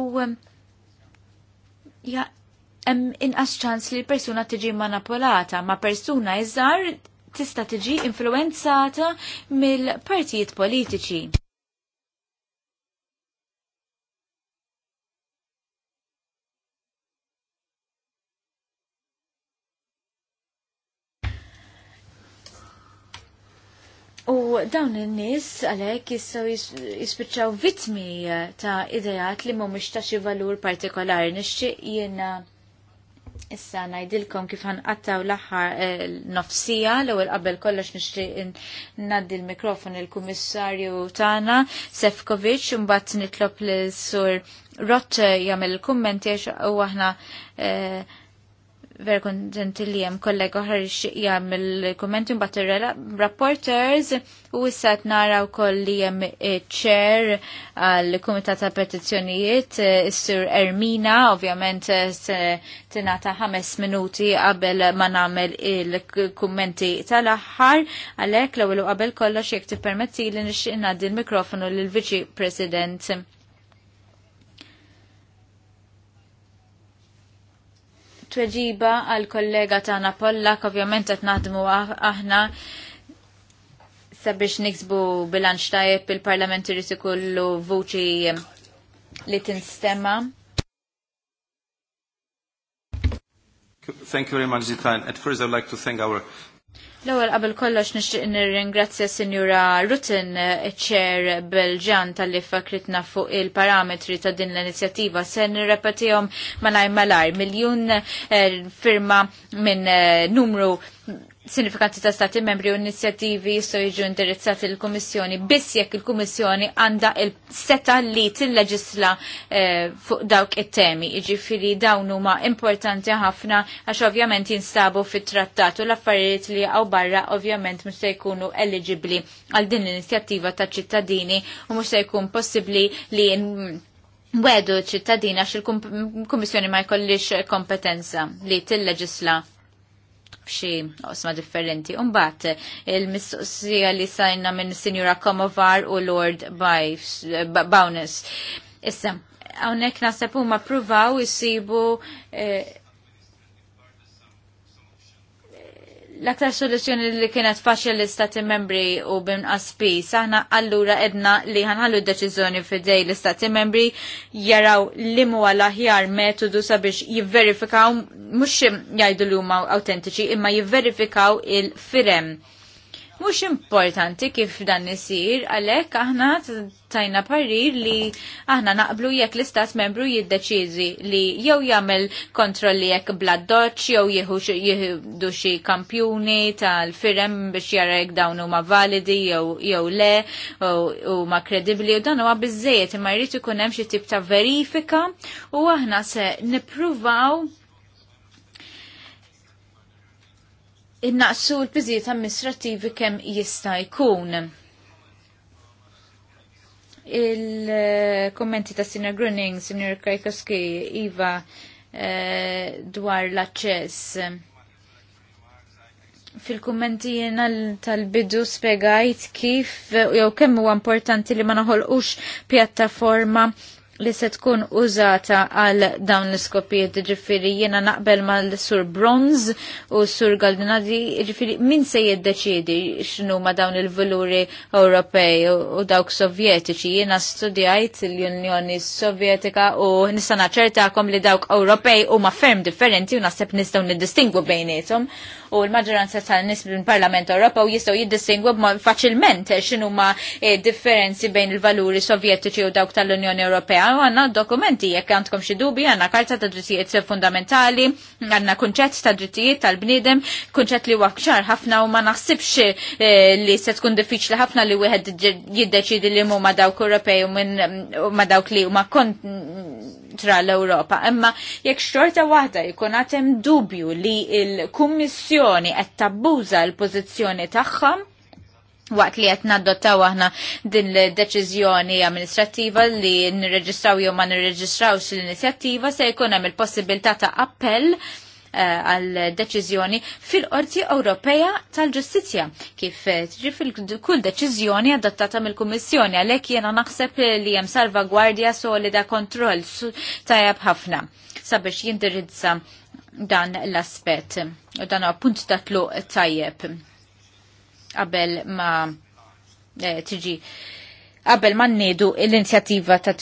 u ja, inqas ċans li persuna tiġi manipolata ma' persuna iżgħar tista' tiġi influenzata mill-partijiet politiċi. U dawn il-nis għalek jistgħu jispiċċaw vitmi ta' idejat li mhumiex ta' xi valur partikolari nixtieq jiena Issa najdilkom kif ħanqattaw l-aħħar eh, nofsija l ewwel qabel kollox nixtieq naddi l-mikrofon il-kummissarju Tana Sefkovic mbagħad nitlob l sur Rotte jagħmel il-kummenti għax u aħna eh, ver kontent li jem kollega ħarix jgħam il-kommenti mbatt rapporters u issa nara u koll li jem ċer eh, għal komitata ta' Petizzjonijiet eh, Sur Ermina, ovvjament eh, t-nata ħames minuti qabel ma namel il-kommenti tal-axħar għalek l għabel qabel kollox jek ti permetti li nixinna il mikrofonu l-Viċi President. tweġiba għal kollega tagħna Pollak, ovvjament qed naħdmu aħna sabiex niksbu bilanċ tajjeb il-Parlament irid ikollu vuċi li tinstema. Thank you very much, Zitan. At first, I'd like to thank our L-ewwel qabel kollox nixtieq nirringrazzja Sinjura Rutin ċer Belġan tal-li fakritna fuq il-parametri ta' din l-inizjattiva se nirrepetihom malaj malaj miljun eh, firma minn eh, numru sinifikanti ta' stati membri u inizjattivi jistgħu jiġu indirizzati l kummissjoni biss jekk il-Kummissjoni għandha il-seta li tilleġisla eh, fuq dawk it-temi. Jiġifieri dawn huma importanti ħafna għax ovvjament jinstabu fit-trattat u l-affarijiet li għaw barra ovvjament mux se jkunu eligibli għal din l-inizjattiva ta' ċittadini u mhux se jkun possibbli li wedu ċittadina għax il-Kummissjoni ma jkollix kompetenza li tilleġisla f'xi osma differenti. Umbat, il-mistoqsija li sajna minn Sinjura Komovar u Lord Bowness. Issa, għonek nasabu huma pruvaw jisibu eh, L-aktar soluzzjoni li kienet faċli l-istati membri u bin spis, saħna allura edna li ħanħallu d-deċiżjoni fidej l-istati membri jaraw li huwa l-aħjar metodu sabiex jivverifikaw mhux jgħidu li huma autentiċi, imma jivverifikaw il-firem Mhux importanti kif dan isir għalhekk aħna tajna parir li aħna naqblu jekk l-istat membru jiddeċiżi li jew jagħmel kontrolli jekk bla doċ jew jieħdu xi kampjuni tal-firem biex jara jekk dawn huma validi jew jew le u ma kredibbli u dan huwa biżejjed imma jrid ikun hemm xi tip ta' verifika u aħna se nippruvaw innaqsu l-biżiet amministrativi kemm jista' jkun. Il-kommenti ta' Sina Gruning, Sinjor Kajkowski, Iva, eh, dwar l-aċċess. Fil-kummenti jena tal-bidu spiegajt kif eh, jew kemm huwa importanti li ma naħolqux pjattaforma li se tkun użata għal dawn l-iskopijiet ġifiri jena naqbel mal sur Bronze u sur Galdinadi ġifiri min se jiddeċidi x'nu ma dawn il-valuri Ewropej u dawk Sovjetiċi jena studjajt l-Unjoni Sovjetika u nista' naċertakom li dawk Ewropej u ma ferm differenti u nistaw nistgħu niddistingwu bejnietom u l-maġġoranza tal-nies mill-Parlament Ewropew jistgħu jiddistingwu faċilment x'inhu ma eh, differenzi bejn il-valuri sovjetiċi u dawk tal-Unjoni Ewropea. U għandna dokumenti jekk għandkom xi dubi, għandna karta ta' drittijiet fundamentali, għandna kunċett ta' drittijiet tal-bniedem, kunċett li huwa kxar ħafna u ma naħsibx eh, li se tkun diffiċli ħafna li wieħed jiddeċidi li huma dawk Ewropej u ma dawk li huma kont tra l-Ewropa. Imma jekk xorta waħda jkun għatem dubju li il-Kummissjoni qed tabbuża l-pożizzjoni tagħhom, waqt li qed naddottaw aħna din l-deċiżjoni amministrattiva li nirreġistraw jew ma nirreġistrawx l-inizjattiva se jkun hemm il-possibilità ta' appell Eh, għal deċiżjoni fil-Qorti Ewropea tal-Ġustizzja kif eh, tiġi fil-kull deċiżjoni adottata mill-Kummissjoni għalhekk jiena naħseb li hemm salvagwardja solida kontroll tajab ħafna sabiex jindirizza dan l-aspett u dan appunt datlu tajjeb qabel ma eh, tiġi qabel ma nnedu l-inzjattiva ta'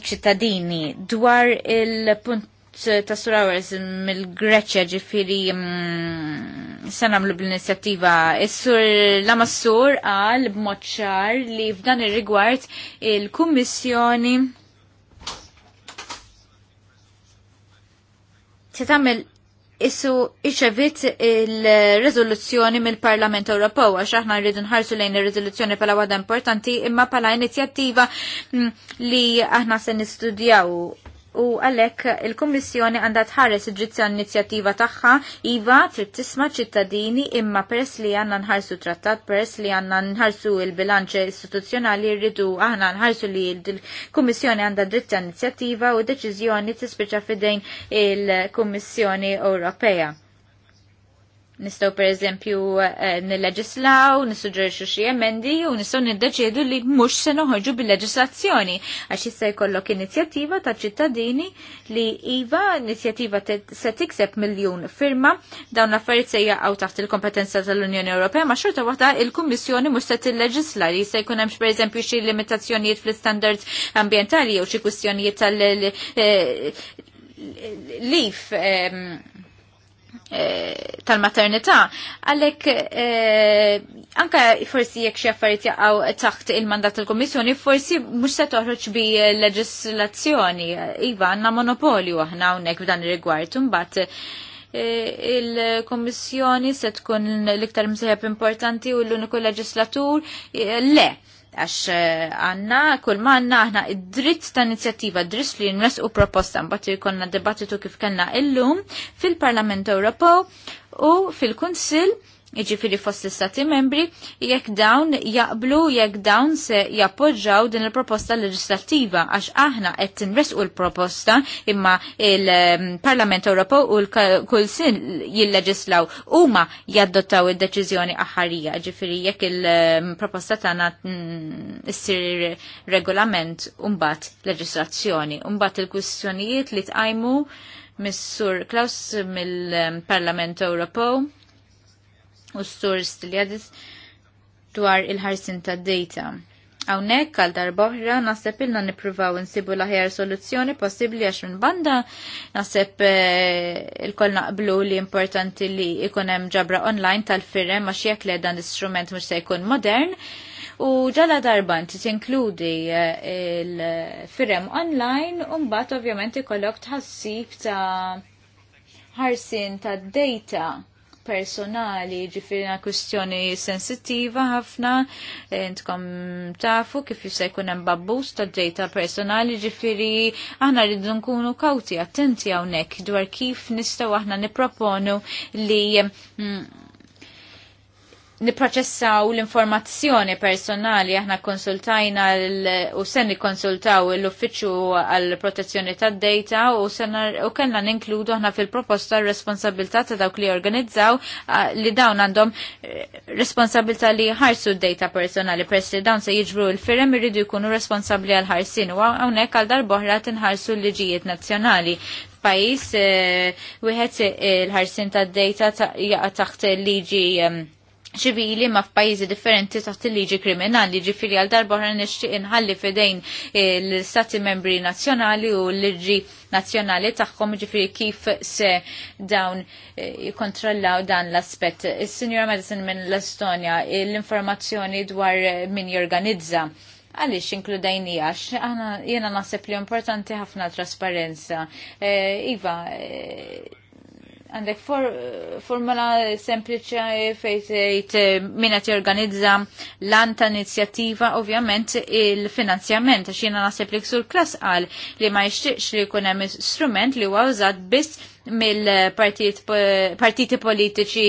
ċittadini dwar il-punt Eh, ta' Surawers mill-Greċja ġifiri mm, sanam l-inizjattiva. Is-sur Lamassur għal b'moċċar li f'dan ir-rigward il-Kummissjoni se tagħmel Issu iċevit il-rezoluzzjoni mill-Parlament Ewropew għax aħna rridu nħarsu lejn ir-riżoluzzjoni pala waħda importanti imma pala inizjattiva mm, li aħna se nistudjaw u għalhekk il-Kummissjoni għandha tħares l inizjattiva tagħha iva trid tisma' ċittadini imma peress li għandna nħarsu trattat, peress li għandna nħarsu il-bilanċ istituzzjonali rridu aħna nħarsu li l-Kummissjoni għandha dritt inizjattiva u deċiżjoni tispiċċa fidejn il-Kummissjoni Ewropea. Nistaw per eżempju eh, nil-leġislaw, nissuġġerixu xi emendi u nistgħu niddeċiedu li mhux se noħoġu bil-leġislazzjoni għax jista' jkollok inizjattiva ta' ċittadini li iva inizjattiva se tikseb miljun firma dawn l-affarijiet se jaqgħu taħt il-kompetenza tal-Unjoni Ewropea ma' xorta waħda il-Kummissjoni mhux se tilleġisla li jista' jkun hemm eżempju xi limitazzjonijiet fl-istandards ambjentali jew xi kwistjonijiet tal-lif eh, Eh, tal-maternità. Għalek, eh, anka forsi jek xie affarijiet jaqaw taħt il-mandat tal-Komissjoni, forsi mux se toħroġ bi leġislazzjoni. Iva, għanna monopolju aħna unnek b'dan il-rigward. bat eh, il-Komissjoni se tkun l-iktar mseħab importanti u l-uniku leġislatur? Le għax eh, għanna kull manna aħna id-dritt ta' inizjattiva, dritt li nres u proposta mbagħad jkollna debattitu kif kellna illum fil-Parlament Ewropew u fil-Kunsill iġifiri fost l-istati membri, jekk dawn jaqblu jekk dawn se jappoġġaw din il-proposta leġislattiva għax aħna qed tinresqu l-proposta imma il-Parlament Ewropew u l-Kulsin jilleġislaw huma jaddottaw id-deċiżjoni aħħarija, ġifieri jekk il-proposta tagħna mm, issir regolament u mbagħad leġislazzjoni, u mbagħad il-kwistjonijiet li tqajmu mis-Sur Klaus mill-Parlament Ewropew u s li għadis dwar il-ħarsin ta' data. Hawnhekk għal darboħra naħseb ilna nippruvaw insibu l-aħjar soluzzjoni possibbli għax minn banda naħseb eh, il koll naqblu li importanti li ikun hemm ġabra online tal-firem għax jekk li dan l-istrument mhux se jkun modern. U ġala darba inti tinkludi eh, il firrem online u mbagħad ovvjament ikollok tħassib ta' ħarsin ta' data personali, na kustjoni sensittiva ħafna, eh, intkom tafu kif jista' jkun hemm babbus ta' data personali, ġifiri aħna rridu nkunu kawti, attenti hawnhekk dwar kif nistgħu aħna nipproponu li mm, niproċessaw l-informazzjoni personali aħna konsultajna u sen konsultaw l-uffiċu għal protezzjoni tad data u sen u kellna ninkludu aħna fil-proposta responsabilità ta' dawk li organizzaw li dawn għandhom eh, responsabilità li ħarsu d-data personali pers li dawn se jiġbru l-firem irridu jkunu responsabli għal ħarsin u hawnhekk għal darbohra tinħarsu l-liġijiet nazzjonali pajis eh, wieħed il-ħarsin eh, tad data jaqa' taħt liġi ċivili ma f'pajjiżi differenti taħt il-liġi kriminali, ġifiri għal darba ħra nixtieq inħalli fidejn l-Stati membri nazzjonali u l-liġi nazzjonali tagħhom ġifiri kif se dawn eh, jikontrollaw dan l-aspett. Is-Sinjora Madison minn l-Estonja l-informazzjoni dwar min jorganizza għalix inkludajni għax, jena nasib li importanti ħafna trasparenza. Eh, iva, eh, għandek formula sempliċi fejtejt eh, minnet jorganizza lan ta' inizjattiva, ovvjament il-finanzjament, għax jena nasib li ksur klas għal li ma jxtiqx li kunem strument li huwa użat biss mill-partiti politiċi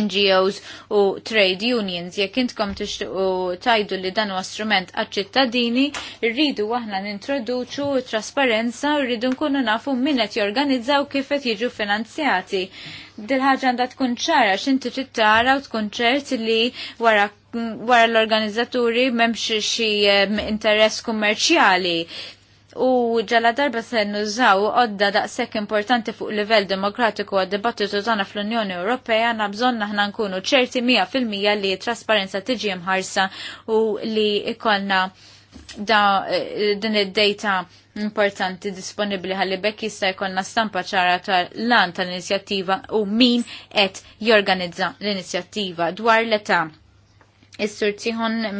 NGOs u trade unions. Jekk intkom tixtiqu tajdu li dan huwa strument għaċ-ċittadini, rridu aħna nintroduċu trasparenza u rridu nkunu nafu min qed jorganizzaw kif qed jiġu finanzjati. Dil-ħaġa għandha tkun ċara x'inti ċittara u tkun ċert li wara wara l-organizzaturi memx xi eh, interess kummerċjali u ġala darba se nużaw għodda daqshekk importanti fuq livell demokratiku għad dibattitu tagħna fl-Unjoni Ewropea na bżonn aħna nkunu ċerti 100% fil-mija li trasparenza tiġi mħarsa u li ikollna da eh, din id-data importanti disponibli għalli bekk jista' jkollna stampa ċara tal-lan tal-inizjattiva u min qed jorganizza l-inizjattiva dwar l-età Is-sur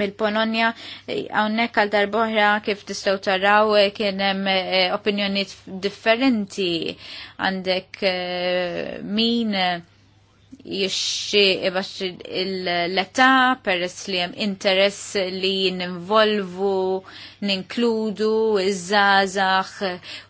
mill-Polonja għawnek għal darbohra kif tistaw taraw eh, kien hemm eh, opinjoniet differenti għandek eh, min jixxi ibax l-età peress li hemm interess li ninvolvu, ninkludu, iż-żazax,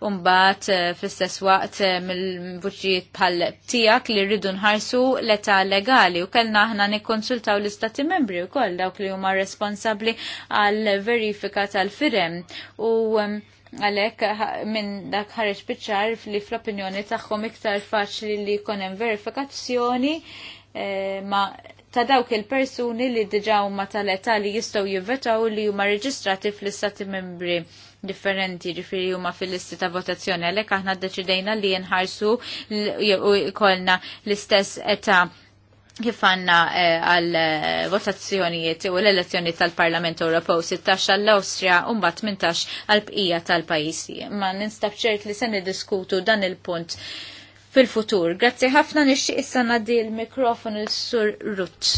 umbat eh, fl-istess waqt eh, mill-vuċijiet bħal tiegħek li rridu nħarsu l-età legali u kellna aħna nikkonsultaw l-istati membri wkoll dawk li huma responsabbli għal verifika tal-firem u għalek minn dak ħareġ bitċar li fl-opinjoni tagħhom iktar faċli li konem hemm verifikazzjoni eh, ma ta' dawk il-persuni li diġa huma tal-età li jistgħu jivvetaw li huma reġistrati fl-istati membri differenti ġifiri huma fil-listi ta' votazzjoni għalhekk aħna ddeċidejna li nħarsu u jkollna l-istess età kif għanna eh, għal eh, votazzjonijiet u l-elezzjoni tal-Parlament Ewropew 16 għall austria u mbagħad 18 għall-bqija tal-pajjiżi. Ma ninstab ċert li se diskutu dan il-punt fil-futur. Grazzi ħafna nixtieq issa ngħaddi l-mikrofon il sur Rut.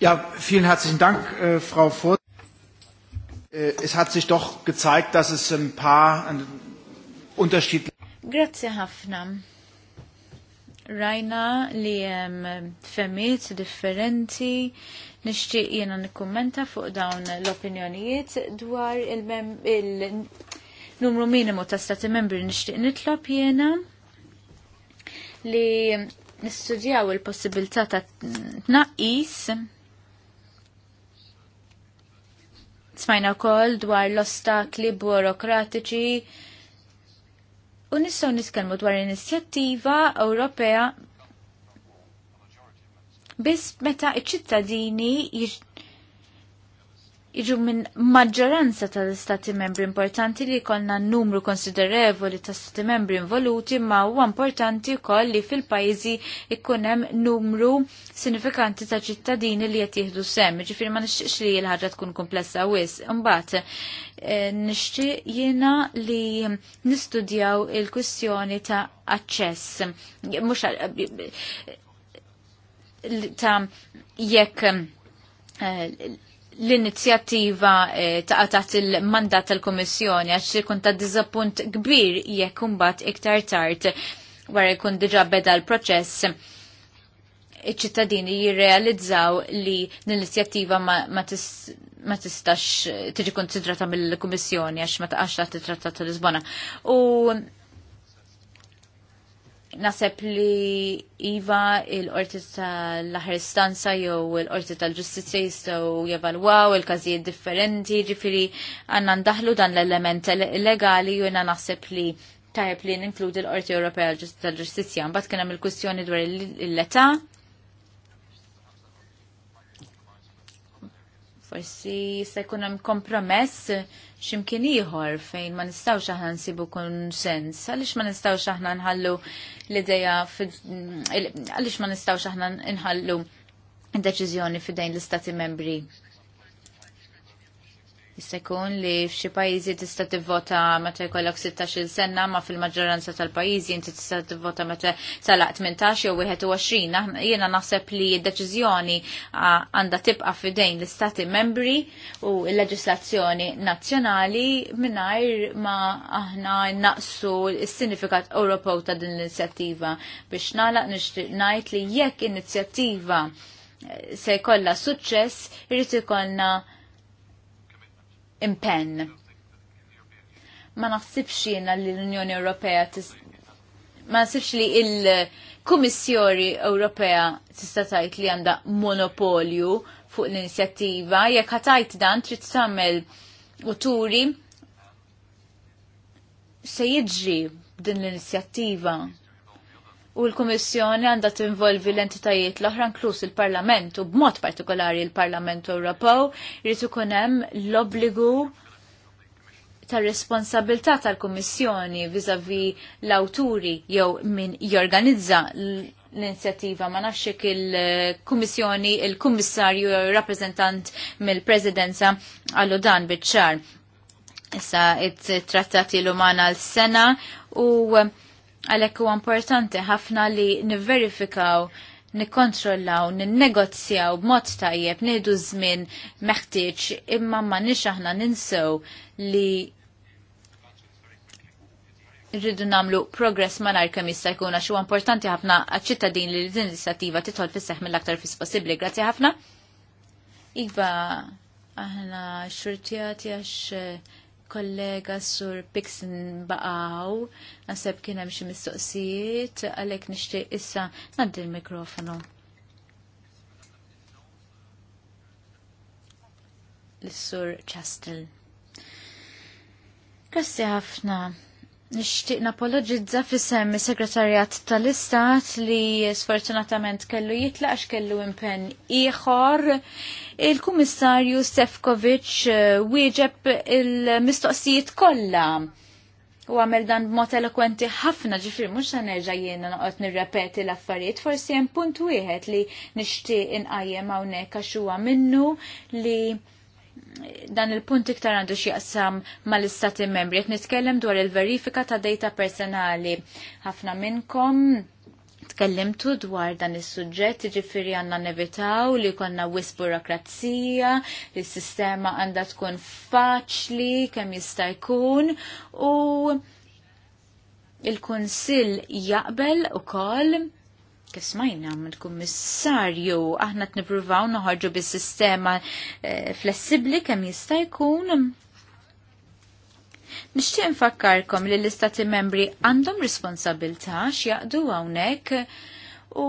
Ja, vielen herzlichen Dank, äh, Frau Furt. Äh, es hat sich doch gezeigt, dass es ein paar unterschiedliche. Grazie Hafnam rajna li hemm femiet differenti nixtieq jiena nikkumenta fuq dawn l-opinjonijiet dwar il-numru il minimu ta' stati membri nixtieq nitlob jiena li nistudjaw il-possibilità ta' tnaqqis smajna wkoll dwar l-ostakli burokratiċi u nistgħu niskelmu dwar inizjattiva Ewropea biss meta iċ-ċittadini jiġu minn maġġoranza tal-istati membri importanti li konna numru konsiderevoli ta' stati membri involuti ma huwa importanti wkoll li fil-pajjiżi ikun hemm numru sinifikanti ta' ċittadini li qed sem. Ġifieri ma nixċiċ li l-ħaġa tkun komplessa wis. Imbagħad eh, nixtieq jiena li nistudjaw il-kwistjoni ta' aċċess. Mhux eh, ta' jekk eh, l-inizjattiva eh, ta' taħt il-mandat tal-Komissjoni għax ikun ta' dizappunt kbir jekk imbagħad iktar tard wara jkun diġà beda l-proċess iċ-ċittadini jirrealizzaw li l-inizjattiva ma tistax tiġi konsidrata mill-Kummissjoni għax ma taqax taħt it-Trattat tal Lisbona. U Naseb li Iva il-qorti tal-aħħar istanza jew il-qorti tal-ġustizja jistgħu jevalwaw il-każijiet differenti, ġifieri għandna ndaħlu dan l-element legali u jiena naħseb li tajb li ninkludi l-Qorti Ewropea tal-Ġustizja. Mbagħad kien hemm il-kwistjoni dwar l-età. Forsi se jkun hemm kompromess ximkien ieħor fejn ma nistgħux aħna nsibu konsens, għaliex ma nistgħux aħna nħallu l-idea għaliex ma nistgħux aħna nħallu deċiżjoni fidejn l-istati membri Jista' jkun li f'xi pajjiżi tista' tivvota meta jkollok 16-il sena ma fil-maġġoranza tal-pajjiżi inti tista' tivvota meta salaq 18 jew 21. Jiena naħseb li d-deċiżjoni għandha tibqa' f'idejn l-istati membri u l-leġislazzjoni nazzjonali mingħajr ma aħna naqsu s-sinifikat Ewropew ta' din l-inizjattiva biex nagħlaq nixtieq ngħid li jekk inizjattiva eh, se jkollha suċċess irid ikollna impenn. Ma naħsibx jiena li l-Unjoni Ewropea ma naħsibx li il-Kummissjoni Ewropea tista' tgħid li għandha monopolju fuq l-inizjattiva, jekk ħatajt dan trid tagħmel u turi se jiġri din l-inizjattiva u l-Kummissjoni għandha tinvolvi l-entitajiet l-oħra inkluż il-Parlament u b'mod partikolari l-Parlament Ewropew jrid ikun hemm l-obbligu tar-responsabilità tal-Kummissjoni viżavi l-awturi jew min jorganizza l-inizjattiva ma nafx il-Kummissjoni, il-Kummissarju jew rappreżentant mill-Presidenza għallu dan biċ-ċar. Issa it-trattati l-umana l-sena u Għalhekk huwa importanti ħafna li nivverifikaw nikkontrollaw, ninnegozzjaw b'mod tajjeb, nieħdu żmien meħtieġ imma ma nix aħna ninsew li rridu namlu progress malar kemm jista' jkun għax huwa importanti ħafna għaċ-ċittadin li din l-inizjattiva titħol fis-seħħ mill-aktar fis possibbli. Grazzi ħafna. Iva, aħna xurtjati għax kollega sur Pixin baqaw, naseb kien hemm xi mistoqsijiet, għalhekk nixtieq issa ngħaddi l-mikrofonu. L-sur Chastel. Grazzi ħafna, Nishtiq napologizza fissem segretarjat tal-Istat li sfortunatament kellu jitlaq għax kellu impenn ieħor. Il-Kummissarju Stefkovic eh, wieġeb il-mistoqsijiet kollha u għamel dan b'mod elokwenti ħafna ġifir mhux se nerġa' jiena noqgħod nirrepeti l-affarijiet forsi hemm punt wieħed li nixtieq inqajjem hawnhekk għax huwa minnu li dan il-punt iktar għandu xieqsam mal-istati membri. Jek nitkellem dwar il-verifika ta' data personali. ħafna minnkom tkellimtu dwar dan is-suġġett, ġifiri għanna nevitaw li konna wis burokrazija, li s-sistema għanda tkun faċli, kemm jista' jkun, u il-Kunsill jaqbel ukoll kif smajna mill-kummissarju aħna t-nipruvaw noħarġu bis-sistema eh, flessibli kemm jista' jkun Nixtieq nfakkarkom li l-istati membri għandhom responsabilta x'jaqdu hawnhekk u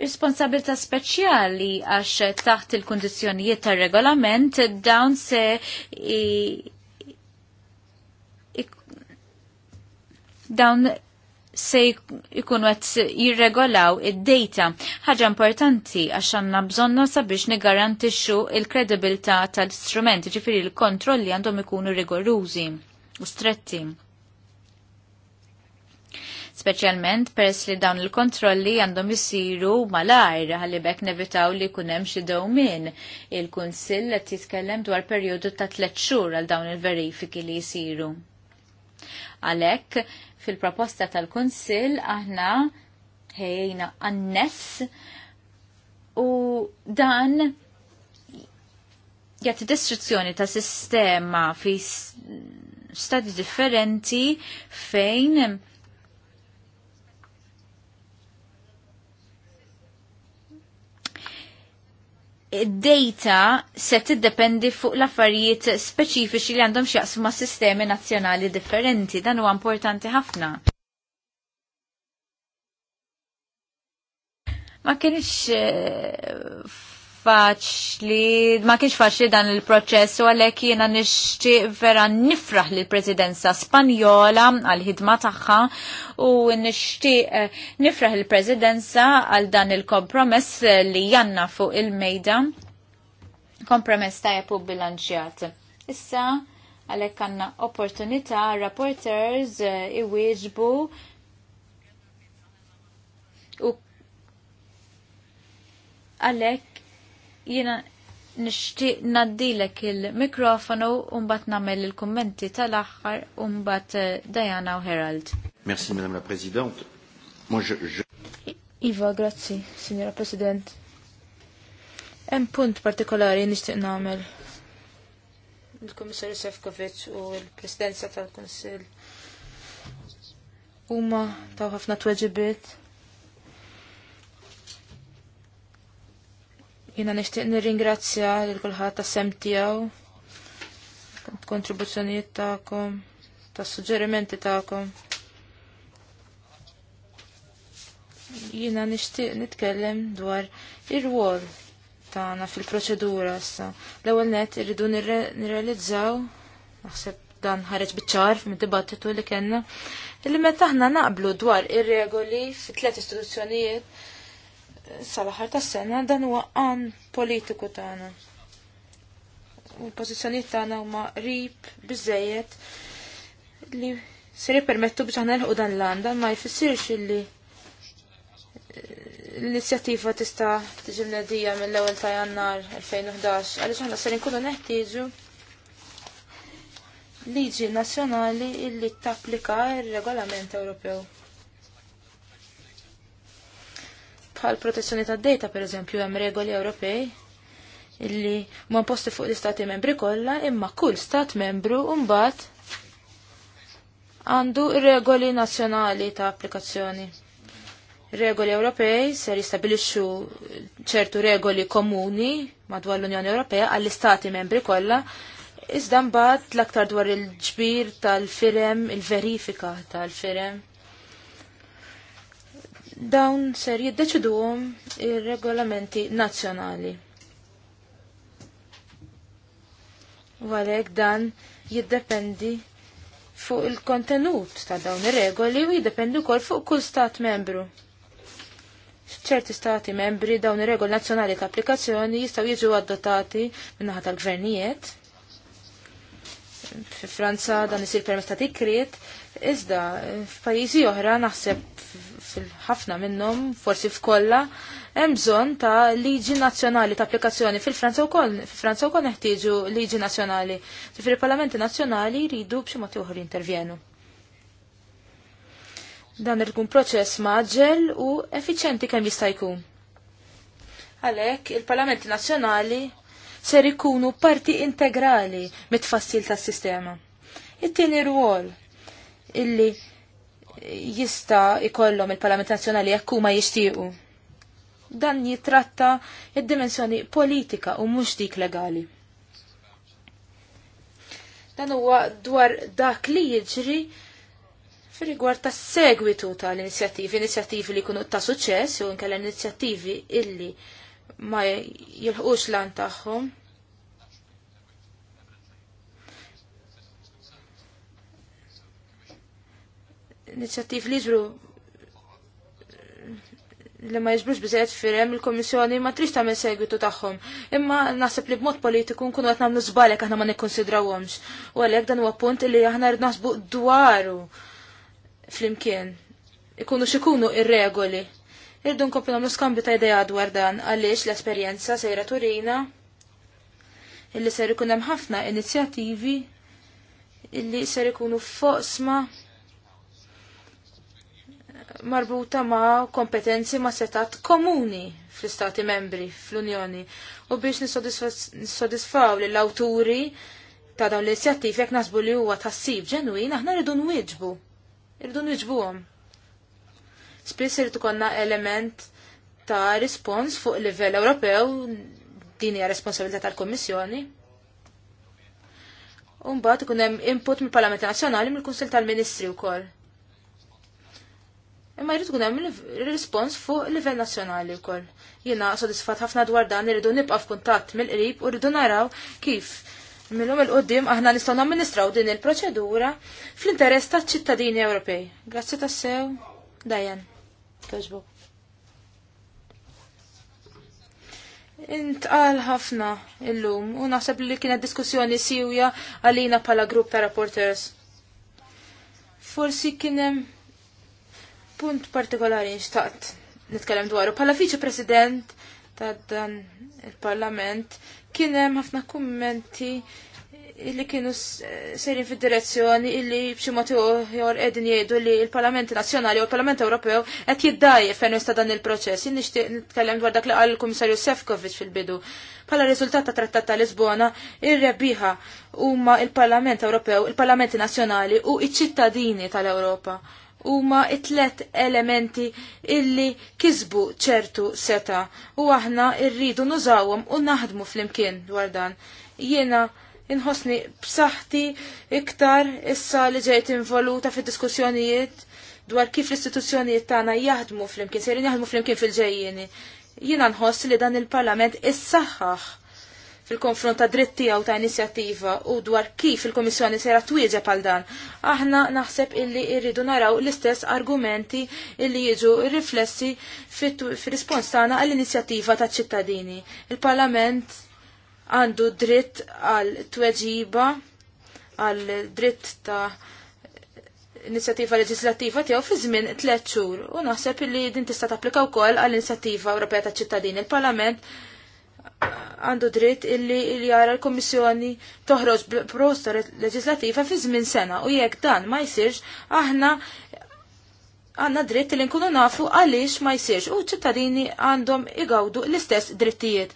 responsabilta speċjali għax taħt il-kundizzjonijiet tar-regolament dawn se i, i, dawn se jkunu qed jirregolaw id-data. Ħaġa importanti għax għandna bżonna sabiex nigarantixxu il-kredibilità tal istrumenti ġifieri l-kontrolli għandhom ikunu rigorużi u stretti. Speċjalment peress li dawn il-kontrolli għandhom isiru malajr għalli bekk nevitaw li jkun hemm xi dewmien. Il-Kunsill qed jitkellem dwar perjodu ta' tliet xhur għal dawn il-verifiki li jsiru. Għalek, Fil-proposta tal-Kunsill aħna ħejjina annes u dan jgħat distruzzjoni ta' sistema fi stadi differenti fejn id data se tiddependi fuq l-affarijiet speċifiċi li għandhom xjaqsmu ma' sistemi nazzjonali differenti. Dan huwa importanti ħafna. Ma kienx eh, faċli, ma kienx faċli dan il-proċess u għalek jiena nixtieq vera nifraħ lill presidenza Spanjola għal-ħidma tagħha u nixtieq eh, nifraħ il-presidenza għal dan il-kompromess li janna fuq il-mejda. Kompromess tajjeb u bilanċjat. Issa, għalek għanna opportunità rapporters eh, iwieġbu u għalek Jiena nixtieq naddilek il-mikrofonu u mbagħad nagħmel il-kummenti tal-aħħar u mbagħad eh, Diana u Herald. Merci Madame la Présidente. Moi je, je... Iva, grazzi, Signora President. Hemm punt partikolari nixtieq nagħmel il-Komissarju Sefkovic u l-Presidenza tal-Konsil huma ta' ħafna tweġibiet Jina nishtiq nirringrazzja lil kulħadd ta' sem tiegħu, kontribuzzjonijiet tagħkom, tas-suġġerimenti tagħkom. Jina nishtiq nitkellem dwar ir wol tagħna fil-proċedura issa. L-ewwel net irridu nirrealizzaw naħseb dan ħareġ biċċar mid-dibattitu li kellna, illi meta ħna naqblu dwar ir-regoli fit tliet istituzzjonijiet sal ta' tas-sena dan huwa għan politiku tagħna. U l-pożizzjonijiet tagħna huma qrib biżejjed li se jippermettu biex aħna nilħu dan l-għan dan ma jfissirx illi eh, l-inizjattiva tista' tiġi mnedija mill-ewwel ta' Jannar 2011 għaliex aħna ser nkunu neħtieġu liġi nazzjonali illi tapplika r-regolament Ewropew. bħal protezzjoni ta' data per eżempju hemm regoli Ewropej illi ma posti fuq l-istati membri kollha imma kull stat membru mbagħad għandu regoli nazzjonali ta' applikazzjoni. Regoli Ewropej ser jistabilixxu ċertu regoli komuni madwar l-Unjoni Ewropea għall-istati membri kollha iżda mbagħad l-aktar dwar il-ġbir tal-firem, il-verifika tal-firem. il ġbir tal firem il verifika tal firem dawn ser jiddeċiduhom ir-regolamenti nazzjonali. U għalhekk dan jiddependi fuq il-kontenut ta' dawn ir-regoli u jiddependi wkoll fuq kull stat membru. ċerti stati membri dawn ir-regoli nazzjonali ta' applikazzjoni jistgħu jiġu adottati minnaħa tal-gvernijiet. Fi Franza dan isir permess ta' tikriet, iżda f'pajjiżi oħra naħseb ħafna minnhom, forsi f'kollha, hemm bżonn ta' liġi nazzjonali ta' applikazzjoni fil-Franza wkoll, fil-Franza wkoll neħtieġu liġi nazzjonali. Ġifieri parlamenti nazzjonali jridu b'xi mod ieħor jintervjenu. Dan irkun proċess maġġel u effiċjenti kemm jista' jkun. Għalhekk il-Parlamenti Nazzjonali ser ikunu parti integrali mit-tfassil tas-sistema. It-tieni rwol illi jista ikollom il-Parlament Nazzjonali jekk huma jixtiequ. Dan jitratta id-dimensjoni politika u mhux dik legali. Dan huwa dwar dak li jiġri fir-rigward tas segwitu tal-inizjattivi, inizjattivi li jkunu ta' suċċess u inkella inizjattivi illi ma jilħqux lan tagħhom. inizjattiv li jżru li ma jiġbrux biżejjed firem il-Komissjoni ma trix tagħmel segwitu tagħhom. Imma naħseb li b'mod politiku nkunu qed nagħmlu żbalek aħna ma nikkonsidrawhomx. U għalhekk dan huwa punt li aħna rid naħsbu dwaru flimkien. Ikunu xikunu ir-regoli. Irdu nkomplu nagħmlu skambju ta' idea dwar dan għaliex l-esperjenza sejra turina illi ser ikun hemm ħafna inizjattivi illi ser ikunu foqsma' marbuta ma' kompetenzi ma' setat komuni fl-istati membri fl-Unjoni u biex nissodisfaw li l-awturi ta' dawn l-inizjattivi jekk nasbu li huwa tassib ġenwin aħna rridu nwieġbu. Rridu nwieġbuhom. Spiss irid ikollna element ta' rispons fuq livell Ewropew din hija responsabilità tal-Kummissjoni. U mbagħad ikun hemm input mill-Parlament Nazzjonali mill-Kunsill tal-Ministri wkoll Imma jrid tkun hemm rispons fuq livell nazzjonali wkoll. Jiena sodisfat ħafna dwar dan irridu nibqa' f'kuntatt mill-qrib u rridu naraw kif minnhom il-qoddim aħna nistgħu namministraw din il-proċedura fl-interess taċ-ċittadini Ewropej. Grazzi tassew, Dajan. Kaġbu. Intqal ħafna illum u naħseb li kienet diskussjoni siwja għalina pala grupp ta' rapporters. Forsi kienem punt partikolari nxtaqt nitkellem dwaru. Pala Fiċi president ta' dan il-parlament kien hemm ħafna kummenti illi kienu serin fid-direzzjoni illi b'xi mod ieħor qegħdin jgħidu li l-Parlament Nazzjonali u l-Parlament Ewropew qed jiddaje fejn ta' dan il-proċess. Jien nixtieq nitkellem dwar dak li qal il-Kummissarju Sefkovic fil-bidu. Pala riżultat ta' Trattat ta' Lisbona, ir-rebbieħa huma il-Parlament Ewropew, il-Parlamenti Nazzjonali u iċ-ċittadini tal-Ewropa huma it-tlet elementi illi kisbu ċertu seta u aħna rridu nużawhom u naħdmu flimkien dwar dan. Jiena inħossni b'saħħti iktar issa li ġejt involuta fid-diskussjonijiet dwar kif l-istituzzjonijiet tagħna jaħdmu flimkien, se sejrin jaħdmu flimkien fil-ġejjieni. Jiena nħoss li dan il-Parlament issaħħaħ fil-konfront ta' dritt tiegħu ta' inizjattiva u dwar kif il-Komissjoni sera twieġeb għal dan. Aħna naħseb illi irridu naraw l-istess argumenti illi jiġu riflessi fil rispons tagħna għall-inizjattiva ta' ċittadini. Il-Parlament għandu dritt għal tweġiba għal dritt ta' inizjattiva leġislattiva tiegħu fi żmien tliet xhur u naħseb illi din tista' tapplika wkoll għall inizjattiva Ewropea ta' ċittadini. Il-Parlament għandu dritt illi jara l komissjoni toħroġ prosta leġislativa fi żmien sena u jekk dan ma jsirx aħna għanna dritt li nkunu nafu għaliex ma jsirx u ċittadini għandhom igawdu l-istess drittijiet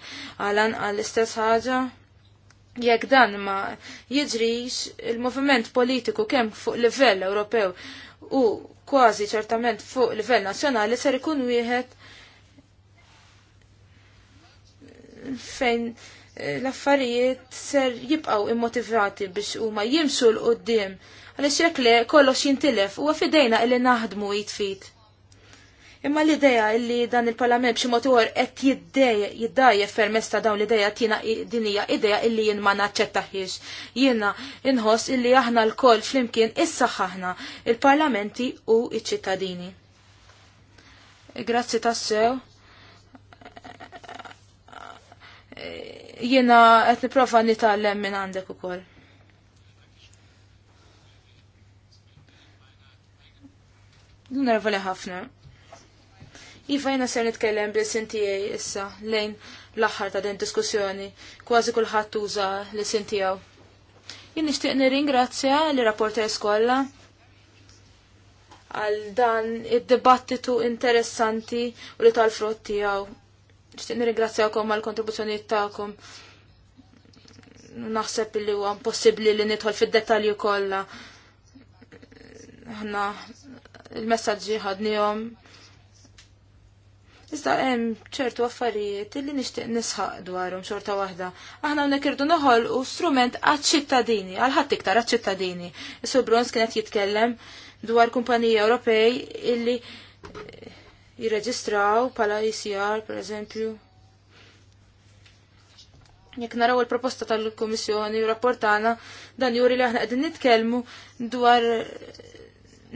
għalan għall-istess ħaġa jekk dan ma jiġrix il-moviment politiku kemm fuq livell Ewropew u kważi ċertament fuq livell nazzjonali ser ikun wieħed fejn eh, l-affarijiet ser jibqaw immotivati biex huma jimxu l-qoddim għaliex jekk le kollox jintilef u fidejna illi naħdmu jitfit. Imma l-ideja illi dan il-parlament b'xi motor għet qed jiddajjef permezz ta' dawn l-ideja tina din hija ideja illi jien ma naċċettaħiex. Jiena inħoss illi aħna lkoll flimkien issaħħaħna il-parlamenti u iċ-ċittadini. Grazzi tassew jiena qed niprofa nitgħallem minn għandek ukoll. Nerva li ħafna. Iva jena ser nitkellem bil-sintijaj issa lejn l-axħar ta' din diskussjoni, kważi kulħadd tuża li sintijaw. Jien nixtieq nirringrazzja li rapporter skolla għal dan id-dibattitu interessanti u li tal-frott tiegħu Nixtieq nirringrazzjakom għal kontribuzzjonijiet tagħkom. Naħseb li huwa impossibbli li nidħol fid-dettalji kollha. Aħna il-messaġġi ħadnihom. Iżda hemm ċertu affarijiet li nixtieq nisħaq dwarhom xorta waħda. Aħna hawnhekk irdu noħolqu strument għaċ-ċittadini, għal ħadd iktar għaċ-ċittadini. Isur Brons kienet jitkellem dwar kumpaniji Ewropej illi jirreġistraw pala ICR, e per eżempju. Jek naraw il-proposta tal-Komissjoni u rapportana, dan juri li aħna qegħdin nitkellmu dwar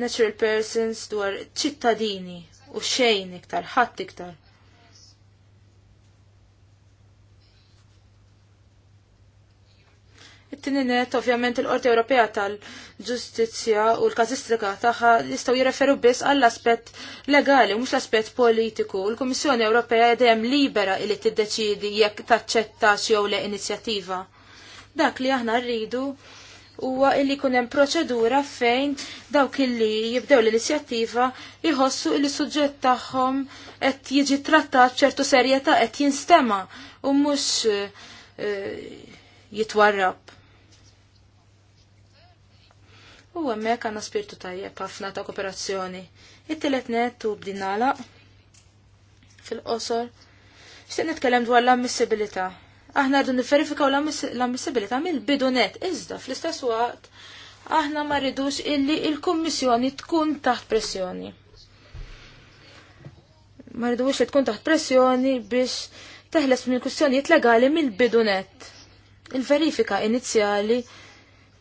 natural persons, dwar ċittadini u xejn iktar, ħadd iktar. it tininet ovvjament, il-Qorti Ewropea tal-Ġustizzja u l kazistrika tagħha jistgħu jirreferu biss għall-aspett legali, mhux l-aspett politiku. L-Kummissjoni Ewropea dejjem libera li tiddeċidi jekk taċċetta jew le inizjattiva. Dak li aħna rridu huwa illi jkun hemm proċedura fejn dawk illi jibdew l-inizjattiva jħossu il suġġett tagħhom qed jiġi trattat ċertu serjetà qed jinstema' u mhux eh, jitwarrab. u hemmhekk għandna spirtu tajjeb ħafna ta' kooperazzjoni. it telet net u b'dinala nagħlaq fil-qosor. Xtieq nitkellem dwar l-ammissibilità. Aħna rridu nifferifikaw l-ammissibilità mill-bidu net, iżda fl-istess waqt aħna ma rridux illi il-Kummissjoni tkun taħt pressjoni. Ma rridux li tkun taħt pressjoni biex teħles minn kustjonijiet legali mill-bidu net. Il-verifika inizjali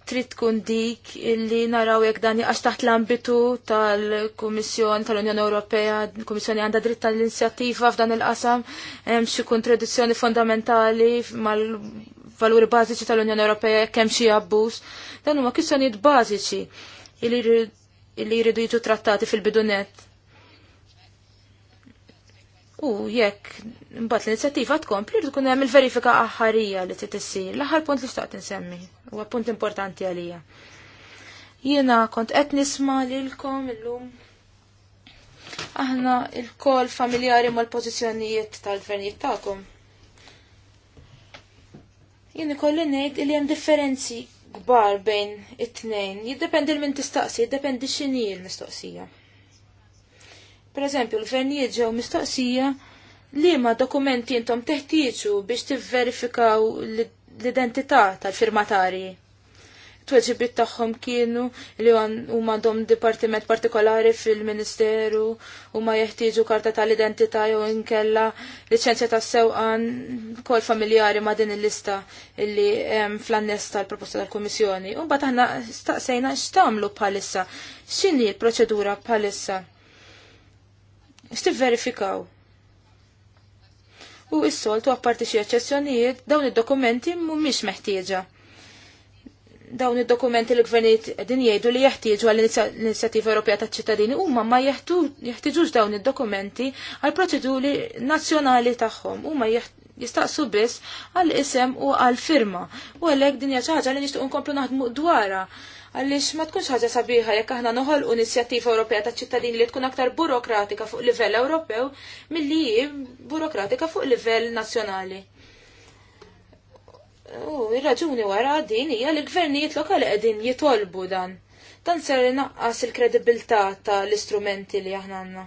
trid tkun dik illi naraw jekk dan jaqax taħt l-ambitu tal-Kummissjoni tal-Unjoni Ewropea, l-Kummissjoni għandha dritt tal-inizjattiva f'dan il-qasam, hemm xi kontradizzjoni fondamentali mal-valuri bażiċi tal-Unjoni Ewropea jekk hemm xi abbuż. Dan huma kwistjonijiet bażiċi illi jridu jiġu trattati fil-bidunet U jekk mbagħad l-inizjattiva tkompli li tkun hemm il-verifika aħħarija li trid tissir L-aħħar punt li xtaqt insemmi huwa punt importanti għalija. Jiena kont qed nisma' lilkom illum aħna il-kol familjari mal-pożizzjonijiet tal-gvernijiet tagħkom. Jien ikolli ngħid li hemm differenzi kbar bejn it-tnejn. Jiddependi minn tistaqsi, jiddependi x'inhi l-mistoqsija. Per eżempju, l-gvernijiet ġew mistoqsija li ma dokumenti intom teħtieġu biex tivverifikaw l-identità tal-firmatari. Tweġibit tagħhom kienu li huma għandhom dipartiment partikolari fil-Ministeru u ma jeħtieġu karta tal-identità jew inkella liċenzja tas-sewqan kol familjari ma' din il-lista illi hemm fl-annes tal-proposta tal-Kummissjoni. U mbagħad aħna staqsejna x'tagħmlu bħalissa, x'inhi l-proċedura bħalissa Istif verifikaw. U s-soltu għapparti xie eċċezzjonijiet, dawn id-dokumenti mumiex meħtieġa. Dawn id-dokumenti li gvernijiet din jgħidu li jeħtieġu għall inizjattiva Ewropea ta' ċittadini huma ma jeħtieġux dawn id-dokumenti għal proċeduri nazzjonali tagħhom. Huma jistaqsu biss għal isem u għal firma. U għalhekk din hija li nixtieq nkomplu naħdmu dwarha Għaliex ma tkunx ħaġa sabiħa jekk aħna noħolqu inizjattiva Ewropea ta' ċittadini li tkun aktar burokratika fuq livell Ewropew milli burokratika fuq livell nazzjonali. U ir-raġuni wara din hija li gvernijiet lokali qegħdin jitolbu dan. Dan ser naqqas il-kredibilità tal-istrumenti li aħna għandna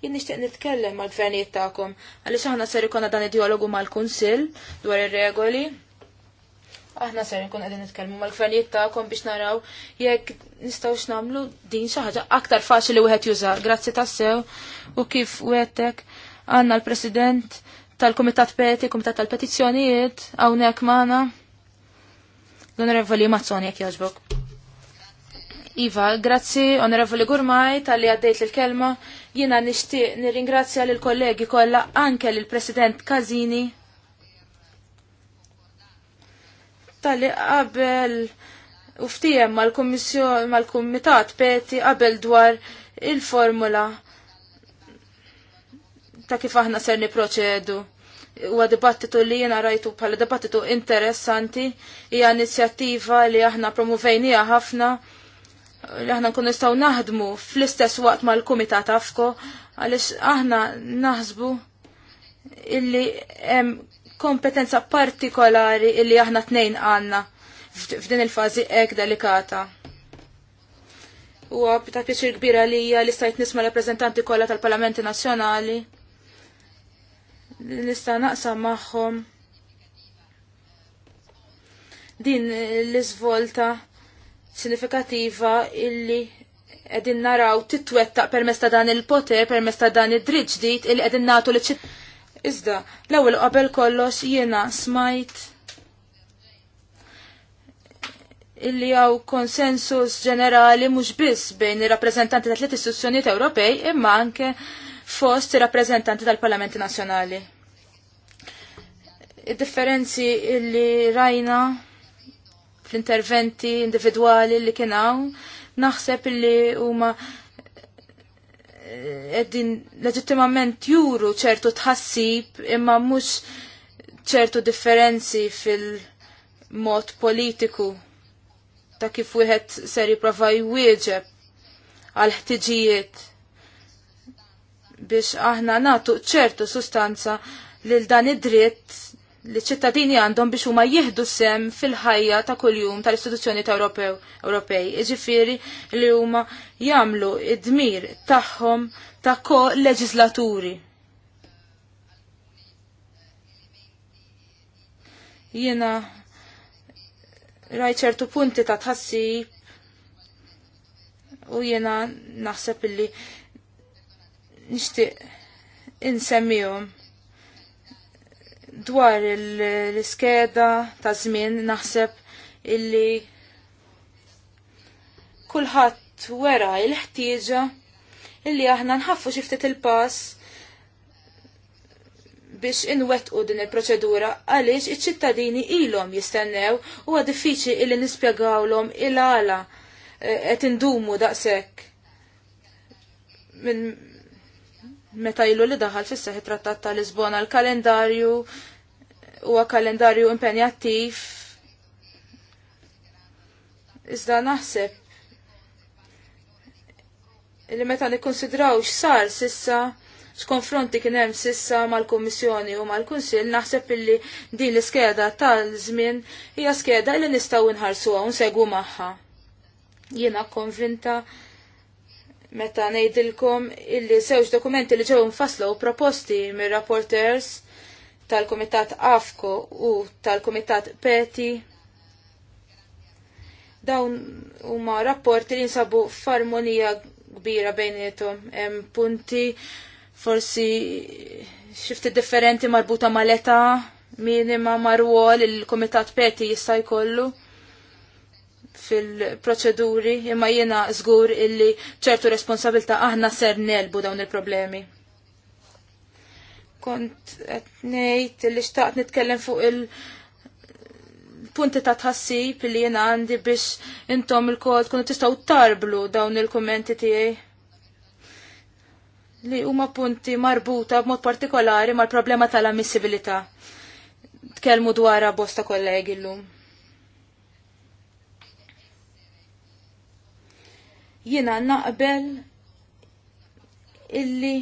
jien nixtieq nitkellem mal-gvernijiet tagħkom għaliex aħna ser ikonna dan id-dialogu mal-Kunsill dwar ir-regoli aħna ser nkun qegħdin nitkellmu mal-gvernijiet tagħkom biex naraw jekk nistgħu x'namlu din xi ħaġa aktar faċli wieħed juża. Grazzi tassew u kif wettek għandna l-President tal-Kumitat Peti, Kumitat tal-Petizzjonijiet, hawnhekk magħna. L-Onorevoli Mazzoni jekk jogħġbok. Iva, grazzi, onorevoli Gurmaj, tal-li għaddejt l-kelma. Jina nishtiq nirringrazzja l-kollegi kollha, anke l-President Kazini nota li qabel uftijem mal-Kumitat Peti qabel dwar il-formula ta' kif aħna ser niproċedu. Huwa dibattitu li jiena rajtu bħala dibattitu interessanti, hija inizjattiva li aħna promuvejnija ħafna li aħna nkunu nistgħu naħdmu fl-istess waqt mal-Kumitat Afko għaliex aħna naħsbu illi hemm kompetenza partikolari illi aħna tnejn għanna f'din il-fazi ek delikata. U ta' pjaċir kbira lija li stajt nisma rappresentanti kollha tal-Parlamenti Nazzjonali. Nista' naqsa magħhom din l-iżvolta sinifikativa illi qegħdin naraw titwettaq permezz ta' dan il-poter, permezz ta' dan id-driġ ġdid illi qegħdin nagħtu li Iżda, l-ewwel qabel kollox jiena smajt illi għaw konsensus ġenerali mhux biss bejn ir-rappreżentanti tat tliet istituzzjonijiet Ewropej imma anke fost ir-rappreżentanti tal-Parlamenti Nazzjonali. Id-differenzi illi rajna fl-interventi individwali li kien hawn naħseb illi huma qegħdin leġittimament juru ċertu tħassib imma mhux ċertu differenzi fil-mod politiku ta' kif wieħed ser jipprova jwieġeb għal ħtiġijiet biex aħna natu ċertu sustanza lil dan id-dritt li ċittadini għandhom biex huma jieħdu sem fil-ħajja ta' kuljum tal-istituzzjoni ta' Ewropej. Iġifieri li huma jagħmlu id-dmir tagħhom ta' ko-leġislaturi. Jiena rajt ċertu punti ta' tħassib u jiena naħseb illi nixtieq insemmihom dwar l-iskeda ta' żmien naħseb illi kulħadd wera il-ħtieġa illi aħna nħaffu xi ftit il-pass biex inwettqu din il-proċedura għaliex iċ-ċittadini ilhom jistennew u għad diffiċli illi nispjegawlhom il-għala eh, qed indumu daqshekk meta ilu li daħal fis seħi trattat ta' Lisbona l-kalendarju huwa kalendarju impenjattiv. Iżda naħseb li meta nikkonsidraw x'sar sissa x'konfronti kien hemm sissa mal-Kummissjoni u mal-Kunsill naħseb illi din l-iskeda tal-żmien hija skeda li nistgħu nħarsuha u nsegwu magħha. Jiena konvinta meta ngħidilkom illi sewġ dokumenti li ġew u proposti mir-rapporters tal-Kumitat AFCO u tal-Kumitat PETI dawn huma rapporti li nsabu f'armonija kbira bejnietom. Hemm punti forsi xifti differenti marbuta mal-età minima marwol il-Kumitat Peti jista' jkollu fil-proċeduri imma jiena żgur illi ċertu responsabilta aħna ser nelbu dawn il-problemi. Kont qed ngħid li xtaqt nitkellem fuq il- punti ta' tħassib li jena għandi biex intom il kod kunu tistaw tarblu dawn il-kommenti tiegħi. Li huma punti marbuta b'mod partikolari mal-problema tal-ammissibilità. Tkellmu dwar bosta kollegi llum. Jiena naqbel illi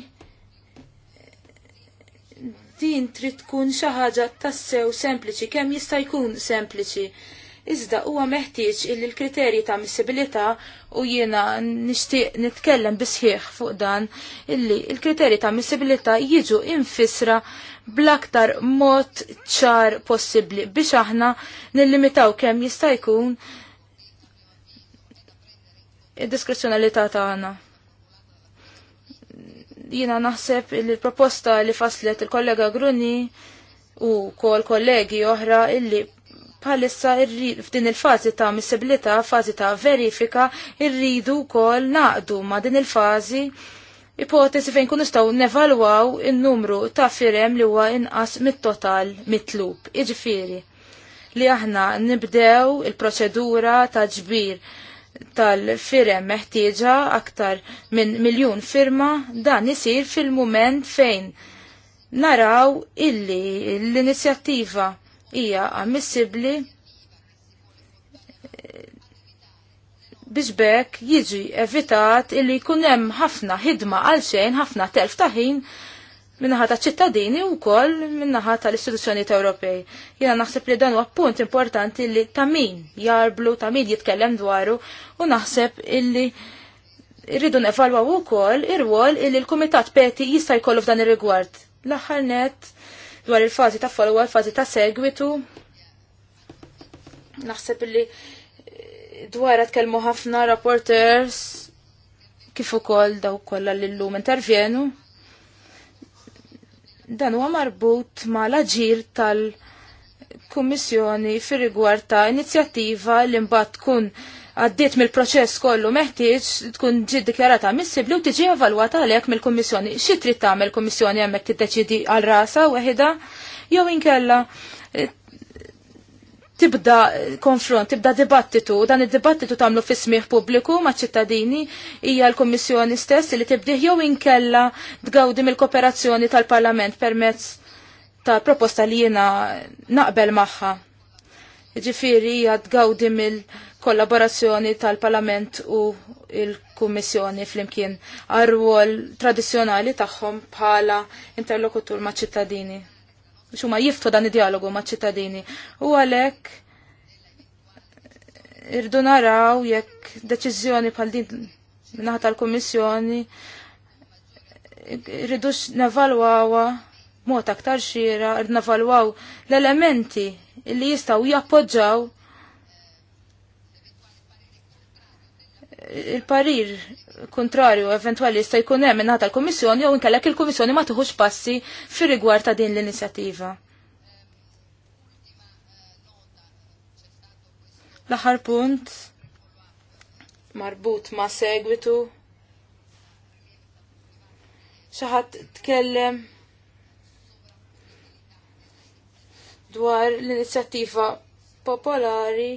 din trid tkun xi ħaġa tassew sempliċi kemm jista' jkun sempliċi. Iżda huwa meħtieġ illi l-kriterji ta' missibilità u jiena nixtieq nitkellem bisħieħ fuq dan illi l-kriterji ta' missibilità jiġu infisra bl-aktar mod ċar possibbli biex aħna nillimitaw kemm jista' jkun id-diskrezzjonalità tagħna. Jiena naħseb il proposta li faslet il-kollega Gruni u kol kollegi oħra illi bħalissa f'din il-fazi ta' missibilità, fazi ta' verifika, irridu kol naqdu ma' din il-fazi ipotesi fejn kun nistaw nevalwaw il-numru ta' firem li huwa inqas mit-total mitlub, iġifiri li aħna nibdew il-proċedura ta' ġbir tal-firem meħtieġa aktar minn miljun firma dan isir fil-moment fejn naraw illi l-inizjattiva hija ammissibbli eh, biex bekk jiġi evitat illi jkun hemm ħafna ħidma għal xejn, ħafna telf ta' ħin minnaħa ta' ċittadini u kol minnaħa ta' l ta' Ewropej. Jena naħseb li dan huwa punt importanti li ta' min jarblu, ta' min jitkellem dwaru u naħseb illi rridu nevalwaw ukoll ir-rwol illi l-Kumitat Peti jista' jkollu f'dan ir-rigward. L-aħħar net dwar il-fażi ta' follow il fażi ta' segwitu. Naħseb illi eh, dwar tkellmu ħafna rapporters kif ukoll daw kollha li llum intervjenu dan huwa marbut ma l-aġir tal-Kummissjoni fir rigward ta' inizjattiva li mbagħad tkun għaddiet mill-proċess kollu meħtieġ tkun ġid dikjarata missibli u tiġi evalwata għalhekk mill-Kummissjoni. Xi trid tagħmel Kummissjoni hemmhekk tiddeċidi għal rasa weħida jew inkella tibda konfront, tibda dibattitu, dan id-dibattitu tagħmlu fi smieħ pubbliku ma' ċittadini hija l-Kummissjoni stess li tibdih jew inkella tgawdi mill-kooperazzjoni tal-Parlament permezz ta' proposta li jiena naqbel magħha. Ġifieri hija tgawdi mill-kollaborazzjoni tal-Parlament u il-Kummissjoni flimkien għar-rwol tradizzjonali tagħhom bħala interlokutur ma' ċittadini biex ma jiftu dan id-dialogu ma' ċittadini. U għalhekk irdu naraw jekk deċiżjoni bħal din minnaħa tal-Kummissjoni irridux nevalwawa mod aktar xira, irdu nevalwaw l-elementi li jistgħu jappoġġaw il-parir kontrarju eventwali jista' jkun hemm minn tal-Kummissjoni jew inkellek il-Kummissjoni ma tieħux passi fir-rigward ta' din l-inizjattiva. L-aħħar punt marbut ma' segwitu. Xi ħadd tkellem dwar l-inizjattiva popolari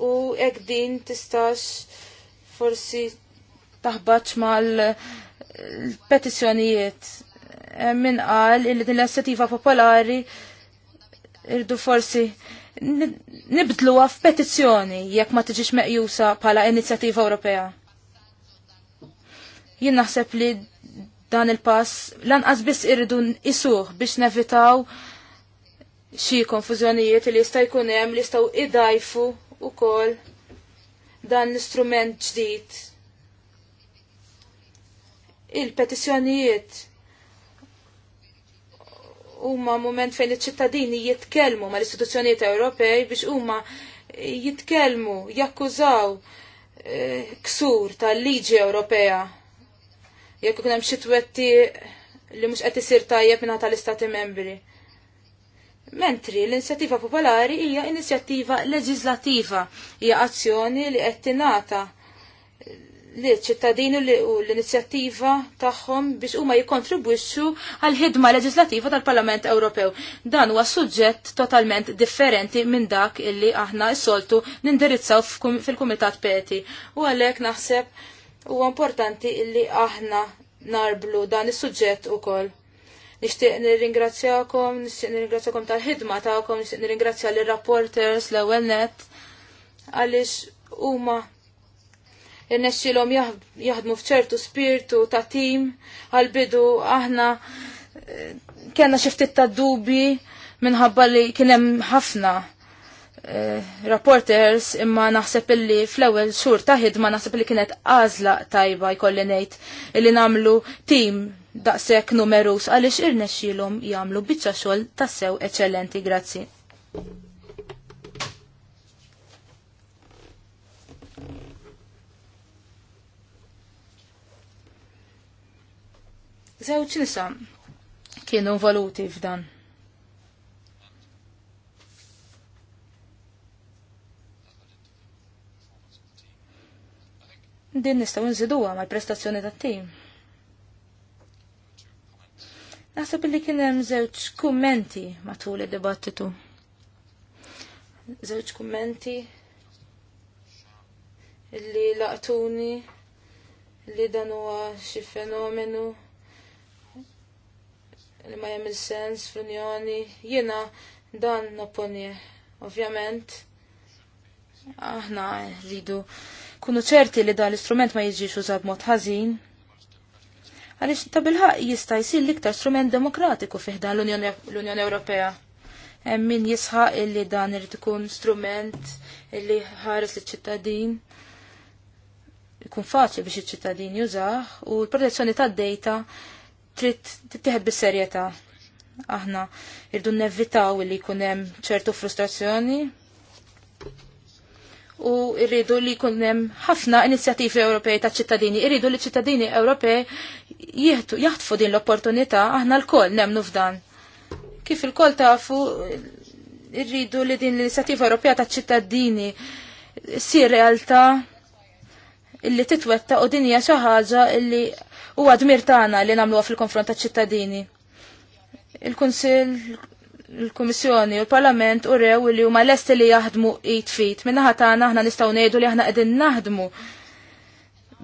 u hekk din tistax forsi taħbaċ mal-petizzjonijiet. Eh, eh, min qal li din l-assettiva popolari irdu forsi nibdluha f'petizzjoni jekk ma tiġix meqjusa bħala inizjativa Ewropea. Jien naħseb li dan il-pass lanqas biss irridu isuh biex nevitaw xi konfużjonijiet li jista' jkun hemm li jistgħu idajfu kol dan l-istrument ġdid. Il-petizzjonijiet huma moment fejn iċ-ċittadini jitkellmu mal-istituzzjonijiet Ewropej biex huma jitkellmu, jakkużaw e, ksur tal-liġi Ewropea. Jekk ikun hemm xi twetti li mhux qed isir tajjeb minn tal-istati membri mentri l-inizjattiva popolari hija inizjattiva leġislativa, hija azzjoni li qed tingħata li ċittadini u l-inizjattiva tagħhom biex huma jikkontribwixxu għal ħidma leġislativa tal-Parlament Ewropew. Dan huwa suġġett totalment differenti minn dak illi aħna s-soltu nindirizzaw fil-Kumitat Peti. U għalhekk naħseb huwa importanti illi aħna narblu dan is-suġġett ukoll Nixtieq nirringrazzjakom, nixtieq nirringrazzjakom tal-ħidma tagħkom, nixtieq nirringrazzja l rapporters l-ewwel għalix għaliex huma irnexxilhom jaħdmu f'ċertu spirtu ta' tim għal-bidu aħna eh, kena xiftit ta' dubi minħabba li kienem ħafna eh, reporters imma naħseb illi fl-ewwel xhur ta' ħidma naħseb illi kienet għażla tajba jkolli ngħid illi nagħmlu tim daqshekk numerus għaliex irnexxielhom jagħmlu biċċa xogħol tassew eċċellenti grazzi. Żewġ nisa kienu valuti f'dan. Din nistaw nżidu mal-prestazzjoni tat-tim. Naħseb li kien hemm żewġ kummenti matul id-dibattitu. Żewġ kummenti li laqtuni li dan huwa xi fenomenu li ma jemil sens fl-Unjoni. Jiena dan nopponi. Ovvjament, aħna rridu kunu ċerti li dan l-istrument ma jiġix użat mod ħażin, Għaliex ta' bilħaq jista' jsir l-iktar strument demokratiku fiħda l-Unjoni Ewropea. Hemm min jisħaq illi dan irid ikun strument illi ħares liċ-ċittadin ikun faċli biex iċ-ċittadin jużah u l-protezzjoni tad-dejta trid tittieħed bis-serjetà. Aħna irdu nevitaw li jkun hemm ċertu frustrazzjoni u irridu li kunnem ħafna inizjattivi Ewropej ta' ċittadini, irridu li ċittadini Ewropej jaħtfu din l-opportunità aħna l-koll nemnu f'dan. Kif il-koll tafu irridu li din l-inizjattiva Ewropea ta' ċittadini sir realtà illi titwetta u din hija xi ħaġa illi huwa dmir tagħna li nagħmluha fil-konfront ta' ċittadini. il konsil l-Kummissjoni u l-Parlament u rew li huma lesti li jaħdmu it fit. Minnaħa tagħna aħna nistgħu ngħidu li aħna qegħdin naħdmu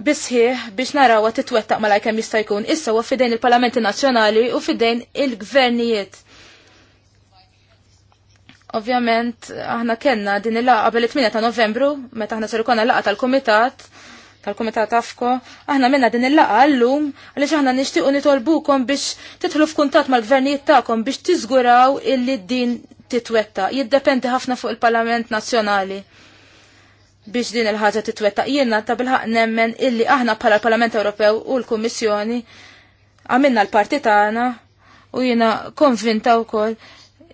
bisħieħ biex naraw għat titwettaq malaj kemm jista' jkun issa huwa fidejn il-Parlamenti Nazzjonali u fidejn il-Gvernijiet. Ovvjament aħna kenna din il-laqa bil-8 ta' Novembru meta aħna ser ikolna laqa tal-Kumitat tal-Kumitat Afko, aħna minna din il-laqa għallum għaliex aħna nixtiequ nitolbukom biex titħlu f'kuntatt mal-gvernijiet tagħkom biex tiżguraw illi din titwetta. Jiddependi ħafna fuq il-Parlament Nazzjonali biex din il-ħaġa titwetta. Jienna ta' bilħaq nemmen illi aħna bħala l-Parlament Ewropew u l-Kummissjoni għamilna l-parti tagħna u jiena konvinta wkoll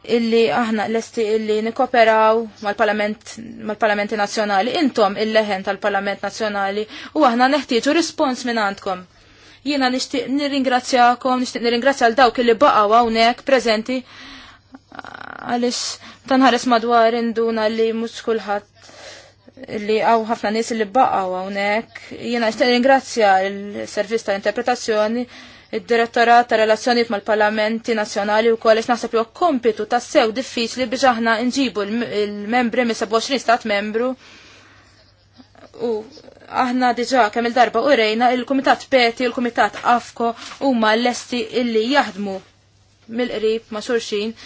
illi aħna l-esti illi nikoperaw mal-parlamenti mal nazjonali, intom il-leħen tal-parlament nazjonali u aħna neħtieġu rispons minn għandkom. Jiena nixtieq nirringrazzjakom, nixtieq nirringrazzja l dawk illi baqgħu hawnhekk preżenti għaliex tanħares madwar induna li mhux kulħadd li għaw ħafna nies li baqgħu hawnhekk. Jiena nixtieq nirringrazzja l-servizz ta' interpretazzjoni id-direttorat ta' relazzjoniet mal-parlamenti nazjonali u kollox naħseb li kompitu ta' sew diffiċli biex aħna nġibu il-membri mis 27 stat membru u aħna diġa kemm il-darba u rejna il-Kumitat Peti, il-Kumitat Afko huma l-lesti illi jaħdmu mill-qrib ma' xurxin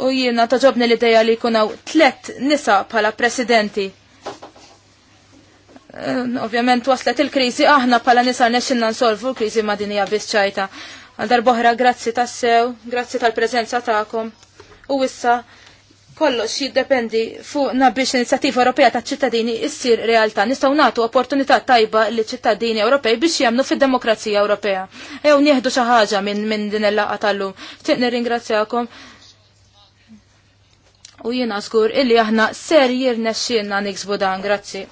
u jiena taġobni l-ideja li jkun hawn tlet nisa bħala presidenti Eh, ovvjament waslet il-krizi aħna pala nisar nexxinna nsolvu l-krizi ma' dinija bisċajta. Għal darboħra grazzi tassew, grazzi tal-prezenza ta'kom. U issa kollox jiddependi fuqna biex l-inizjattiva Ewropea ta' ċittadini issir realtà. Nistgħu nagħtu opportunità tajba li ċittadini Ewropej biex jemnu fid-demokrazija Ewropea. Ew nieħdu xi ħaġa minn min din il-laqgħa tal-lum. Tiq nirringrazzjakom u jiena skur illi aħna ser jirnexxielna niksbu dan, grazzi.